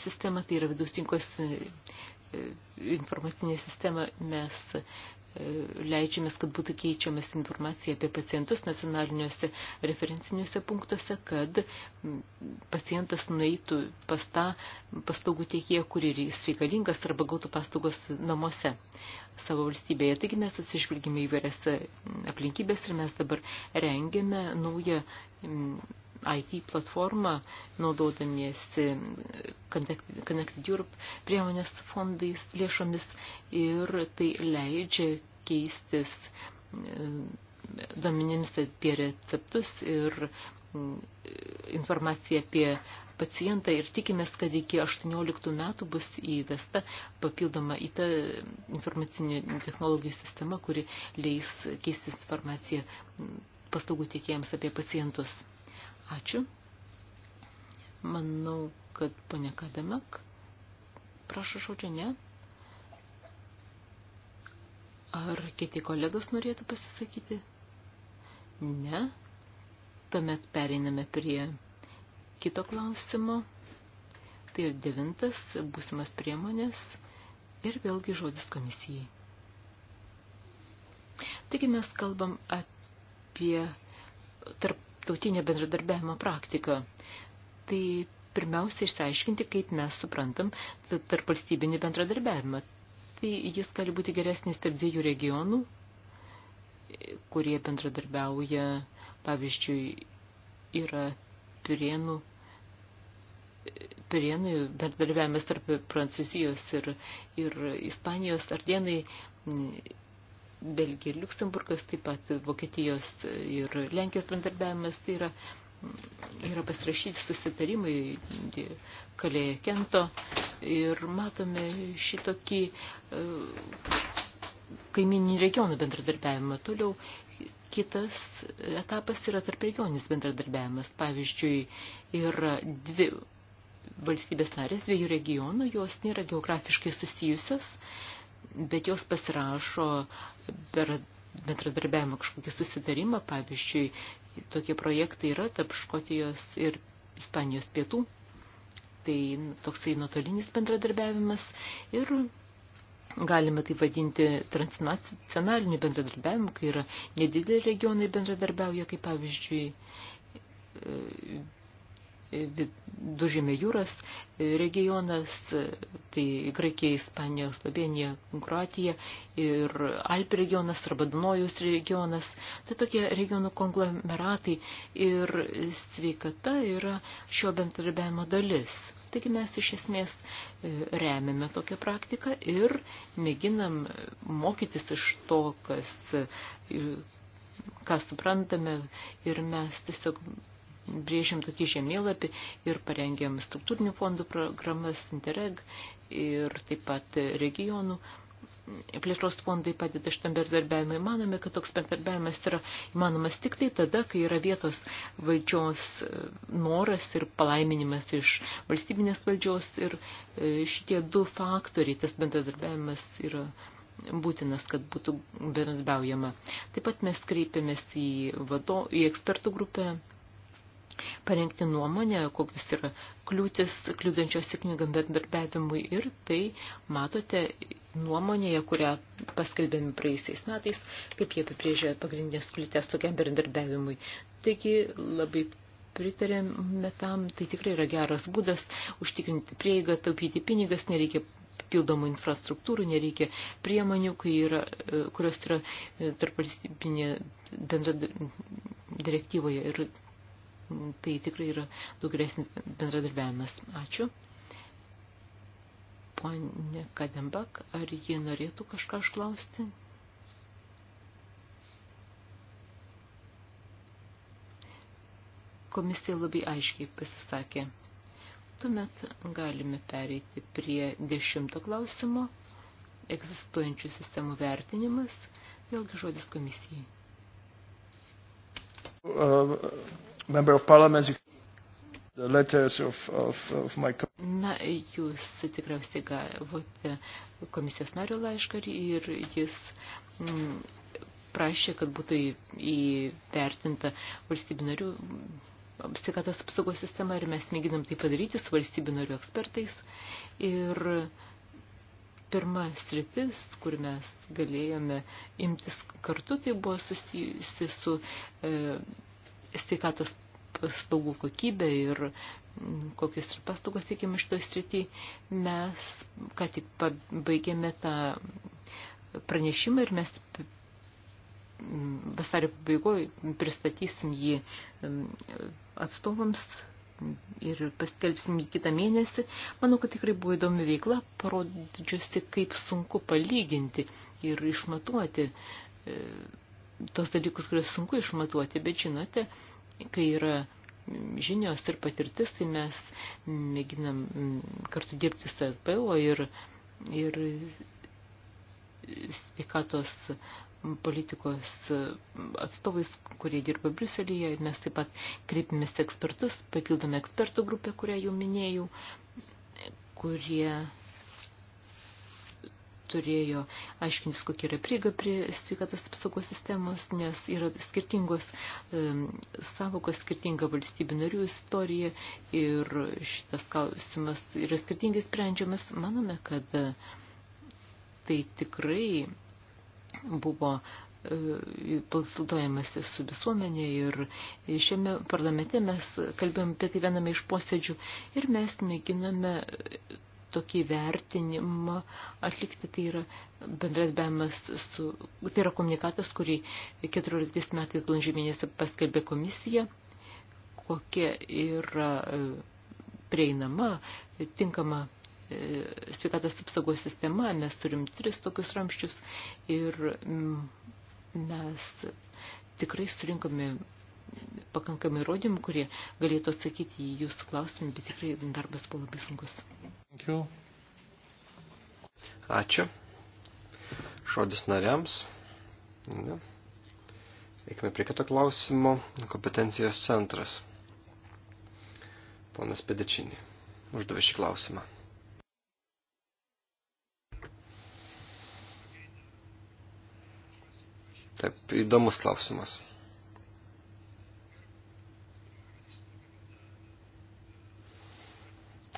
sistemą, tai yra vidaus tinkos informacinę sistemą mes e, leidžiamės, kad būtų keičiamas informacija apie pacientus nacionaliniuose referenciniuose punktuose, kad pacientas nueitų pas tą paslaugų tiekėją, kur jis reikalingas arba gautų paslaugos namuose savo valstybėje. Taigi mes atsižvelgime įvairias aplinkybės ir mes dabar rengiame naują IT platformą, naudodamiesi Connect Europe priemonės fondais, lėšomis ir tai leidžia keistis e, duomenims apie receptus ir e, informaciją apie pacientą ir tikimės, kad iki 18 metų bus įvesta papildoma į tą informacinių technologijų sistemą, kuri leis keistis informaciją paslaugų tiekėjams apie pacientus. Ačiū. Manau, kad ponia Kademek, prašau šaučia, ne? Ar kiti kolegas norėtų pasisakyti? Ne. Tuomet pereiname prie kito klausimo. Tai ir devintas, būsimas priemonės ir vėlgi žodis komisijai. Taigi mes kalbam apie tarp tarptautinę bendradarbiavimo praktiką. Tai pirmiausia išsiaiškinti, kaip mes suprantam tarp valstybinį bendradarbiavimą. Tai jis gali būti geresnis tarp dviejų regionų, kurie bendradarbiauja, pavyzdžiui, yra Pirienų, Pirienų bendradarbiavimas tarp Prancūzijos ir, ir Ispanijos, Ardienai Belgija ir Luxemburgas, taip pat Vokietijos ir Lenkijos bendradarbiavimas, tai yra, yra pasirašyti susitarimai Kalėje Kento ir matome šitokį e, kaiminį regionų bendradarbiavimą. Toliau kitas etapas yra tarp regioninis bendradarbiavimas. Pavyzdžiui, yra dvi valstybės narės, dviejų regionų, jos nėra geografiškai susijusios bet jos pasirašo per bendradarbiavimą kažkokį susitarimą, pavyzdžiui, tokie projektai yra tarp Škotijos ir Ispanijos pietų, tai toksai nuotolinis bendradarbiavimas ir galime tai vadinti transnacionaliniu bendradarbiavimu, kai yra nedideli regionai bendradarbiauja, kaip pavyzdžiui Dužėmė jūras regionas, tai Graikija, Ispanija, Slovenija, Kroatija ir Alpių regionas arba Dunojus regionas. Tai tokie regionų konglomeratai ir sveikata yra šio bendradarbiavimo dalis. Taigi mes iš esmės e, remiame tokią praktiką ir mėginam mokytis iš to, kas e, ką suprantame ir mes tiesiog brėžėm tokį žemėlapį ir parengėm struktūrinių fondų programas Interreg ir taip pat regionų plėtros fondai padeda šitam bendradarbiavimui. Manome, kad toks bendradarbiavimas yra įmanomas tik tai tada, kai yra vietos valdžios e, noras ir palaiminimas iš valstybinės valdžios ir e, šitie du faktoriai, tas bendradarbiavimas yra būtinas, kad būtų bendradarbiaujama. Taip pat mes kreipiamės į, vado, į ekspertų grupę parengti nuomonę, kokius yra kliūtis kliūdančios sėkmingam bendarbiavimui ir tai matote nuomonėje, kurią paskelbėme praėjusiais metais, kaip jie apibrėžė pagrindinės kliūtės tokiam bendarbiavimui. Taigi labai pritarėme tam, tai tikrai yra geras būdas užtikrinti prieigą, taupyti pinigas, nereikia papildomų infrastruktūrų, nereikia priemonių, yra, kurios yra e, tarp valstybinė bendra direktyvoje. Ir tai tikrai yra daug geresnis bendradarbiavimas. Ačiū. Pone Kadembak, ar ji norėtų kažką išklausti? Komisija labai aiškiai pasisakė. Tuomet galime pereiti prie dešimto klausimo egzistuojančių sistemų vertinimas, vėlgi žodis komisijai. Uh, Member of Parliament, the letters of, of, of my... Na, jūs tikriausiai gavote komisijos nario laišką ir jis mm, prašė, kad būtų įvertinta valstybių narių mm, sveikatos apsaugos sistema ir mes mėginam tai padaryti su valstybių narių ekspertais. Ir pirma sritis, kur mes galėjome imtis kartu, tai buvo susijusi su e, sveikatos paslaugų kokybę ir mm, kokius ir paslaugos teikiam iš to srity. Mes ką tik pabaigėme tą pranešimą ir mes mm, vasario pabaigoje pristatysim jį mm, atstovams ir paskelbsim jį kitą mėnesį. Manau, kad tikrai buvo įdomi veikla, parodžiusi, kaip sunku palyginti ir išmatuoti e, tos dalykus, kuriuos sunku išmatuoti, bet žinote, kai yra žinios ir patirtis, tai mes mėginam mm, kartu dirbti su SBO ir, ir sveikatos politikos atstovais, kurie dirba Briuselėje. Mes taip pat kreipimės ekspertus, papildome ekspertų grupę, kurią jau minėjau, kurie turėjo aiškintis, kokia yra prieiga prie sveikatos apsaugos sistemos, nes yra skirtingos e, savokos, skirtinga valstybių narių istorija ir šitas klausimas yra skirtingai sprendžiamas. Manome, kad e, tai tikrai buvo e, konsultuojamasi su visuomenė ir šiame parlamente mes kalbėjom apie tai viename iš posėdžių ir mes mėginame tokį vertinimą atlikti, tai yra bendradarbiavimas su, tai yra komunikatas, kurį 14 metais blandžio mėnesį paskelbė komisija, kokia yra e, prieinama, tinkama e, sveikatos apsaugos sistema, mes turim tris tokius ramščius ir mm, mes tikrai surinkame pakankamai įrodymų, kurie galėtų atsakyti į jūsų klausimą, bet tikrai darbas buvo labai sunkus. Ačiū. Žodis nariams. Ne. Eikime prie kito klausimo. Kompetencijos centras. Ponas Pedečinį uždavė šį klausimą. Taip, įdomus klausimas.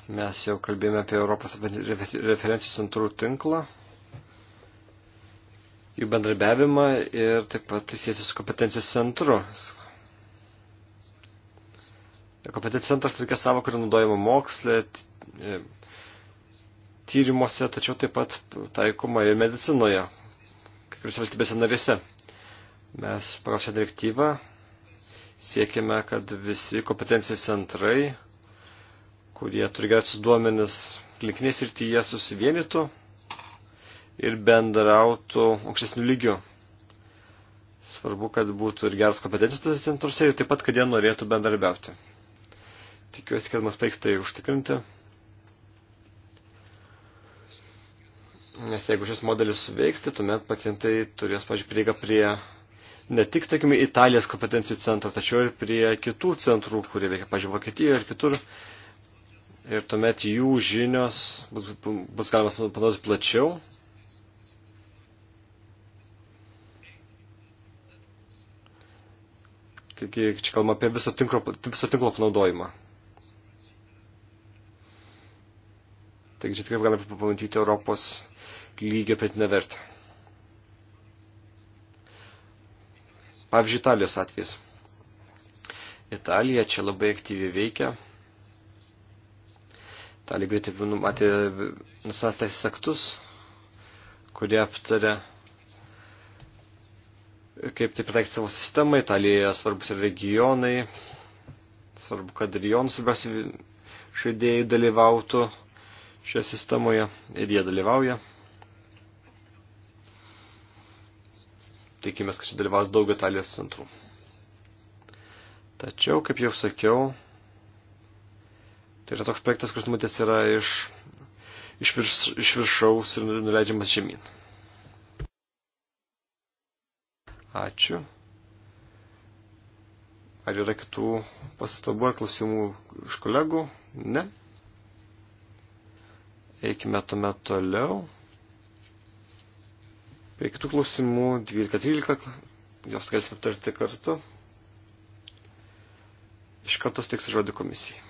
Mes jau kalbėjome apie Europos referencijų centrų tinklą, jų bendrabiavimą ir taip pat tai siejasi su kompetencijos centru. Kompetencijos centras tai tokia savo, kuri naudojama moksle, tyrimuose, tačiau taip pat taikoma ir medicinoje, kai kuriuose valstybėse narėse. Mes pagal šią direktyvą siekime, kad visi kompetencijos centrai kurie turi geriausius duomenis liknės ir tie susivienytų ir bendrautų aukštesnių lygių. Svarbu, kad būtų ir geras kompetencijos centruose ir taip pat, kad jie norėtų bendarbiauti. Tikiuosi, kad mums paiks tai užtikrinti. Nes jeigu šis modelis suveiks, tai tuomet pacientai turės, pažiūrėjau, prieigą prie ne tik, sakykime, Italijos kompetencijų centro, tačiau ir prie kitų centrų, kurie veikia, pažiūrėjau, Vokietijoje ir kitur ir tuomet jų žinios bus, bus galima panaudoti plačiau. Taigi, čia kalbama apie viso tinklo, viso tinklo panaudojimą. Taigi, čia tikrai galime pamatyti Europos lygio pietinę vertę. Pavyzdžiui, Italijos atvejs. Italija čia labai aktyviai veikia Tali greitai numatė nusatais aktus, kurie aptarė, kaip tai pritaikyti savo sistemai, Italija svarbus ir regionai, svarbu, kad regionų svarbiausi žaidėjai dalyvautų šioje sistemoje ir jie dalyvauja. Tikimės, kad čia dalyvaus daug Italijos centrų. Tačiau, kaip jau sakiau, Tai yra toks projektas, kuris numatęs yra iš, iš, virš, iš viršaus ir nuleidžiamas žemyn. Ačiū. Ar yra kitų pastabų ar klausimų iš kolegų? Ne. Eikime tuomet toliau. Prie kitų klausimų 12-13, jos galėsime aptarti kartu. Iš karto stiksiu žodį komisijai.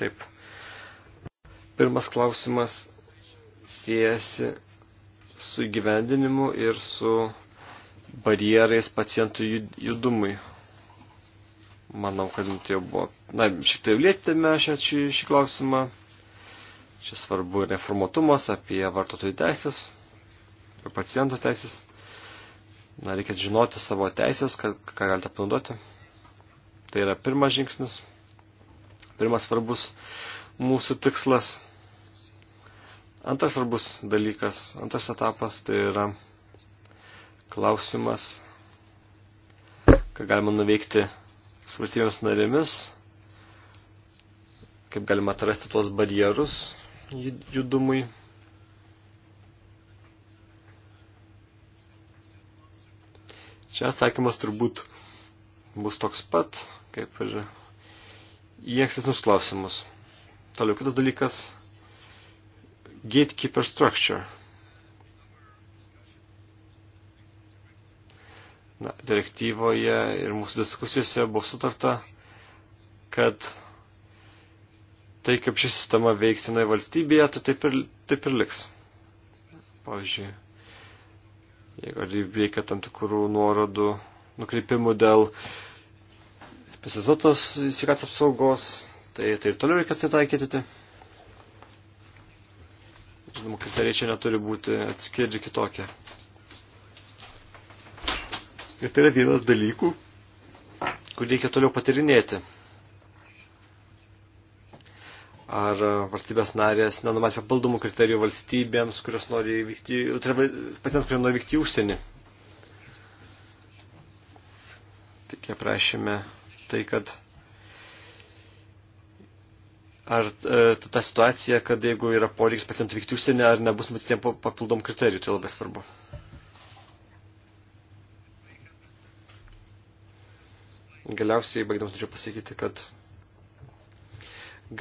Taip. Pirmas klausimas siejasi su gyvendinimu ir su barjerais pacientų judumui. Manau, kad tai jau buvo. Na, šiek tiek lėtėme šią, šį, šį klausimą. Čia svarbu ir informatumas apie vartotojų teisės, apie paciento teisės. Na, reikia žinoti savo teisės, ką, ką galite panaudoti. Tai yra pirmas žingsnis pirmas svarbus mūsų tikslas. Antras svarbus dalykas, antras etapas tai yra klausimas, ką galima nuveikti su valstybėms narėmis, kaip galima atrasti tuos barjerus judumui Čia atsakymas turbūt bus toks pat, kaip ir į ankstesnius klausimus. Toliau kitas dalykas – gatekeeper structure. Na, direktyvoje ir mūsų diskusijose buvo sutarta, kad tai, kaip ši sistema veiks vienoje valstybėje, tai taip ir, taip ir liks. Pavyzdžiui, jeigu reikia tam tikrų nuorodų, nukreipimų dėl uh, specializuotos sveikatos apsaugos, tai taip toliau reikės tai taikyti. Žinoma, kriterijai čia neturi būti atskiri ir kitokie. Ir tai yra vienas dalykų, kur reikia toliau patirinėti. Ar valstybės narės nenumatė papildomų kriterijų valstybėms, kurios nori vykti, tai patiems, kurie nori vykti į užsienį. Tik aprašėme tai kad ar e, ta situacija, kad jeigu yra poreikis pacientų vykti užsienį, ar nebus matytiem papildom kriterijų, tai labai svarbu. Galiausiai, baigdamas, norėčiau pasakyti, kad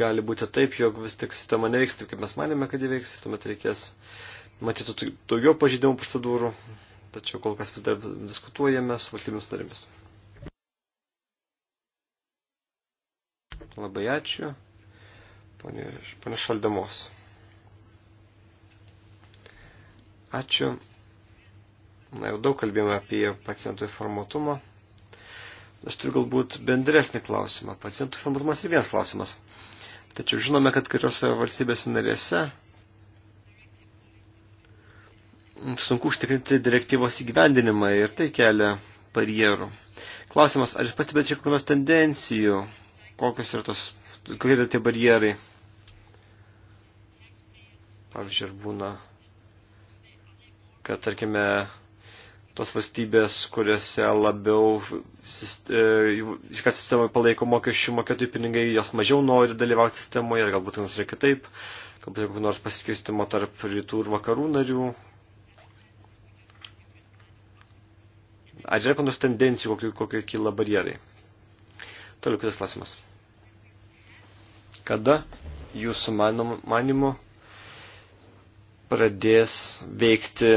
gali būti taip, jog vis tik sistema neveiks taip, kaip mes manėme, kad ji veiks, tuomet reikės matyti daugiau pažydimų procedūrų, tačiau kol kas vis dar diskutuojame su valstybėmis narėmis. Tai labai ačiū. Pane, pane Šaldamos. Ačiū. Na, jau daug kalbėjome apie pacientų informatumą. Aš turiu galbūt bendresnį klausimą. Pacientų informatumas ir vienas klausimas. Tačiau žinome, kad kuriuose valstybėse narėse sunku užtikrinti direktyvos įgyvendinimą ir tai kelia barjerų. Klausimas, ar jūs pastebėte kokių nors tendencijų kokios yra tos, kokie yra tie barjerai. Pavyzdžiui, ir būna, kad tarkime, tos valstybės, kuriuose labiau e, kad sistemoje palaiko mokesčių mokėtojų pinigai, jos mažiau nori dalyvauti sistemoje ir galbūt jums yra kitaip, galbūt jeigu nors pasiskirstimo tarp rytų ir vakarų narių. Ar yra kokios tendencijų, kokie, kokie kyla barjerai? Toliau kitas klausimas. Kada jūsų manimu pradės veikti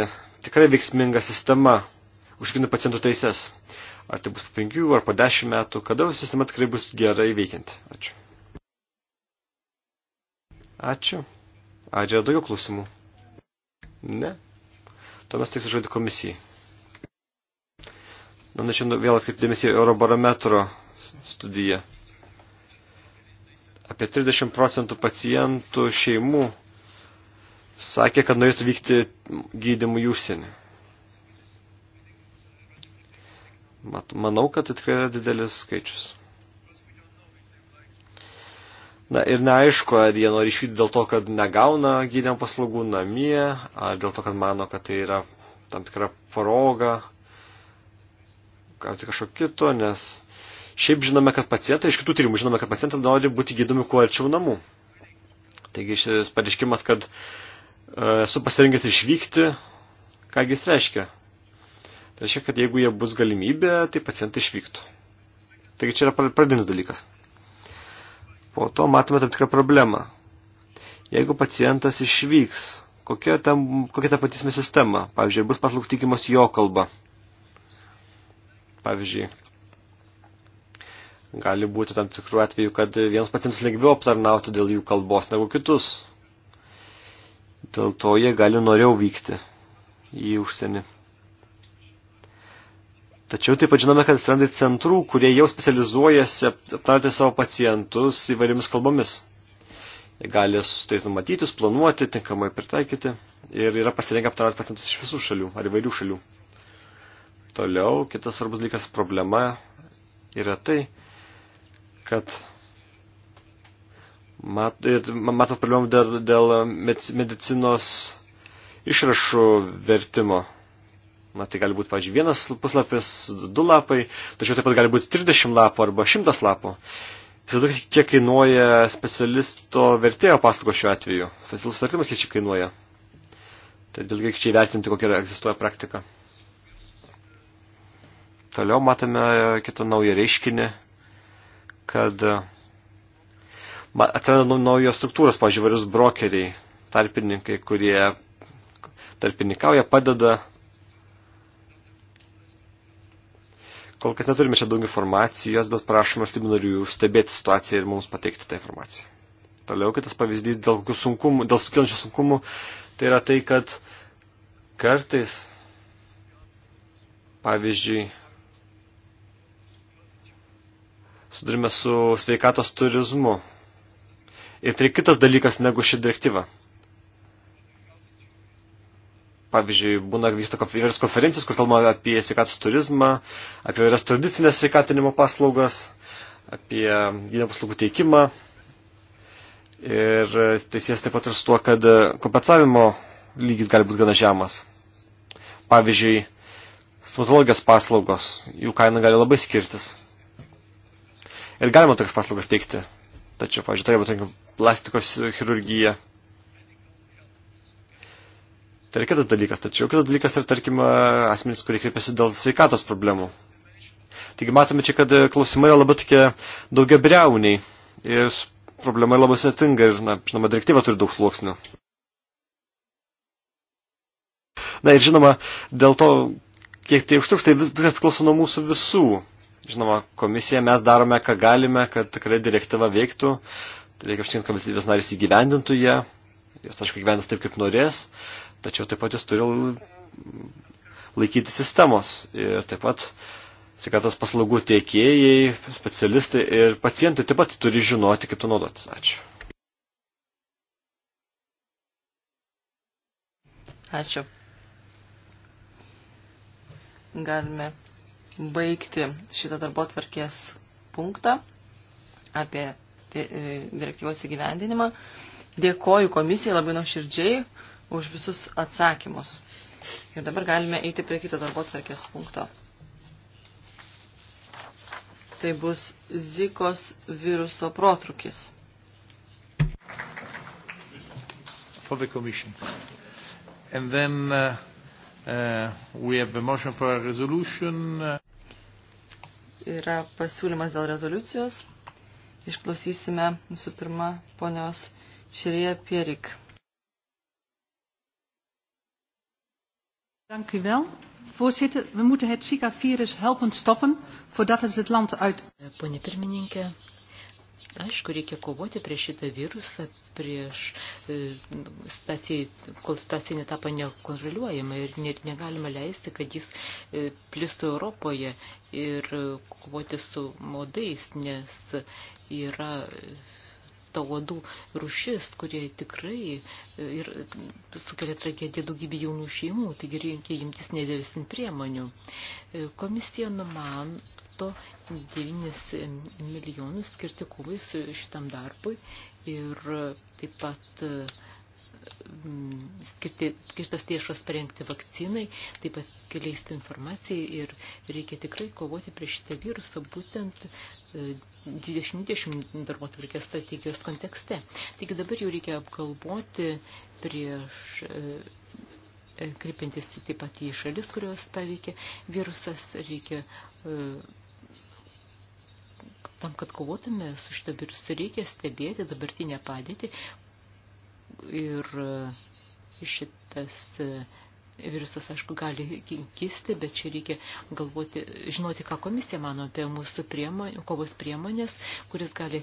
tikrai veiksminga sistema užkinti pacientų teises? Ar tai bus po penkių, ar po dešimt metų, kada sistema tikrai bus gerai veikianti? Ačiū. Ačiū. Ačiū, yra daugiau klausimų? Ne? Tuomet teiksiu žodį komisijai. Na, nu, čia vėl atkreipdėmės į Eurobarometro studiją. Apie 30 procentų pacientų šeimų sakė, kad norėtų vykti gydimų į užsienį. Manau, kad tai tikrai yra didelis skaičius. Na ir neaišku, ar jie nori išvykti dėl to, kad negauna gydymo paslaugų namie, ar dėl to, kad mano, kad tai yra tam tikra proga, gauti kažko kito, nes Šiaip žinome, kad pacientai, iš kitų tyrimų žinome, kad pacientai nori būti gydomi kuo arčiau namų. Taigi šis pareiškimas, kad e, esu pasirinkęs išvykti, kągi jis reiškia. Tai reiškia, kad jeigu jie bus galimybė, tai pacientai išvyktų. Taigi čia yra pradinis dalykas. Po to matome tam tikrą problemą. Jeigu pacientas išvyks, kokia, tam, kokia ta patysime sistema? Pavyzdžiui, bus paslaug tikimas jo kalba. Pavyzdžiui, Gali būti tam tikrų atvejų, kad vienus pacientus lengviau aptarnauti dėl jų kalbos negu kitus. Dėl to jie gali noriau vykti į užsienį. Tačiau taip pat žinome, kad atsiranda centrų, kurie jau specializuojasi aptarnauti savo pacientus įvairiomis kalbomis. Jie gali su tais numatytis, planuoti, tinkamai pritaikyti ir yra pasirengę aptarnauti pacientus iš visų šalių ar įvairių šalių. Toliau, kitas svarbus dalykas problema yra tai, kad mat, mato problemų dėl, dėl medicinos išrašų vertimo. Na, tai gali būti, pavyzdžiui, vienas puslapis, du lapai, tačiau taip pat gali būti 30 lapų arba 100 lapų. Įsivaizduokit, kiek kainuoja specialisto vertėjo paslaugos šiuo atveju. Specialus vertimas kiek čia kainuoja. Tai dėl kiek čia įvertinti, kokia egzistuoja praktika. Toliau matome e, kitą naują reiškinį, kad e, atsiranda naujos struktūros, pavyzdžiui, varius brokeriai, tarpininkai, kurie tarpininkauja, padeda. Kol kas neturime čia daug informacijos, bet prašome valstybių narių stebėti situaciją ir mums pateikti tą informaciją. Toliau kitas pavyzdys dėl, sunkumų, dėl sukilančių sunkumų, tai yra tai, kad kartais, pavyzdžiui, sudurime su sveikatos turizmu. Ir tai kitas dalykas negu ši direktyva. Pavyzdžiui, būna vyksta įvairios konferencijos, kur kalbame apie sveikatos turizmą, apie įvairias tradicinės sveikatinimo paslaugas, apie gydymo paslaugų teikimą. Ir teisės tai taip pat ir su tuo, kad kompensavimo lygis gali būti gana žemas. Pavyzdžiui, stomatologijos paslaugos, jų kaina gali labai skirtis ir galima tokias paslaugas teikti. Tačiau, pavyzdžiui, tai būtų plastikos chirurgija. Tai yra kitas dalykas, tačiau kitas dalykas yra, tarkim, asmenys, kurie kreipiasi dėl sveikatos problemų. Taigi matome čia, kad klausimai yra labai tokie daugia breuniai ir problema yra labai sėtinga ir, na, žinoma, direktyva turi daug sluoksnių. Na ir žinoma, dėl to, kiek tai užtruks, tai viskas priklauso nuo mūsų visų. Žinoma, komisija mes darome, ką galime, kad tikrai direktyva veiktų. Tai reikia užtikrinti, kad valstybės narys įgyvendintų ją. Jos, aišku, gyvendins taip, kaip norės. Tačiau taip pat jis turi laikyti sistemos. Ir taip pat sveikatos paslaugų tiekėjai, specialistai ir pacientai taip pat turi žinoti, kaip to naudotis. Ačiū. Ačiū. Galime baigti šitą darbo tvarkės punktą apie e, direktyvos įgyvendinimą. Dėkoju komisijai labai nuoširdžiai už visus atsakymus. Ir dabar galime eiti prie kito darbo tvarkės punkto. Tai bus Zikos viruso protrukis. For the commission. And then uh, uh, we have a motion for a resolution. Uh, yra pasiūlymas dėl rezoliucijos. Išklausysime visų pirma ponios Širėje Pierik. Dank u wel. Voorzitter, we moeten het Zika-virus helpen stoppen voordat het het land uit. Pone pirmininkė, Aišku, reikia kovoti prieš šitą virusą, prieš e, stacijai, kol stacija netapo nekontroliuojama ir negalima leisti, kad jis e, plistų Europoje ir kovoti su modais, nes yra ta uodų rušis, kurie tikrai e, ir sukelia tragediją daugybį jaunų šeimų, taigi reikia imtis nedėlsint priemonių. Komisija numan, numato 9 milijonus skirti kovai su šitam darbui ir taip pat mm, skirti, skirtos tiešos parengti vakcinai, taip pat keliaisti informacijai ir reikia tikrai kovoti prieš šitą virusą būtent 2020 e, darbo tvarkės strategijos kontekste. Taigi dabar jau reikia apgalvoti prieš e, e, krypintis taip pat į šalis, kurios paveikia virusas, reikia Tam, kad kovotume su šitą virusu, reikia stebėti dabartinę padėtį ir e, šitas e, virusas, aišku, gali kisti, bet čia reikia galvoti, žinoti, ką komisija mano apie mūsų priemonė, kovos priemonės, kuris gali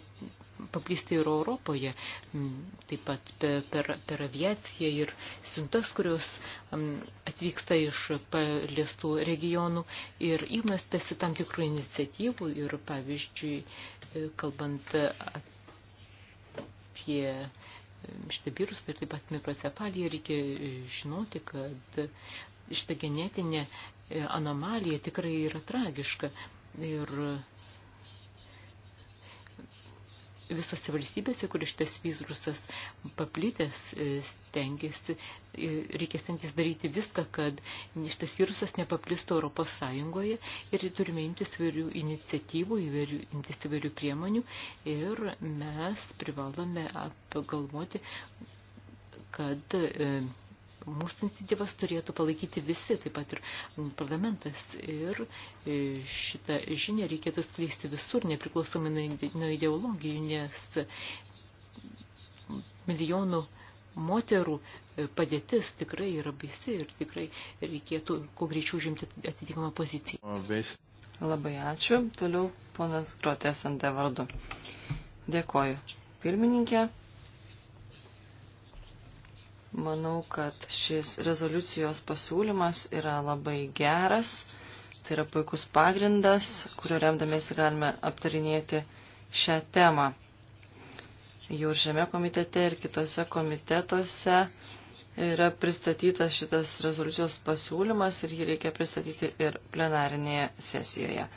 paplisti ir Europoje, mm, taip pat per, per, per aviaciją ir siuntas, kurios mm, atvyksta iš paliestų regionų ir įmestasi tam tikrų iniciatyvų ir, pavyzdžiui, kalbant apie šitą virusą ir taip pat mikrocefaliją reikia e, žinoti, kad e, šitą genetinę e, anomaliją tikrai yra tragiška. Ir visose valstybėse, kur šitas virusas paplitęs, e, stengiasi, e, reikia stengtis daryti viską, kad šitas virusas nepaplistų Europos Sąjungoje ir turime imtis įvairių iniciatyvų, įvairių, imtis įvairių priemonių ir mes privalome apgalvoti, kad e, mūsų iniciatyvas turėtų palaikyti visi, taip pat ir parlamentas. Ir e, šitą žinią reikėtų skleisti visur, nepriklausomai nuo ideologijų, nes milijonų moterų e, padėtis tikrai yra baisi ir tikrai reikėtų kuo greičiau žimti atitinkamą poziciją. Labai ačiū. Toliau ponas Grotės ant vardu. Dėkoju. Pirmininkė. Manau, kad šis rezoliucijos pasiūlymas yra labai geras. Tai yra puikus pagrindas, kurio remdamėsi galime aptarinėti šią temą. Jau ir šiame komitete, ir kitose komitetuose yra pristatytas šitas rezoliucijos pasiūlymas ir jį reikia pristatyti ir plenarinėje sesijoje.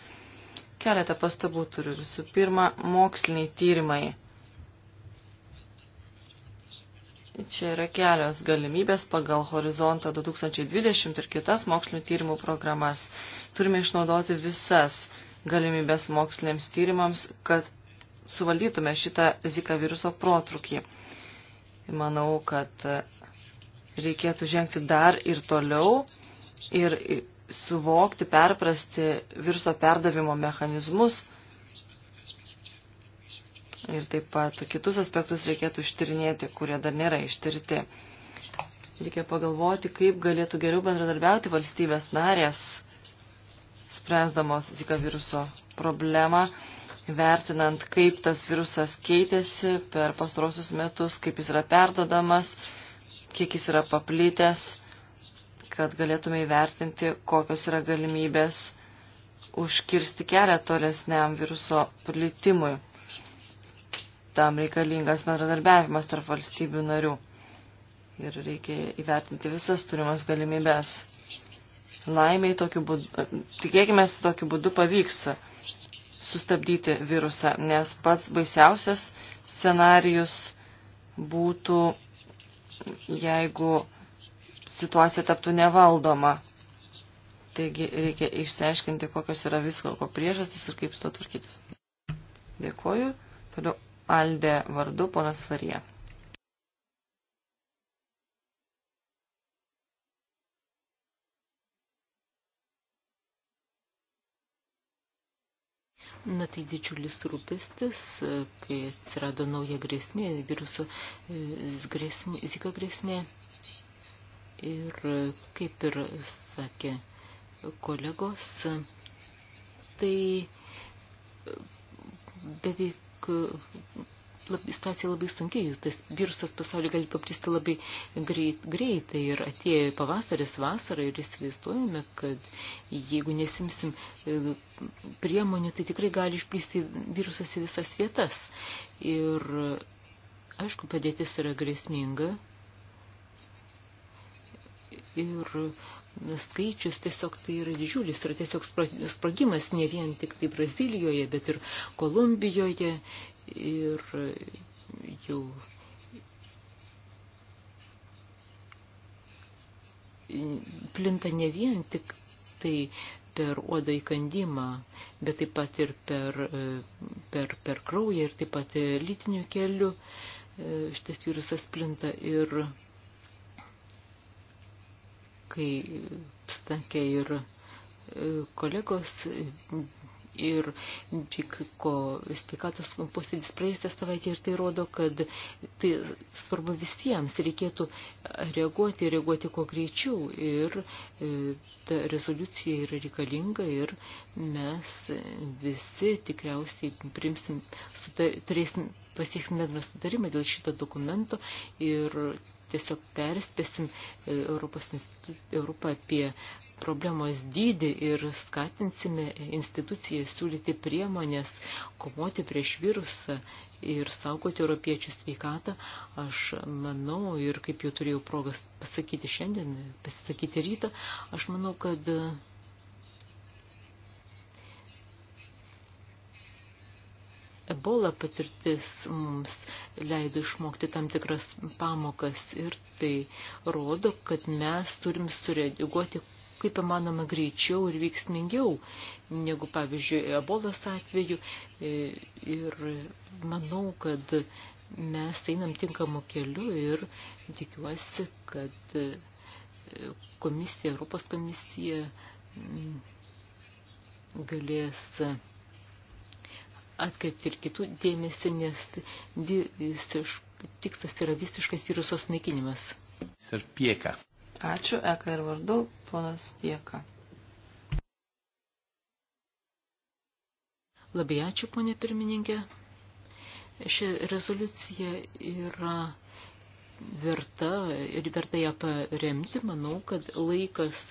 Keletą pastabų turiu. Visų pirma, moksliniai tyrimai Čia yra kelios galimybės pagal horizontą 2020 ir kitas mokslinių tyrimų programas. Turime išnaudoti visas galimybės moksliniams tyrimams, kad suvaldytume šitą Zika viruso protrukį. Manau, kad e, reikėtų žengti dar ir toliau ir suvokti, perprasti viruso perdavimo mechanizmus ir taip pat kitus aspektus reikėtų ištyrinėti, kurie dar nėra ištirti. Reikia pagalvoti, kaip galėtų geriau bendradarbiauti valstybės narės, spręsdamos Zika viruso problemą, vertinant, kaip tas virusas keitėsi per pastarosius metus, kaip jis yra perdodamas, kiek jis yra paplitęs, kad galėtume įvertinti, kokios yra galimybės užkirsti kelią tolesniam viruso plitimui tam reikalingas bendradarbiavimas tarp valstybių narių. Ir reikia įvertinti visas turimas galimybės. Laimiai tokiu būdu, tikėkime, tokiu būdu pavyks sustabdyti virusą, nes pats baisiausias scenarius būtų, jeigu situacija taptų nevaldoma. Taigi reikia išsiaiškinti, kokios yra visko, ko priežastys ir kaip su to tvarkytis. Dėkuoju. Toliau Aldė vardu ponas Farija. Na tai didžiulis rūpestis, kai atsirado nauja grėsmė, viruso e, grėsmė, zika grėsmė. Ir kaip ir sakė kolegos, tai beveik labai, situacija labai sunkiai, tas virusas pasaulio gali paplisti labai greit, greitai ir atėjo pavasaris, vasara ir įsivaizduojame, kad jeigu nesimsim e, priemonių, tai tikrai gali išplisti virusas į visas vietas. Ir aišku, padėtis yra grėsminga. Ir skaičius tiesiog tai yra didžiulis, yra tiesiog sprogimas ne vien tik tai Brazilijoje, bet ir Kolumbijoje ir jau plinta ne vien tik tai per odą įkandimą, bet taip pat ir per, per, per kraują ir taip pat lytiniu keliu šitas virusas plinta ir kai sakė ir e, kolegos, ir vyko sveikatos posėdis praėjusią savaitę ir tai rodo, kad tai svarbu visiems, reikėtų reaguoti, reaguoti kuo greičiau ir e, ta rezoliucija yra reikalinga ir mes visi tikriausiai primsim, suta, turėsim, pasieksim bendrą sutarimą dėl šito dokumento ir tiesiog perspėsim e, Europos, Europą apie problemos dydį ir skatinsime instituciją siūlyti priemonės komoti prieš virusą ir saugoti europiečių sveikatą, aš manau, ir kaip jau turėjau progas pasakyti šiandien, pasisakyti rytą, aš manau, kad ebola patirtis mums leido išmokti tam tikras pamokas ir tai rodo, kad mes turim sureaguoti kaip įmanoma greičiau ir veiksmingiau negu, pavyzdžiui, ebolos atveju. E, ir manau, kad mes einam tinkamu keliu ir tikiuosi, kad e, komisija, Europos komisija galės atkreipti ir kitų dėmesį, nes visiš, tikslas yra visiškas virusos naikinimas. Ir pieka. Ačiū, Eka ir vardu, ponas Pieka. Labai ačiū, ponė pirmininkė. Ši rezoliucija yra verta ir verta ją paremti, manau, kad laikas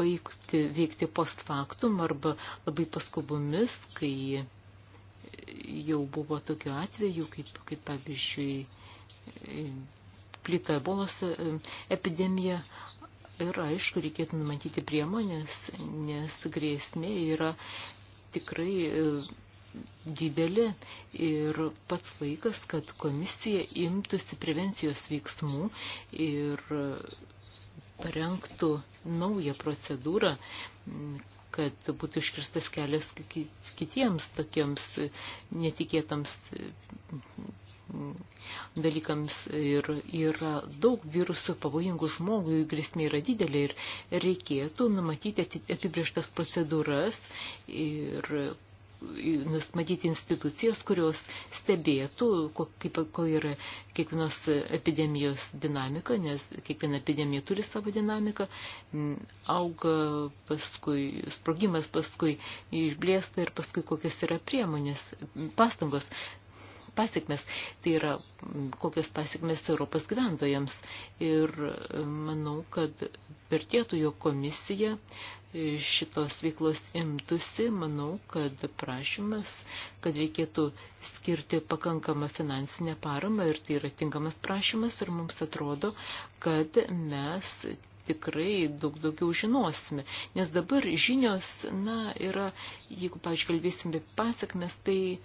baigti veikti post factum arba labai paskubomis, kai jau buvo tokių atvejų, kaip, kaip pavyzdžiui, e, plito ebolos e, epidemija. Ir aišku, reikėtų numatyti priemonės, nes grėsmė yra tikrai e, didelė ir pats laikas, kad komisija imtųsi prevencijos veiksmų ir parengtų naują procedūrą, kad būtų iškirstas kelias kitiems tokiems netikėtams mm, dalykams ir yra daug virusų pavojingų žmogui, grėsmė yra didelė ir reikėtų numatyti apibrieštas procedūras ir nustatyti institucijas, kurios stebėtų, kaip ko yra kiekvienos epidemijos dinamika, nes kiekviena epidemija turi savo dinamiką, mm, auga paskui, sprogimas paskui išblėsta ir paskui kokios yra priemonės, pastangos pasiekmes, tai yra mm, kokias pasiekmes Europos gyventojams. Ir mm, manau, kad vertėtų jo komisija uh, šitos veiklos imtusi, manau, kad prašymas, kad reikėtų skirti pakankamą finansinę paramą ir tai yra tinkamas prašymas ir mums atrodo, kad mes tikrai daug daugiau žinosime. Nes dabar žinios, na, yra, jeigu, pavyzdžiui, kalbėsim apie pasakmes, tai,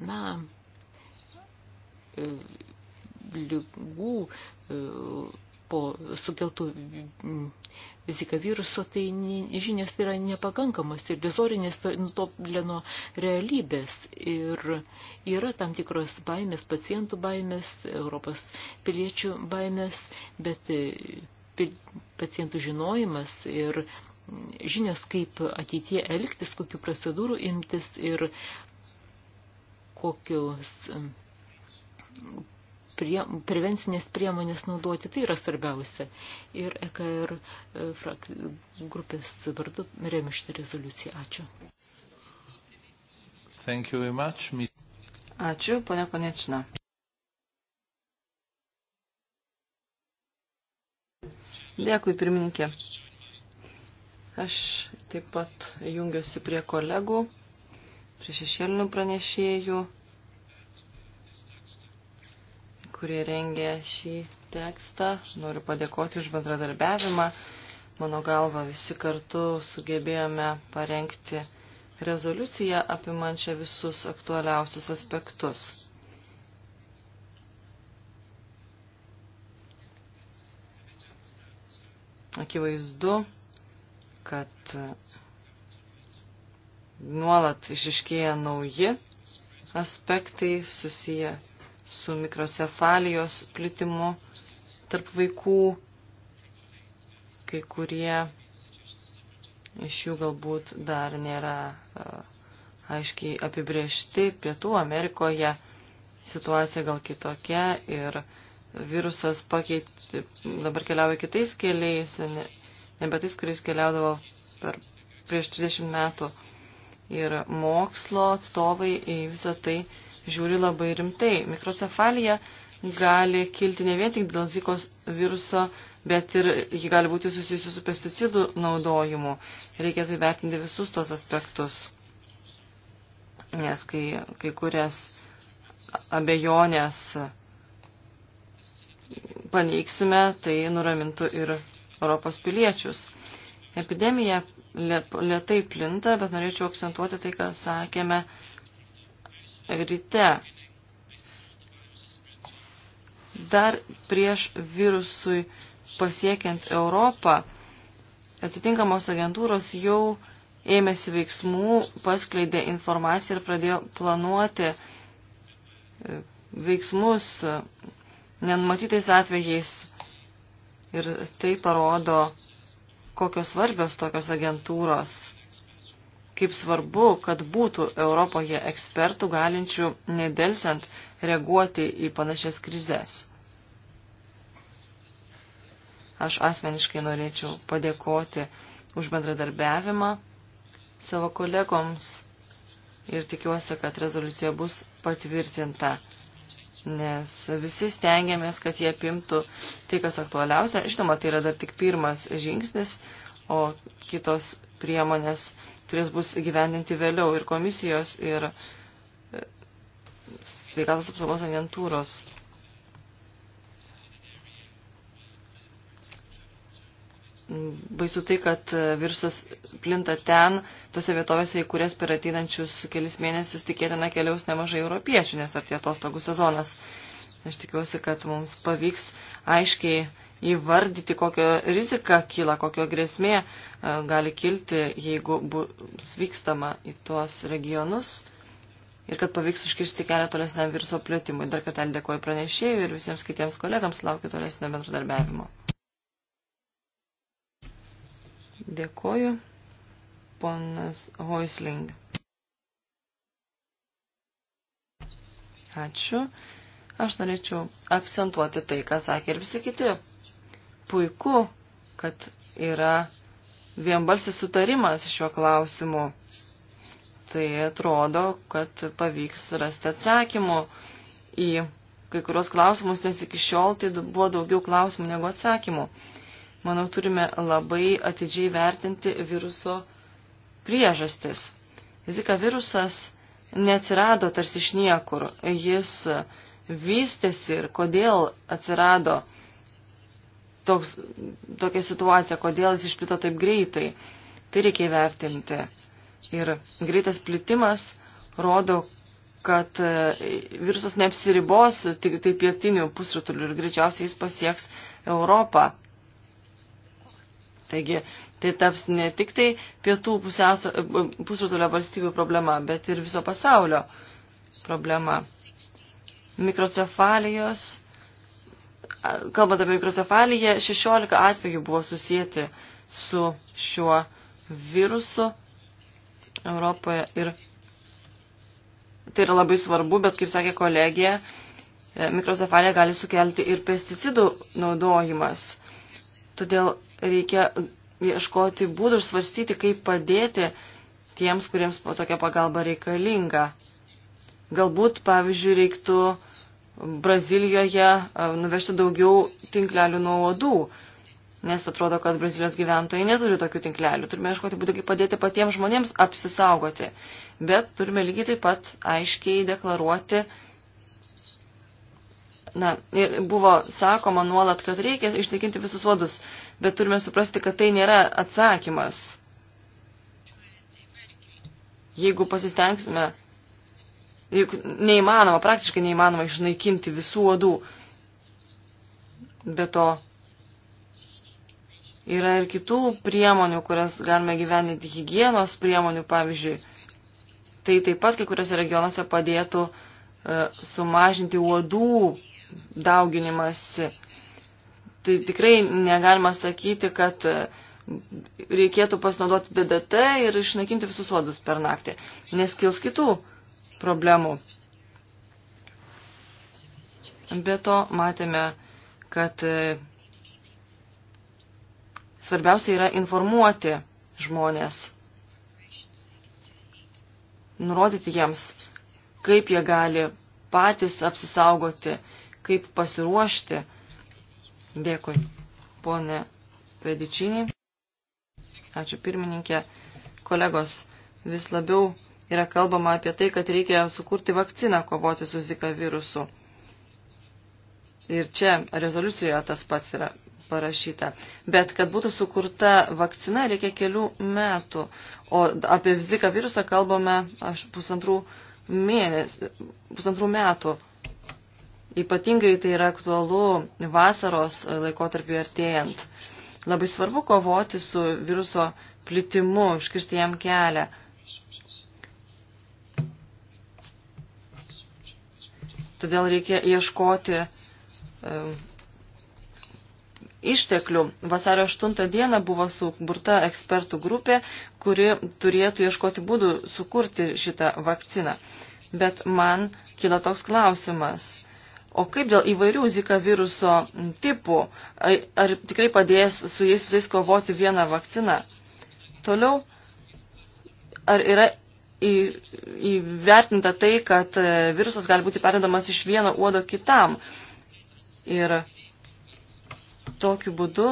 na, e, lygų e, po sukeltų zika viruso, tai žinias yra nepakankamos ir dizorinės nutoplė nuo realybės. Ir yra tam tikros baimės, pacientų baimės, Europos piliečių baimės, bet e, pacientų žinojimas ir žinios, kaip ateitie elgtis, kokiu procedūrų imtis ir kokius prie, prevencinės priemonės naudoti, tai yra svarbiausia. Ir EKR e, frak, grupės vardu remiu šitą rezoliuciją. Ačiū. Thank you very much. Ačiū, ponia Konečina. Dėkui, pirmininkė. Aš taip pat jungiuosi prie kolegų, prie šešėlinių pranešėjų kurie rengė šį tekstą. Noriu padėkoti už bendradarbiavimą. Mano galva visi kartu sugebėjome parengti rezoliuciją apimančią visus aktualiausius aspektus. Akivaizdu, kad nuolat išiškėja nauji aspektai susiję su mikrocefalijos plitimu tarp vaikų, kai kurie iš jų galbūt dar nėra e, aiškiai apibriešti. Pietų Amerikoje situacija gal kitokia ir virusas pakeitė, dabar keliauja kitais keliais, ne, nebe tais, kuris keliaudavo per, prieš 30 metų. Ir mokslo atstovai į visą tai žiūri labai rimtai. Mikrocefalija gali kilti ne vien tik dėl zikos viruso, bet ir ji gali būti susijusi su pesticidų naudojimu. Reikėtų tai įvertinti visus tos aspektus, nes kai, kai kurias abejonės paneiksime, tai nuramintų ir Europos piliečius. Epidemija lietai plinta, bet norėčiau akcentuoti tai, ką sakėme ryte. Dar prieš virusui pasiekiant Europą, atitinkamos agentūros jau ėmėsi veiksmų, paskleidė informaciją ir pradėjo planuoti e, veiksmus e, nenumatytais atvejais. Ir tai parodo, kokios svarbios tokios agentūros kaip svarbu, kad būtų Europoje ekspertų galinčių nedelsiant reaguoti į panašias krizės. Aš asmeniškai norėčiau padėkoti už bendradarbiavimą savo kolegoms ir tikiuosi, kad rezoliucija bus patvirtinta, nes visi stengiamės, kad jie apimtų tai, kas aktualiausia. Žinoma, tai yra dar tik pirmas žingsnis, o kitos priemonės turės bus gyvendinti vėliau ir komisijos, ir e, sveikatos apsaugos agentūros. Baisu tai, kad e, virusas plinta ten, tose vietovėse, į kurias per ateinančius kelis mėnesius tikėtina keliaus nemažai europiečių, nes artėja atostogų sezonas. Aš tikiuosi, kad mums pavyks aiškiai įvardyti, kokia rizika kyla, kokia grėsmė e, gali kilti, jeigu bus vykstama į tuos regionus ir kad pavyks užkirsti kelią tolesniam viruso plėtimui. Dar kartą dėkoju pranešėjui ir visiems kitiems kolegams laukiu tolesnio bendradarbiavimo. Dėkoju. Ponas Hoisling. Ačiū. Aš norėčiau akcentuoti tai, ką sakė ir visi kiti puiku, kad yra vienbalsis sutarimas šiuo klausimu. Tai atrodo, kad pavyks rasti atsakymų į kai kurios klausimus, nes iki šiol tai buvo daugiau klausimų negu atsakymų. Manau, turime labai atidžiai vertinti viruso priežastis. Zika virusas neatsirado tarsi iš niekur. Jis vystėsi ir kodėl atsirado toks, tokia situacija, kodėl jis išplito taip greitai. Tai reikia įvertinti. Ir greitas plitimas rodo, kad e, virusas neapsiribos tik tai pietinių pusrutulių ir greičiausiai jis pasieks Europą. Taigi tai taps ne tik tai pietų pusrutulio valstybių problema, bet ir viso pasaulio problema. Mikrocefalijos kalbant apie mikrocefaliją, 16 atvejų buvo susijęti su šiuo virusu Europoje ir tai yra labai svarbu, bet kaip sakė kolegija, e, mikrocefalija gali sukelti ir pesticidų naudojimas. Todėl reikia ieškoti būdų ir svarstyti, kaip padėti tiems, kuriems tokia pagalba reikalinga. Galbūt, pavyzdžiui, reiktų uh, Brazilijoje nuvežti daugiau tinklelių nuo uodų, nes atrodo, kad Brazilijos gyventojai neturi tokių tinklelių. Turime ieškoti būdų, kaip padėti patiems žmonėms apsisaugoti, bet turime lygiai taip pat aiškiai deklaruoti. Na, ir buvo sakoma nuolat, kad reikia išnaikinti visus uodus, bet turime suprasti, kad tai nėra atsakymas. Jeigu pasistengsime juk neįmanoma, praktiškai neįmanoma išnaikinti visų uodų. Be to, yra ir kitų priemonių, kurias galime gyveninti hygienos priemonių, pavyzdžiui. Tai taip pat kai kuriuose regionuose padėtų uh, sumažinti uodų dauginimąsi. Tai tikrai negalima sakyti, kad uh, reikėtų pasinaudoti DDT ir išnaikinti visus uodus per naktį, nes kils kitų problemų. Be to matėme, kad e, svarbiausia yra informuoti žmonės, nurodyti jiems, kaip jie gali patys apsisaugoti, kaip pasiruošti. Dėkui, ponė Pedičinį. Ačiū pirmininkė. Kolegos, vis labiau yra kalbama apie tai, kad reikia sukurti vakciną kovoti su Zika virusu. Ir čia rezoliucijoje tas pats yra parašyta. Bet kad būtų sukurta vakcina, reikia kelių metų. O apie Zika virusą kalbame aš pusantrų, mėnesių, pusantrų metų. Ypatingai tai yra aktualu vasaros laikotarpiu artėjant. Labai svarbu kovoti su viruso plitimu, iškirsti jam kelią. Todėl reikia ieškoti e, išteklių. Vasario 8 dieną buvo suburta ekspertų grupė, kuri turėtų ieškoti būdų sukurti šitą vakciną. Bet man kila toks klausimas. O kaip dėl įvairių zika viruso tipų? Ar tikrai padės su jais visais kovoti vieną vakciną? Toliau, ar yra į, įvertinta tai, kad e, virusas gali būti perdamas iš vieno uodo kitam. Ir tokiu būdu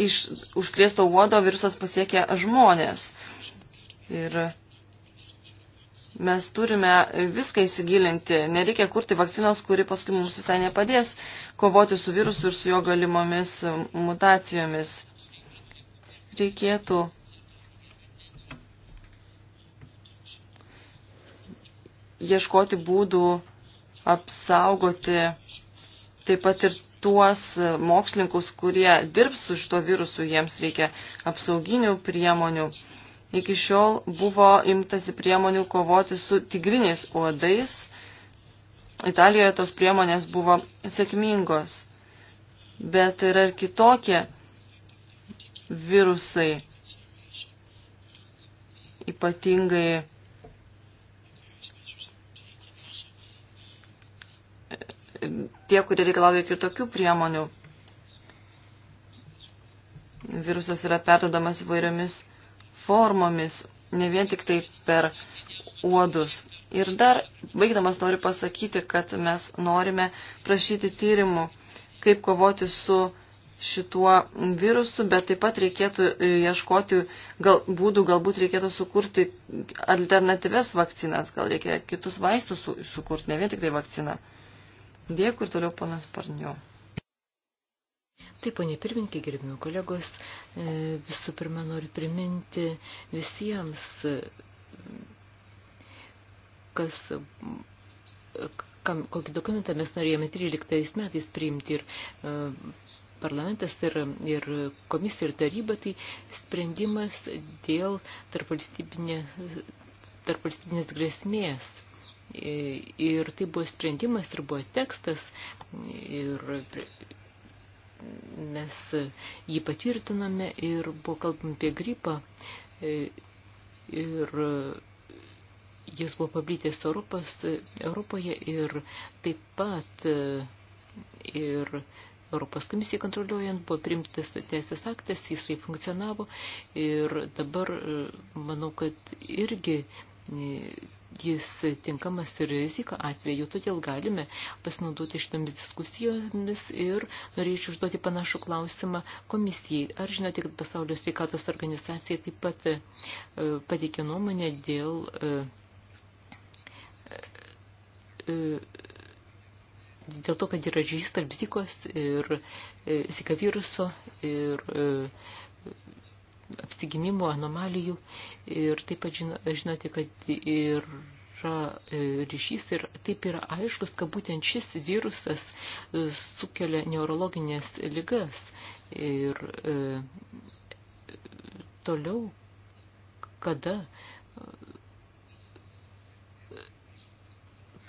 iš užkrėsto uodo virusas pasiekia žmonės. Ir mes turime viską įsigilinti. Nereikia kurti vakcinos, kuri paskui mums visai nepadės kovoti su virusu ir su jo galimomis mutacijomis reikėtų ieškoti būdų apsaugoti taip pat ir tuos mokslininkus, kurie dirbs su šito virusu, jiems reikia apsauginių priemonių. Iki šiol buvo imtasi priemonių kovoti su tigriniais uodais. Italijoje tos priemonės buvo sėkmingos. Bet yra ir kitokie virusai, ypatingai tie, kurie reikalauja kitokių priemonių. Virusas yra perdodamas įvairiomis formomis, ne vien tik tai per uodus. Ir dar, baigdamas, noriu pasakyti, kad mes norime prašyti tyrimų, kaip kovoti su šituo virusu, bet taip pat reikėtų e, ieškoti gal, būdų, galbūt reikėtų sukurti alternatyves vakcinas, gal reikia kitus vaistus su, sukurti, ne vien tik tai vakciną. Dėkui ir toliau ponas Parniu. Taip, ponė pirmininkė, gerbimi kolegos, e, visų pirma noriu priminti visiems, e, kas kam, kokį dokumentą mes norėjome 13 metais priimti ir e, parlamentas ir, tai ir komisija ir taryba, tai sprendimas dėl tarpvalstybinės tarp grėsmės. E, ir tai buvo sprendimas ir tai buvo tekstas ir mes jį patvirtinome ir buvo kalbama apie gripą e, ir jis buvo paplitęs Europos, Europoje ir taip pat e, ir Europos komisijai kontroliuojant, buvo primtas teisės aktas, jisai funkcionavo ir dabar e, manau, kad irgi e, jis tinkamas ir rizika atveju, todėl galime pasinaudoti šitomis diskusijomis ir norėčiau užduoti panašų klausimą komisijai. Ar žinote, kad pasaulio sveikatos organizacija taip pat e, pateikė nuomonę dėl dėl to, kad yra žys tarp zikos ir e, zika viruso ir e, apsigimimo anomalijų. Ir taip pat žinote, kad yra e, ryšys ir taip yra aiškus, kad būtent šis virusas sukelia neurologinės ligas. Ir toliau, kada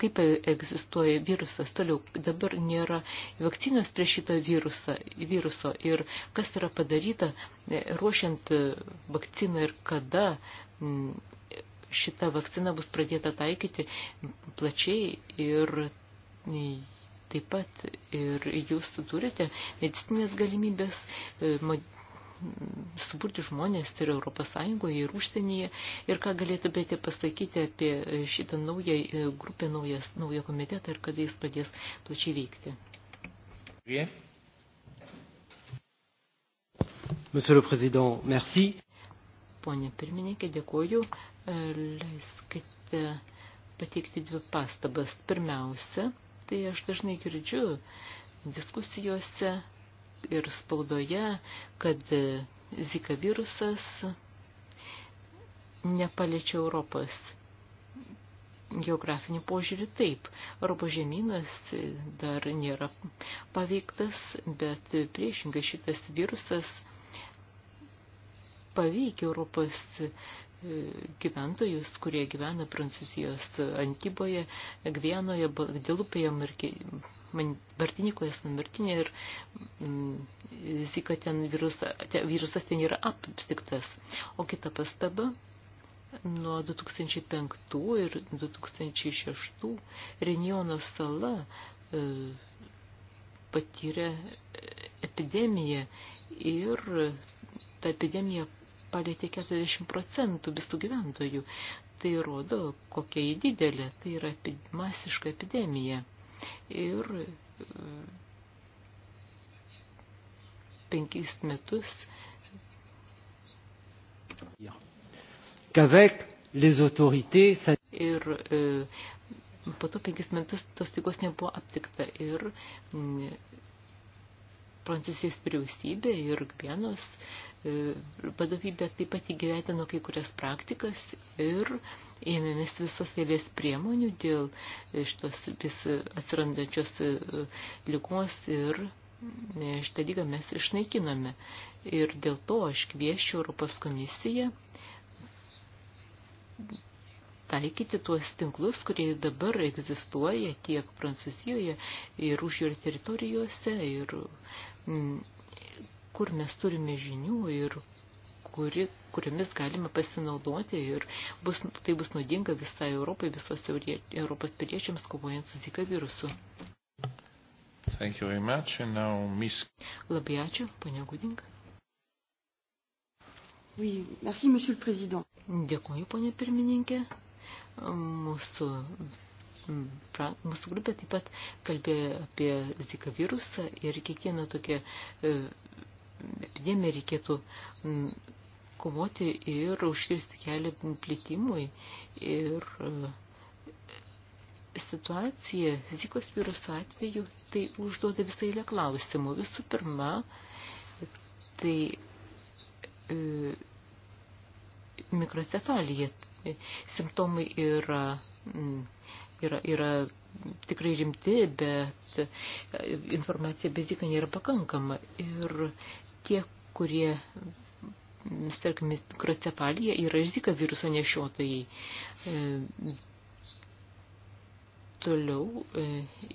kaip egzistuoja virusas toliau. Dabar nėra vakcinos prieš šitą virusą, viruso ir kas yra padaryta e, ruošiant e, vakciną ir kada šita vakcina bus pradėta taikyti plačiai ir taip pat ir jūs turite medicinės galimybės e, suburti žmonės ir Europos Sąjungoje, ir užsienyje. Ir ką galėtumėte pasakyti apie šitą naują e, grupę, naujas, naują komitetą ir kada jis padės plačiai veikti? Monsieur le Président, merci. Pone pirmininkė, dėkuoju. E, leiskite pateikti dvi pastabas. Pirmiausia, tai aš dažnai girdžiu diskusijose ir spaudoje, kad Zika virusas nepaliečia Europos. Geografinių požiūrių taip. Europos žemynas dar nėra paveiktas, bet priešingai šitas virusas paveikia Europos gyventojus, kurie gyvena Prancūzijos Antiboje, Gvienoje, Dilupėje, Martinikoje, San Martinė ir mm, Zika ten virusa, te, virusas ten yra aptiktas. O kita pastaba, nuo 2005 ir 2006 Renjono sala e, patyrė e, epidemiją ir ta epidemija palėtė 40 procentų visų gyventojų. Tai rodo, kokia jį didelė, tai yra masiška epidemija. Ir e, penkis metus. Qu'avec les autorités. Ir e, po to penkis metus tos lygos nebuvo aptikta ir m, Prancūzijos vyriausybė ir vienos e, E, vadovybė taip pat įgyvetino kai kurias praktikas ir ėmėmės visos eilės priemonių dėl šitos vis atsirandančios e, lygos ir e, šitą lygą mes išnaikiname. Ir dėl to aš kviešiu Europos komisiją taikyti tuos tinklus, kurie dabar egzistuoja tiek Prancūzijoje ir už jų teritorijose ir mm, kur mes turime žinių ir kuri, kuriomis galime pasinaudoti ir bus, tai bus naudinga visai Europai, visos Europos piliečiams kovojant su Zika virusu. Thank you very much. And now, Miss... Labai ačiū, ponia Gudinka. Oui, merci, monsieur le président. Dėkuoju, ponia pirmininkė. Mūsų mūsų grupė taip pat kalbėjo apie Zika virusą ir kiekviena tokia e, epidemiją reikėtų mm, kovoti ir užkirsti kelią plitimui. Ir e, situacija Zikos viruso atveju tai užduoda visą eilę klausimų. Visų pirma, tai e, mikrocefalija. Simptomai yra, mm, yra, yra tikrai rimti, bet e, informacija apie Ziką nėra pakankama. Ir tie, kurie serga mikrocefalija, yra rizika viruso nešiotojai. E, toliau e,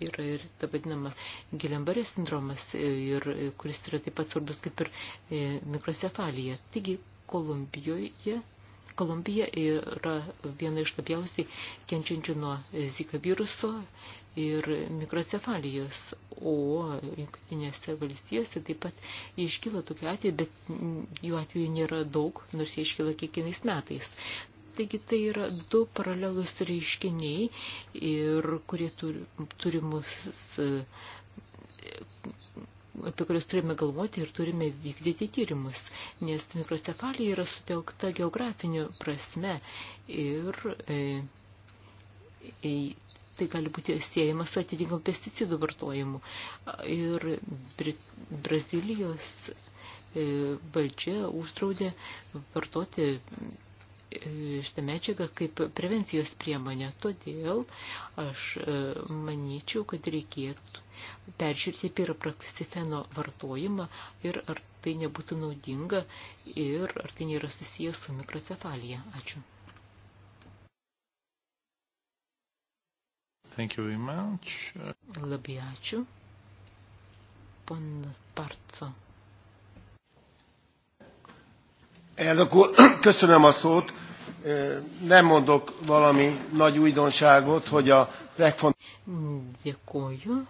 yra ir ta vadinama Gilembarės sindromas, e, ir, e, kuris yra taip pat svarbus kaip ir mikrocefalija. Taigi Kolumbijoje Kolumbija yra viena iš labiausiai kenčiančių nuo Zika viruso ir mikrocefalijos, o jungtinėse valstijose taip pat iškyla tokiu atveju, bet jų atveju nėra daug, nors jie iškyla kiekvienais metais. Taigi tai yra du paralelus reiškiniai, ir kurie turi, turi mus apie kuriuos turime galvoti ir turime vykdyti tyrimus, nes mikrocefalija yra sutelkta geografiniu prasme ir e, e, tai gali būti siejama su atitinkamu pesticidų vartojimu. Ir Brit Brazilijos e, valdžia uždraudė vartoti šitą medžiagą kaip prevencijos priemonę. Todėl aš e, manyčiau, kad reikėtų peržiūrėti pirapraksifeno vartojimą ir ar tai nebūtų naudinga ir ar tai nėra susijęs su mikrocefalija. Ačiū. Thank you very much. Labai ačiū. Ponas Barco. Elnök úr, <clears throat> köszönöm a szót. Nem mondok valami nagy újdonságot, hogy a legfontosabb... Dėkuoju.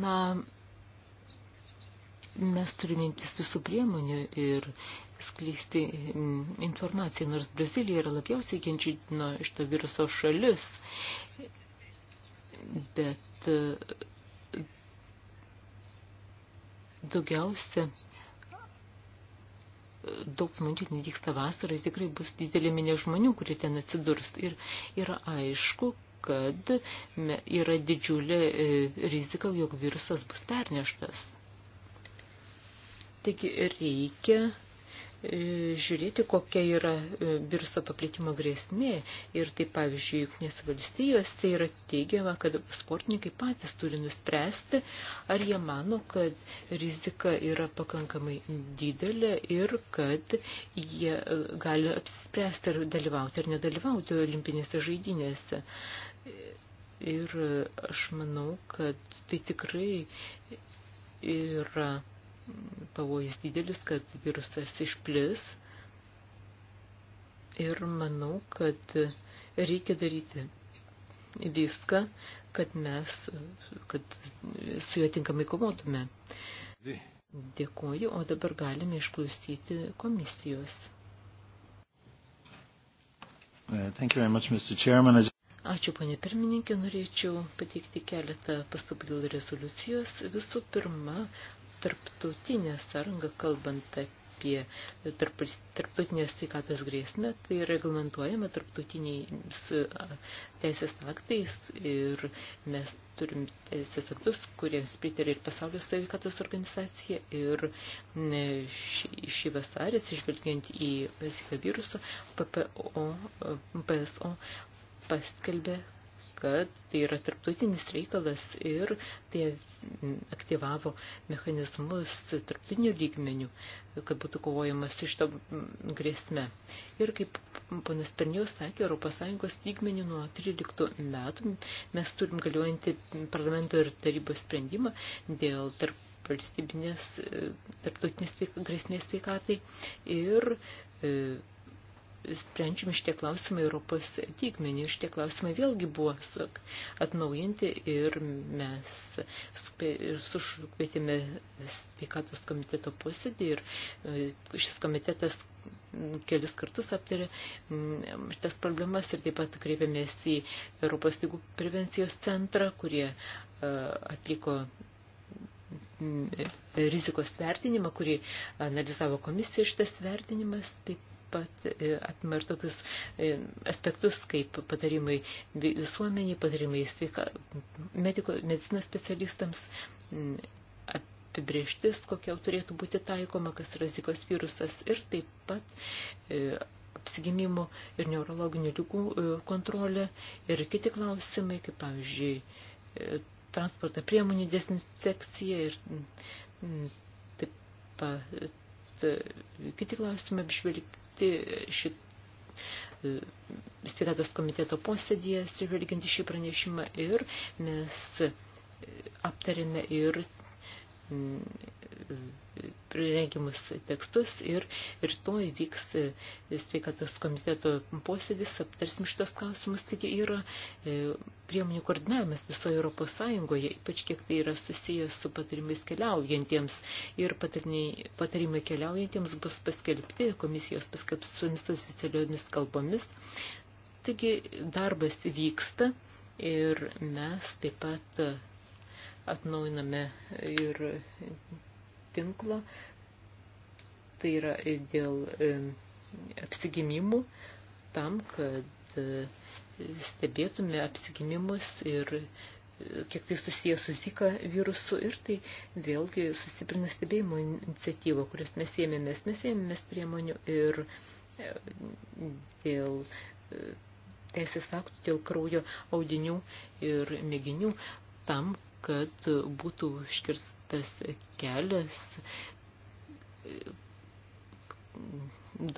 Na, mes turime imtis visų priemonių ir skleisti informaciją, nors Brazilija yra labiausiai kenčiantino šito viruso šalis, bet daugiausia daug žmonių ten vyksta vasarą, tikrai bus didelė minė žmonių, kurie ten atsidurs. Ir yra aišku, kad yra didžiulė e, rizika, jog virusas bus perneštas. Taigi reikia E, žiūrėti, kokia yra viruso e, paplitimo grėsmė. Ir tai, pavyzdžiui, Junktinės valstijose yra teigiama, kad sportininkai patys turi nuspręsti, ar jie mano, kad rizika yra pakankamai didelė ir kad jie e, gali apsispręsti ar dalyvauti ar nedalyvauti olimpinėse žaidynėse. Ir aš manau, kad tai tikrai yra pavojus didelis, kad virusas išplis. Ir manau, kad reikia daryti viską, kad mes kad su juo tinkamai kovotume. Dėkuoju, o dabar galime išklausyti komisijos. Uh, thank you very much, Mr. Chairman. Ačiū, panė pirmininkė, norėčiau pateikti keletą pastabų dėl rezoliucijos. Visų pirma, tarptautinė sąranga, kalbant apie tarp, tarptautinės sveikatos grėsmę, tai reglamentuojama tarptautiniais e, teisės aktais ir mes turim teisės aktus, kuriems pritarė ir pasaulio sveikatos organizacija ir šį, šį vasarį, atsižvelgiant į Zika viruso, PPO, PSO paskelbė, kad tai yra tarptautinis reikalas ir tai aktyvavo mechanizmus tarptautinių lygmenių, kad būtų kovojama su šito grėsme. Ir kaip panas Perniaus sakė, ES lygmenių nuo 13 metų mes turim galiuojantį parlamento ir tarybos sprendimą dėl tarp valstybinės e, tarptautinės grėsmės sveikatai ir e, sprendžiami šitie klausimai Europos lygmenį. Šitie klausimai vėlgi buvo atnaujinti ir mes sušvietėme sveikatos komiteto posėdį ir e, šis komitetas kelis kartus aptarė šitas mm, problemas ir taip pat kreipėmės į Europos lygų prevencijos centrą, kurie e, atliko mm, rizikos vertinimą, kurį analizavo komisija šitas vertinimas, taip pat e, apima ir tokius e, aspektus kaip patarimai visuomeniai, patarimai sveika, mediko, medicinos specialistams, apibrieštis, kokia turėtų būti taikoma, kas yra zikos virusas ir taip pat e, apsigimimo ir neurologinių lygų e, kontrolė ir kiti klausimai, kaip pavyzdžiui, e, transporto priemonių desinfekcija ir taip pat E, kiti klausimai apžvelgti šit e, sveikatos komiteto posėdėje, atsižvelgiant į šį pranešimą ir mes e, aptarėme ir rengimus tekstus ir rytoj vyks e, sveikatos komiteto posėdis, aptarsim šitas klausimus, taigi yra e, priemonių koordinavimas visoje Europos Sąjungoje, ypač kiek tai yra susijęs su patarimais keliaujantiems ir patarimai keliaujantiems bus paskelbti, komisijos paskelbs su visomis oficialiomis kalbomis, taigi darbas vyksta ir mes taip pat atnaujiname ir tinklo, tai yra dėl apsigimimų, tam, kad e, stebėtume apsigimimus ir e, kiek tai susiję su Zika virusu ir tai vėlgi sustiprina stebėjimo iniciatyvą, kurios mes ėmėmės. Mes ėmėmės priemonių ir e, dėl teisės aktų, dėl kraujo audinių ir mėginių tam, kad būtų užkirstas kelias e,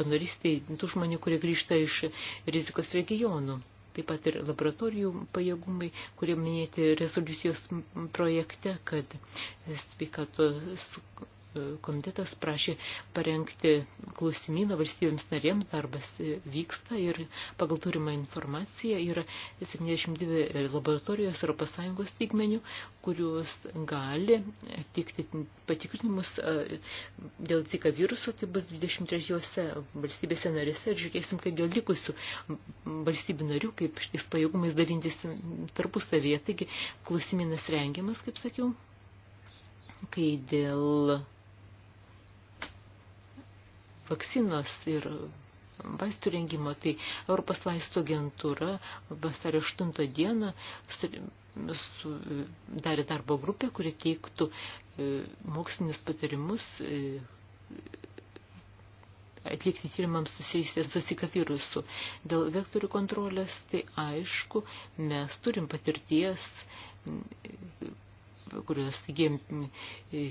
donoristai tų žmonių, kurie grįžta iš rizikos regionų. Taip pat ir laboratorijų pajėgumai, kurie minėti rezoliucijos projekte, kad sveikatos komitetas prašė parengti klausimyną valstybėms narėms, darbas vyksta ir pagal turimą informaciją yra 72 laboratorijos Europos Sąjungos lygmenių, kurios gali atlikti patikrinimus dėl Zika viruso, tai bus 23 valstybėse narėse ir žiūrėsim, kaip dėl likusių valstybių narių, kaip šitais pajėgumais dalintis tarpusavėje. Taigi klausimynas rengiamas, kaip sakiau, kai dėl vakcinos ir vaistų rengimo, tai Europos vaistų agentūra vasario 8 dieną darė darbo grupę, kuri teiktų e, mokslinius patarimus e, atlikti tyrimams susijusiems su Zika virusu. Dėl vektorių kontrolės, tai aišku, mes turim patirties, kurios įgėm e,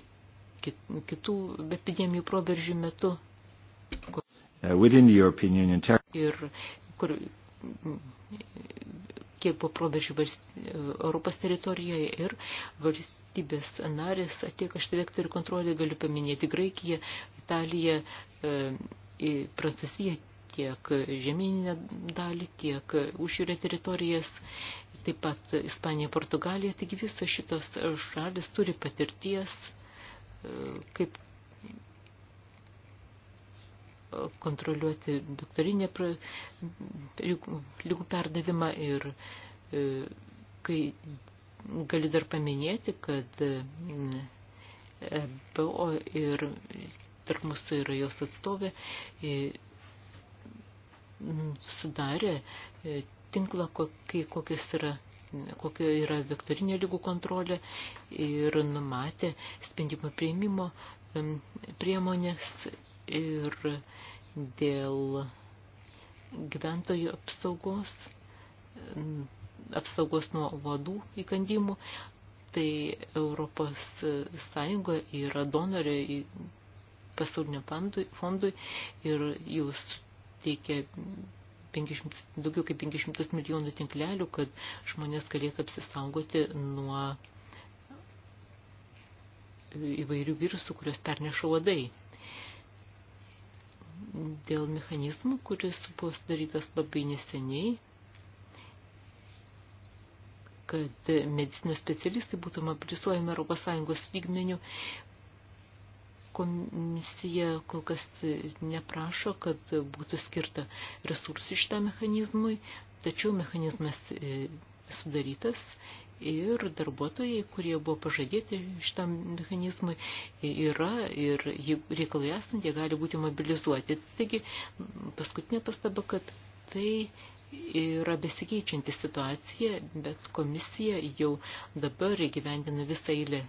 kitų epidemijų proveržių metu Uh, ir kur, kiek buvo proveržių Europos teritorijoje ir valstybės narės atlieka šitą vektorių kontrolę, galiu paminėti Graikiją, Italiją, e, Prancūziją tiek žemyninę dalį, tiek užjūrė teritorijas, taip pat Ispanija, Portugalija, taigi visos šitos šalis turi patirties, e, kaip kontroliuoti doktorinę lygų perdavimą ir e, kai galiu dar paminėti, kad EBO e ir tarp mūsų yra jos atstovė e, sudarė tinklą, kokios yra kokia yra vektorinė lygų kontrolė ir numatė sprendimo prieimimo priemonės ir dėl gyventojų apsaugos, apsaugos nuo vadų įkandimų. Tai Europos Sąjunga yra donorė pasaulinio fondui ir jau suteikia 500, daugiau kaip 500 milijonų tinklelių, kad žmonės galėtų apsisaugoti nuo įvairių virusų, kurios perneša vadai dėl mechanizmų, kuris buvo sudarytas labai neseniai, kad medicinos specialistai būtų mobilizuojami Europos Sąjungos lygmenių. Komisija kol kas neprašo, kad būtų skirta resursų šitą mechanizmui, tačiau mechanizmas e, sudarytas ir darbuotojai, kurie buvo pažadėti šitam mechanizmui, yra ir reikalai esant, jie gali būti mobilizuoti. Taigi, paskutinė pastaba, kad tai yra besikeičianti situacija, bet komisija jau dabar įgyvendina visą eilę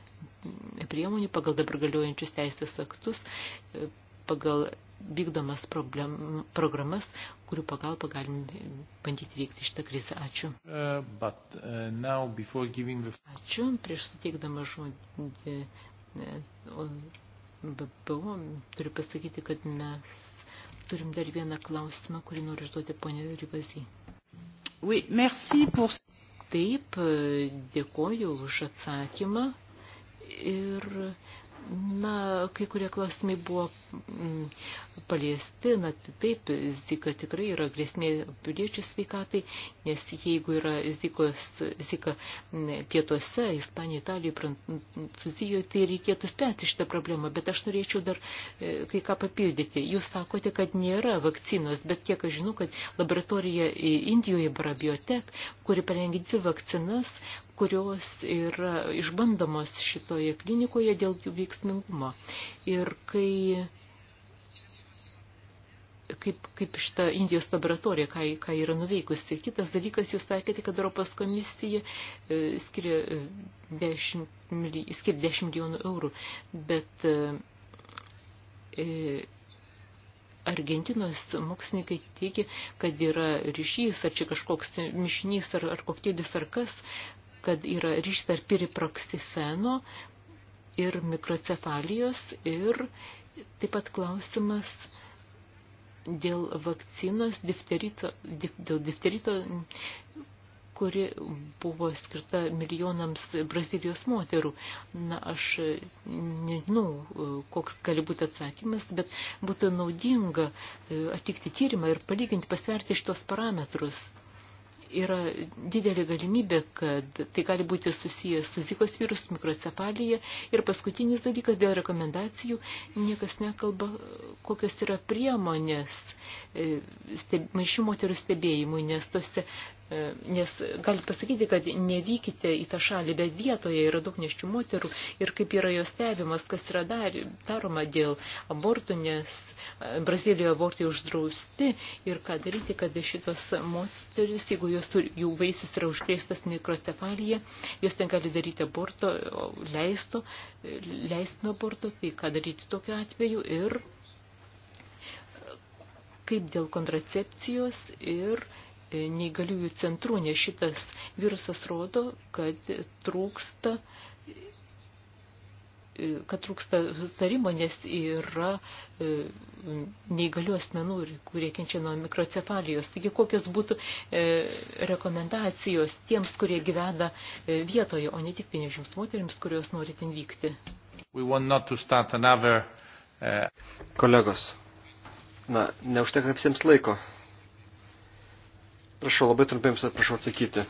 priemonių pagal dabar galiojančius teisės aktus, pagal vykdomas problem, programas, kurių pagalba galim bandyti veikti šitą krizę. Ačiū. Uh, but, uh, now, the... Ačiū. Prieš suteikdama žodį BPO uh, turiu pasakyti, kad mes turim dar vieną klausimą, kurį noriu užduoti ponė Rivazy. Oui, merci pour... Taip, dėkoju už atsakymą ir uh, Na, kai kurie klausimai buvo mm, paliesti, na tai taip, zika tikrai yra grėsmė piliečių sveikatai, nes jeigu yra zikos, zika mm, pietuose, Ispanijoje, Italijoje, Prancūzijoje, tai reikėtų spręsti šitą problemą, bet aš norėčiau dar e, kai ką papildyti. Jūs sakote, kad nėra vakcinos, bet kiek aš žinau, kad laboratorija e, Indijoje Barabiotek, kuri parengė dvi vakcinas, kurios yra išbandomos šitoje klinikoje dėl jų veiksmingumo. Ir kai kaip, kaip šita Indijos laboratorija, ką, ką yra nuveikusi. Kitas dalykas, jūs sakėte, kad Europos komisija e, skiria 10, e, skiria 10 milijonų eurų, bet e, e, Argentinos mokslininkai teigia, kad yra ryšys, ar čia kažkoks mišinys, ar, ar koktėlis, ar kas, kad yra ryšys tarp piripraksifeno ir mikrocefalijos ir taip pat klausimas dėl vakcinos difterito, dif, dėl difterito, kuri buvo skirta milijonams Brazilijos moterų. Na, aš nežinau, koks gali būti atsakymas, bet būtų naudinga e, atlikti tyrimą ir palyginti, pasverti šitos parametrus yra didelė galimybė, kad tai gali būti susijęs su zikos virusu, mikrocepalija. Ir paskutinis dalykas dėl rekomendacijų, niekas nekalba, kokios yra priemonės e, steb, maišių moterų stebėjimui, nes tose E, nes galiu pasakyti, kad nevykite į tą šalį, bet vietoje yra daug neščių moterų ir kaip yra jos stebimas, kas yra dar, daroma dėl abortų, nes e, Brazilijoje abortai uždrausti ir ką daryti, kad šitos moteris, jeigu jos turi, jų vaisius yra užkrėstas mikrocefalija, jos ten gali daryti aborto, leisto, leistino aborto, tai ką daryti tokiu atveju ir kaip dėl kontracepcijos ir neįgaliųjų centrų, nes šitas virusas rodo, kad trūksta kad trūksta sutarimo, nes yra e, neįgalių asmenų, kurie kenčia nuo mikrocefalijos. Taigi, kokios būtų e, rekomendacijos tiems, kurie gyvena e, vietoje, o ne tik pinižiams moteriams, kurios nori ten vykti? Another, uh... Kolegos, na, neužteka visiems laiko. Prašau, labai trumpai jums prašau atsakyti.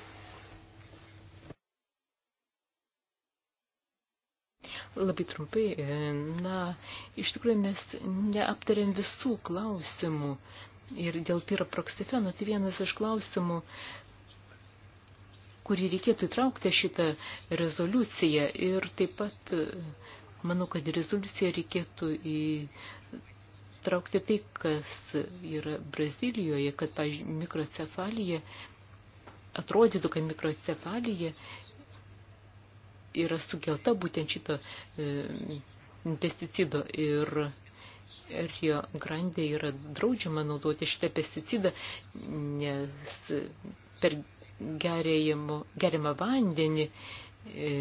Labai trumpai, na, iš tikrųjų mes neaptarėm visų klausimų. Ir dėl piraprokstefeno, tai vienas iš klausimų, kurį reikėtų įtraukti šitą rezoliuciją. Ir taip pat, manau, kad rezoliuciją reikėtų į traukti tai, kas yra Brazilijoje, kad, pavyzdžiui, mikrocefalija, atrodytų, kad mikrocefalija yra sukelta būtent šito e, pesticido ir Rio Grande yra draudžiama naudoti šitą pesticidą, nes per gerėjimo, geriamą vandenį e,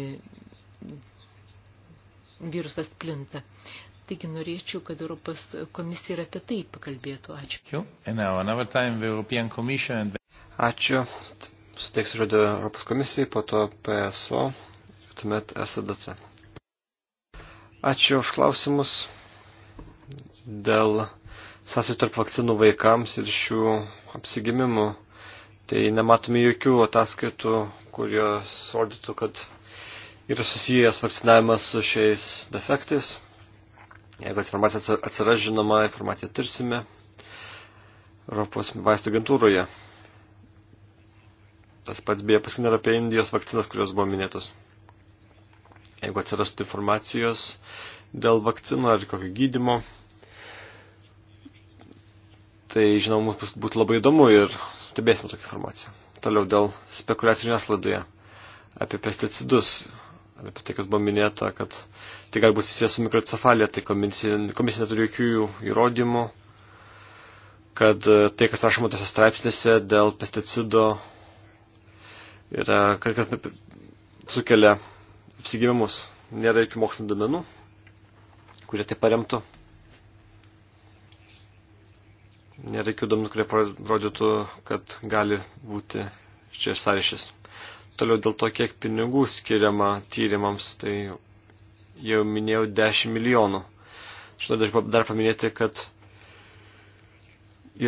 virusas plinta. E, Taigi norėčiau, kad Europos komisija ir apie tai pakalbėtų. Ačiū. Ačiū. Suteiksiu žodį Europos komisijai, po to PSO ir tuomet SDC. Ačiū už klausimus dėl sąsajų tarp vakcinų vaikams ir šių apsigimimų. Tai nematome jokių ataskaitų, kurios rodytų, kad yra susijęs vakcinavimas su šiais defektais. Jeigu informacija atsiras žinoma, informaciją tirsime Europos vaistų agentūroje. Tas pats beje pasakina apie Indijos vakcinas, kurios buvo minėtos. Jeigu atsirastų informacijos dėl vakcino ar kokio gydimo, tai žinoma, mums būtų labai įdomu ir stebėsime tokią informaciją. Toliau dėl spekulacijų žiniaslaidoje apie pesticidus apie tai, kas buvo minėta, kad tai gali būti susijęs su mikrocefalija, tai komisija, komisija neturi jokių įrodymų, kad e, tai, kas rašoma tose straipsnėse dėl pesticido, yra, kad, kad sukelia apsigyvimus. Nėra jokių mokslinio domenų, kurie tai paremtų. Nėra jokių domenų, kurie parodytų, kad gali būti čia ir sąryšis. Toliau dėl to, kiek pinigų skiriama tyrimams, tai jau minėjau 10 milijonų. Žinau, aš dar paminėti, kad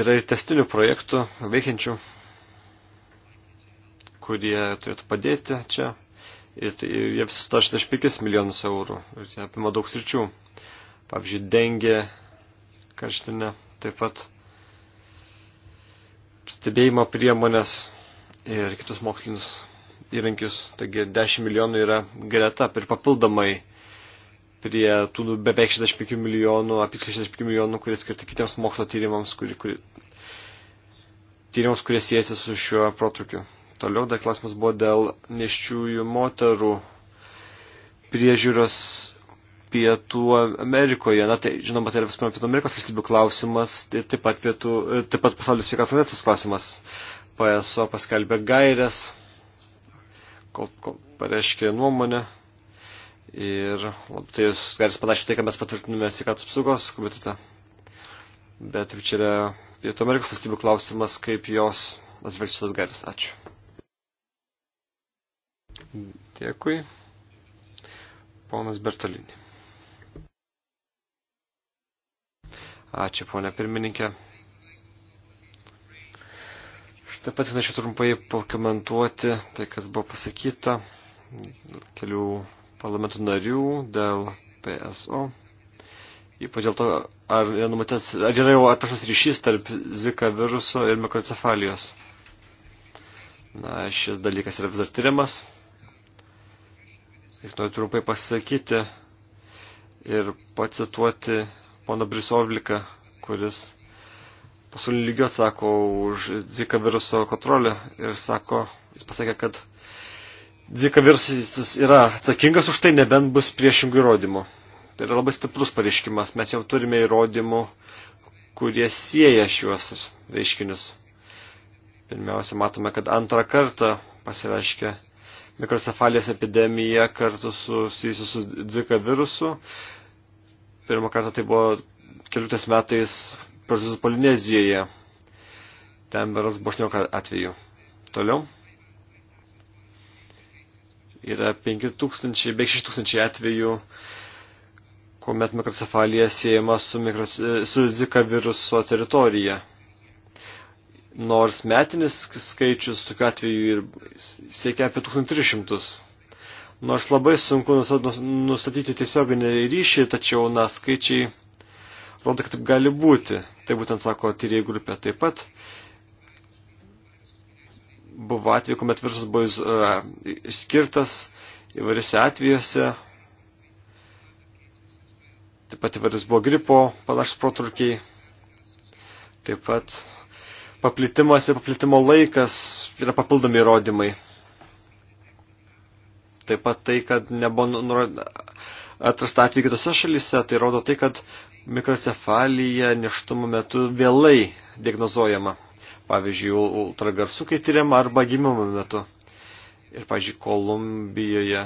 yra ir testinių projektų veikiančių, kurie turėtų padėti čia. Ir, tai, ir jie visi 85 milijonus eurų. Ir jie apima daug sričių. Pavyzdžiui, dengė karštinę, taip pat stebėjimo priemonės ir kitus mokslinius įrankius, taigi 10 milijonų yra greta ir papildomai prie tų nu, beveik 65 milijonų, apie 65 milijonų, kurie skirti kitiems mokslo tyrimams, kuri, kuri, tyrimams, kurie siejasi su šiuo protrukiu. Toliau dar klausimas buvo dėl neščiųjų moterų priežiūros Pietų Amerikoje. Na, tai žinoma, tai yra visų pirma Pietų Amerikos valstybių klausimas, tai taip pat, pietų, taip pat pasaulio sveikatos organizacijos klausimas. PSO paskelbė gairias kol, kol pareiškė nuomonę. Ir tai garis panašiai tai, ką mes patvirtinome sveikatos apsaugos komitete. Bet jau čia yra Pietų Amerikos valstybių klausimas, kaip jos atsvelgs šitas garis. Ačiū. Dėkui. Ponas Bertolinį. Ačiū, ponia pirmininkė. Taip pat norėčiau trumpai pakomentuoti tai, kas buvo pasakyta kelių parlamentų narių dėl PSO. Ypač dėl to, ar yra, numatęs, ar yra jau atrašas ryšys tarp Zika viruso ir mikrocefalijos. Na, šis dalykas yra vis dar tyriamas. Ir noriu trumpai pasakyti ir pacituoti pono Brisovliką, kuris pasaulyje lygio atsako už Zika viruso kontrolę ir sako, jis pasakė, kad Zika virusas yra atsakingas už tai, nebent bus priešingų įrodymų. Tai yra labai stiprus pareiškimas, mes jau turime įrodymų, kurie sieja šiuos reiškinius. Pirmiausia, matome, kad antrą kartą pasireiškia mikrocefalės epidemija kartu su susijusiu su Zika virusu. Pirmą kartą tai buvo keliutės metais procesas Polinezijoje. Ten beras Bošnioka atveju. Toliau. Yra 5000, beveik 6000 atvejų, kuomet mikrocefalija siejama su, mikros, su Zika viruso teritorija. Nors metinis skaičius tokiu atveju ir siekia apie 1300. Nors labai sunku nustatyti tiesioginį ryšį, tačiau, na, skaičiai rodo, kad taip gali būti. Tai būtent sako tyrėjų grupė taip pat. Buvo atveju, kuomet virusas buvo e, išskirtas įvairiose atvejuose. Taip pat įvairius buvo gripo panašus protrukiai. Taip pat paplitimas ir paplitimo laikas yra papildomi įrodymai. Taip pat tai, kad nebuvo nu, atrasta atveju kitose šalyse, tai rodo tai, kad mikrocefalija neštumo metu vėlai diagnozuojama. Pavyzdžiui, ultragarsų kai tyriama arba gimimo metu. Ir, pavyzdžiui, Kolumbijoje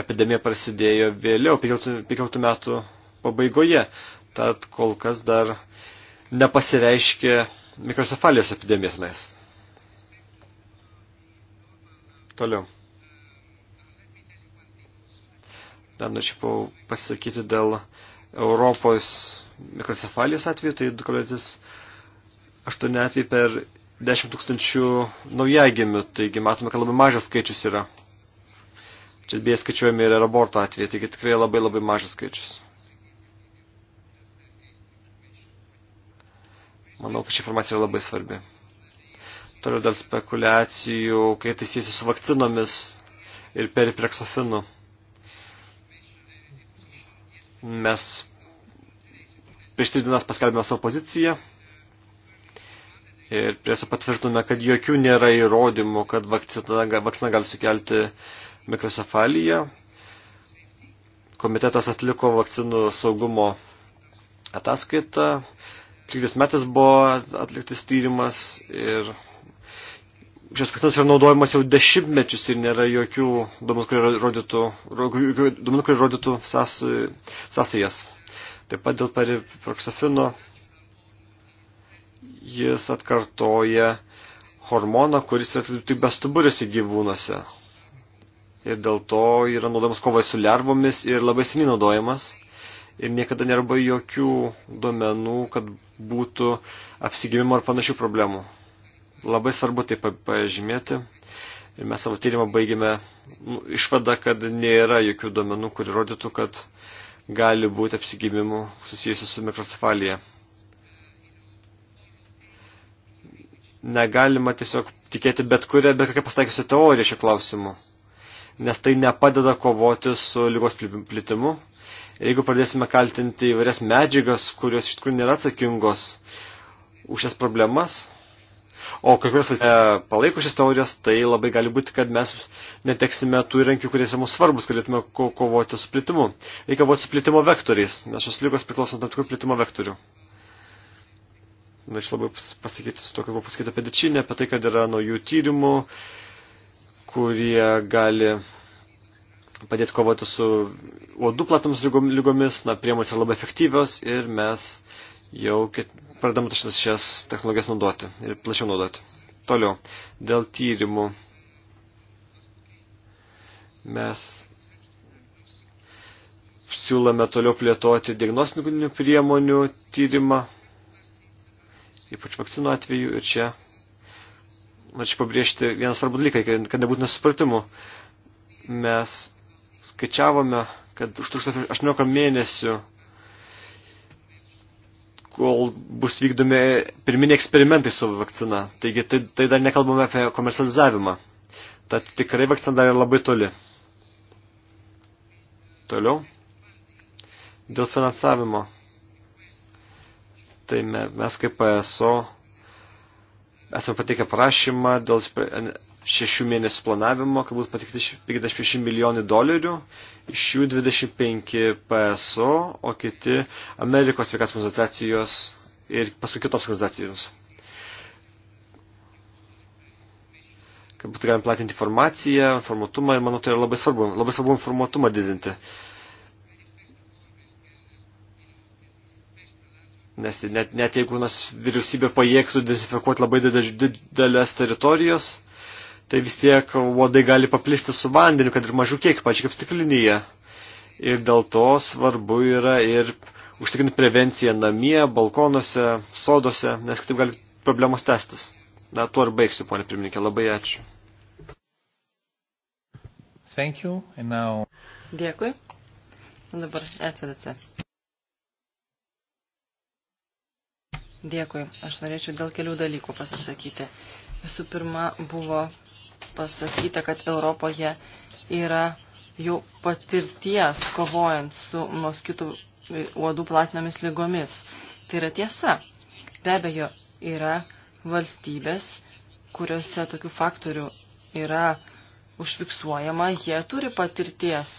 epidemija prasidėjo vėliau, 15 metų pabaigoje. Tad kol kas dar nepasireiškė mikrocefalijos epidemijas. Toliau. Dar norėčiau pasakyti dėl Europos mikrocefalijos atveju, tai 2,8 atvejai per 10 tūkstančių naujagimių, taigi matome, kad labai mažas skaičius yra. Čia beje skaičiuojami ir aborto atvejai, taigi tikrai labai labai mažas skaičius. Manau, kad ši informacija yra labai svarbi. Toliau dėl spekulacijų, kai tai siejasi su vakcinomis ir peripreksofinu. Mes prieš tris dienas paskelbėme savo poziciją ir prie to tai patvirtume, kad jokių nėra įrodymų, kad vakcina, vakcina gali sukelti mikrocefaliją. Komitetas atliko vakcinų saugumo ataskaitą. Trikdės metais buvo atliktas tyrimas ir šis faktas yra naudojamas jau dešimtmečius ir nėra jokių duomenų, kurie rodytų, duomenų, kurie rodytų sąs, sąsajas. Taip pat dėl periproksafino jis atkartoja hormoną, kuris yra tik bestuburiuose gyvūnuose. Ir dėl to yra naudojamas kovai su lervomis ir labai seniai naudojamas. Ir niekada nėra jokių duomenų, kad būtų apsigimimo ar panašių problemų. Labai svarbu tai pažymėti. Ir mes savo tyrimą baigėme nu, išvadą, kad nėra jokių duomenų, kuri rodytų, kad gali būti apsigimimų susijusių su mikrocefalija. Negalima tiesiog tikėti bet kurią, bet kokią pasakysiu teoriją šiuo klausimu, nes tai nepadeda kovoti su lygos plitimu. Ir jeigu pradėsime kaltinti įvairias medžiagas, kurios iš tikrųjų nėra atsakingos už šias problemas, O kai kurios e, palaiko šias teorijas, tai labai gali būti, kad mes neteksime tų įrankių, kurie yra mums svarbus, galėtume ko kovoti su plitimu. Reikia kovoti su plitimo vektoriais, nes šios lygos priklauso nuo tam tikrų plitimo vektorių. Na, aš labai pasakyti su to, kad buvo pasakyta apie dečinę, apie tai, kad yra naujų tyrimų, kurie gali padėti kovoti su uodų platomis lygomis, na, priemonės yra labai efektyvios ir mes jau pradedama šitas šias technologijas naudoti ir plačiau naudoti. Toliau, dėl tyrimų mes siūlome toliau plėtoti diagnostinių priemonių tyrimą, ypač vakcinų atveju ir čia. Mačiau pabrėžti vieną svarbų dalyką, kad nebūtų nesupratimų. Mes skaičiavome, kad užtruks 18 mėnesių kol bus vykdomi pirminiai eksperimentai su vakcina. Taigi tai, tai dar nekalbame apie komercializavimą. Tad tikrai vakcina dar yra labai toli. Toliau. Dėl finansavimo. Tai mes kaip PSO esame pateikę prašymą dėl šešių mėnesių planavimo, kad būtų patikti 56 milijonai dolerių, iš jų 25 PSO, o kiti Amerikos sveikatos organizacijos ir paskui kitos organizacijos. Kad būtų galima platinti informaciją, informatumą ir manau, tai yra labai svarbu, labai svarbu informatumą didinti. Nes net, net jeigu nas vyriausybė pajėgtų dezinfekuoti labai didelės teritorijos, tai vis tiek uodai gali paplisti su vandeniu, kad ir mažų kiekį, pačiu kaip stiklinėje. Ir dėl to svarbu yra ir užtikrinti prevenciją namie, balkonuose, sodose, nes kitaip gali problemos testas. Na, tuo ir baigsiu, ponė pirmininkė. Labai ačiū. Thank you, and now... Dėkui. Dabar ECDC. Dėkui. Aš norėčiau dėl kelių dalykų pasisakyti. Visų pirma, buvo pasakyta, kad Europoje yra jau patirties kovojant su moskitų uodų platinamis lygomis. Tai yra tiesa. Be abejo, yra valstybės, kuriuose tokių faktorių yra užfiksuojama, jie turi patirties,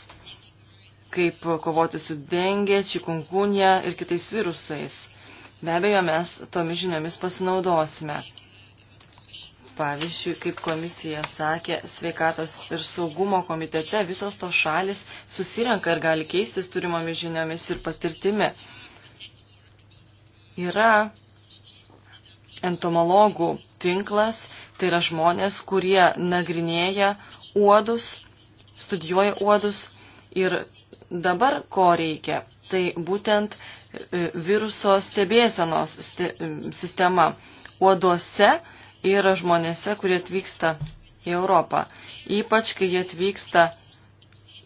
kaip kovoti su dengė, čikungunė ir kitais virusais. Be abejo, mes tomis žiniomis pasinaudosime. Pavyzdžiui, kaip komisija sakė, sveikatos ir saugumo komitete visos tos šalis susirenka ir gali keistis turimomis žiniomis ir patirtimi. Yra entomologų tinklas, tai yra žmonės, kurie nagrinėja uodus, studijuoja uodus ir dabar ko reikia, tai būtent e, viruso stebėsenos sistema. Uoduose yra žmonėse, kurie atvyksta į Europą. Ypač, kai jie atvyksta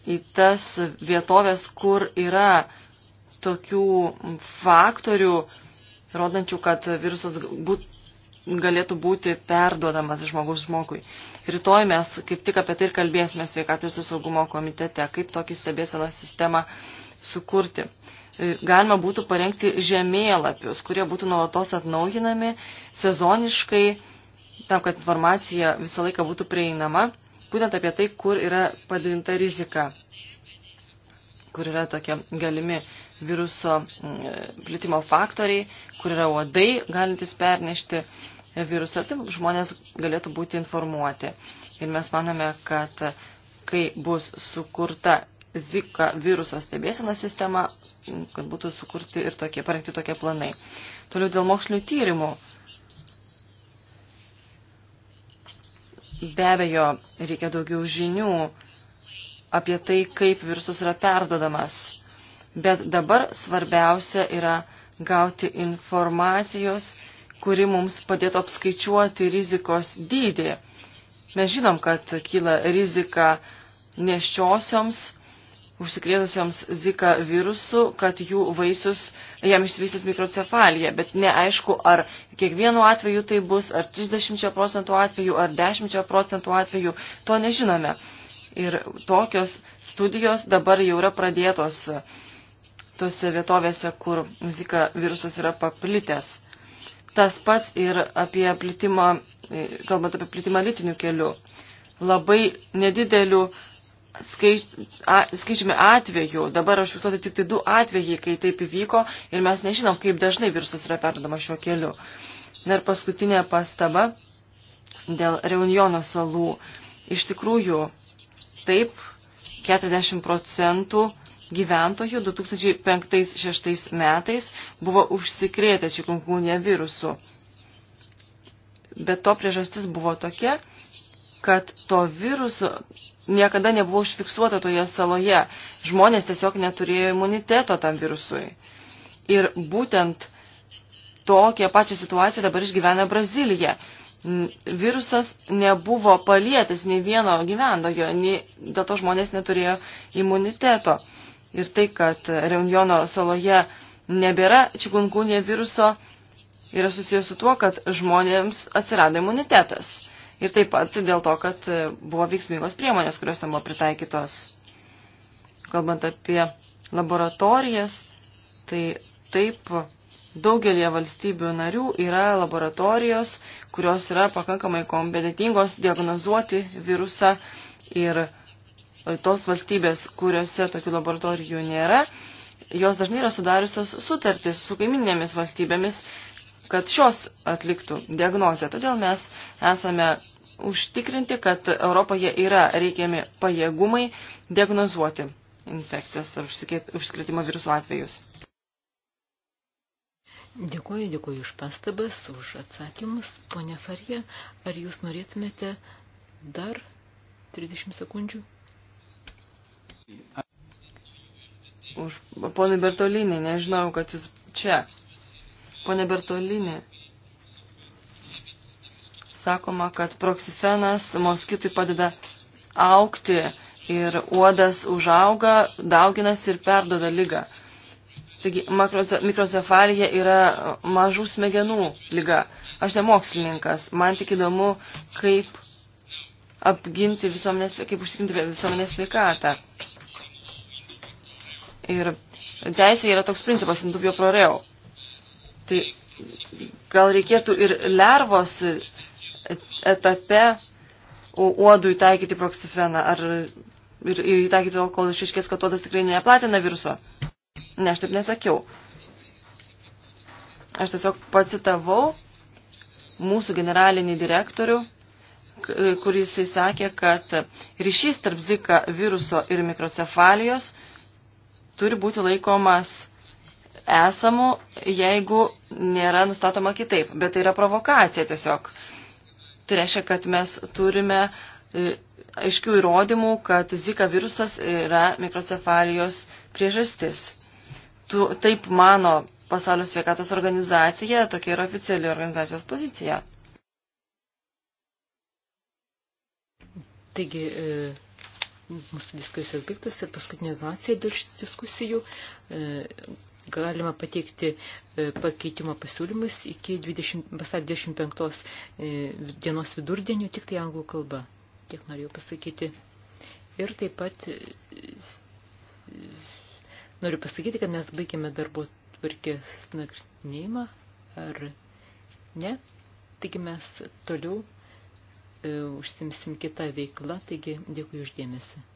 į tas vietovės, kur yra tokių faktorių, rodančių, kad virusas būt, galėtų būti perduodamas žmogus žmogui. Rytoj mes kaip tik apie tai ir kalbėsime sveikatos ir saugumo komitete, kaip tokį stebėsenos sistemą sukurti. Galima būtų parengti žemėlapius, kurie būtų nuolatos atnaujinami sezoniškai tam, kad informacija visą laiką būtų prieinama, būtent apie tai, kur yra padarinta rizika, kur yra tokie galimi viruso mm, plitimo faktoriai, kur yra uodai galintys pernešti virusą, tai žmonės galėtų būti informuoti. Ir mes manome, kad kai bus sukurta Zika viruso stebėsena sistema, kad būtų sukurti ir tokie, parengti tokie planai. Toliau dėl mokslinių tyrimų Be abejo, reikia daugiau žinių apie tai, kaip virusas yra perdodamas. Bet dabar svarbiausia yra gauti informacijos, kuri mums padėtų apskaičiuoti rizikos dydį. Mes žinom, kad kyla rizika neščiosioms užsikrėtusiams Zika virusu, kad jų vaisius jam išsivystys mikrocefalija, bet neaišku, ar kiekvienu atveju tai bus, ar 30 procentų atveju, ar 10 procentų atveju, to nežinome. Ir tokios studijos dabar jau yra pradėtos tose vietovėse, kur Zika virusas yra paplitęs. Tas pats ir apie plitimą, kalbant apie plitimą lytiniu keliu. Labai nedideliu skaičiumi atvejų, dabar aš visuotai tik tai du atvejai, kai taip įvyko ir mes nežinom, kaip dažnai virusas yra perdodamas šiuo keliu. Na ir paskutinė pastaba dėl Reunjono salų. Iš tikrųjų, taip, 40 procentų gyventojų 2005-2006 metais buvo užsikrėtę čikungunė virusu. Bet to priežastis buvo tokia, kad to viruso niekada nebuvo užfiksuota toje saloje. Žmonės tiesiog neturėjo imuniteto tam virusui. Ir būtent tokią pačią situaciją dabar išgyvena Brazilija. Virusas nebuvo palietęs nei vieno gyventojo, dėl to žmonės neturėjo imuniteto. Ir tai, kad Reunjono saloje nebėra čikunkunė viruso, yra susijęs su tuo, kad žmonėms atsirado imunitetas ir taip pat dėl to, kad buvo veiksmingos priemonės, kurios ten buvo pritaikytos. Kalbant apie laboratorijas, tai taip daugelie valstybių narių yra laboratorijos, kurios yra pakankamai kompetentingos diagnozuoti virusą ir tos valstybės, kuriuose tokių laboratorijų nėra, jos dažnai yra sudariusios sutartis su kaiminėmis valstybėmis, kad šios atliktų diagnozę. Todėl mes esame užtikrinti, kad Europoje yra reikiami pajėgumai diagnozuoti infekcijas ar užsikrėtimo virusų atvejus. Dėkuoju, dėkuoju už pastabas, už atsakymus. Pone Farija, ar jūs norėtumėte dar 30 sekundžių? Už ponui Bertolinį, nežinau, kad jūs čia. Pone Bertolinė, sakoma, kad proksifenas moskitui padeda aukti ir uodas užauga, dauginasi ir perdoda lygą. Taigi mikrocefalija yra mažų smegenų lyga. Aš ne mokslininkas, man tik įdomu, kaip apginti visuomenės, kaip užtikrinti visuomenės sveikatą. Ir teisė yra toks principas, intubio proreo. Tai gal reikėtų ir lervos etape uodui taikyti proksifeną ar ir, ir taikyti tol, kol išiškės, kad uodas tikrai neplatina viruso. Ne, aš taip nesakiau. Aš tiesiog pacitavau mūsų generalinį direktorių, kuris jisai sakė, kad ryšys tarp zika viruso ir mikrocefalijos turi būti laikomas esamų, jeigu nėra nustatoma kitaip. Bet tai yra provokacija tiesiog. Tai reiškia, kad mes turime e, aiškių įrodymų, kad Zika virusas yra mikrocefalijos priežastis. Tu, taip mano pasaulio sveikatos organizacija, tokia yra oficiali organizacijos pozicija. Taigi, e, mūsų diskusijos baigtas ir paskutinė vacija dėl šių diskusijų. E, galima pateikti e, pakeitimo pasiūlymus iki 20, vasar 25 dienos vidurdienio, tik tai anglų kalba. Tiek norėjau pasakyti. Ir taip pat e, e, noriu pasakyti, kad mes baigėme darbo tvarkės nagrinėjimą, ar ne. Taigi mes toliau e, užsimsim kitą veiklą, taigi dėkui uždėmesi.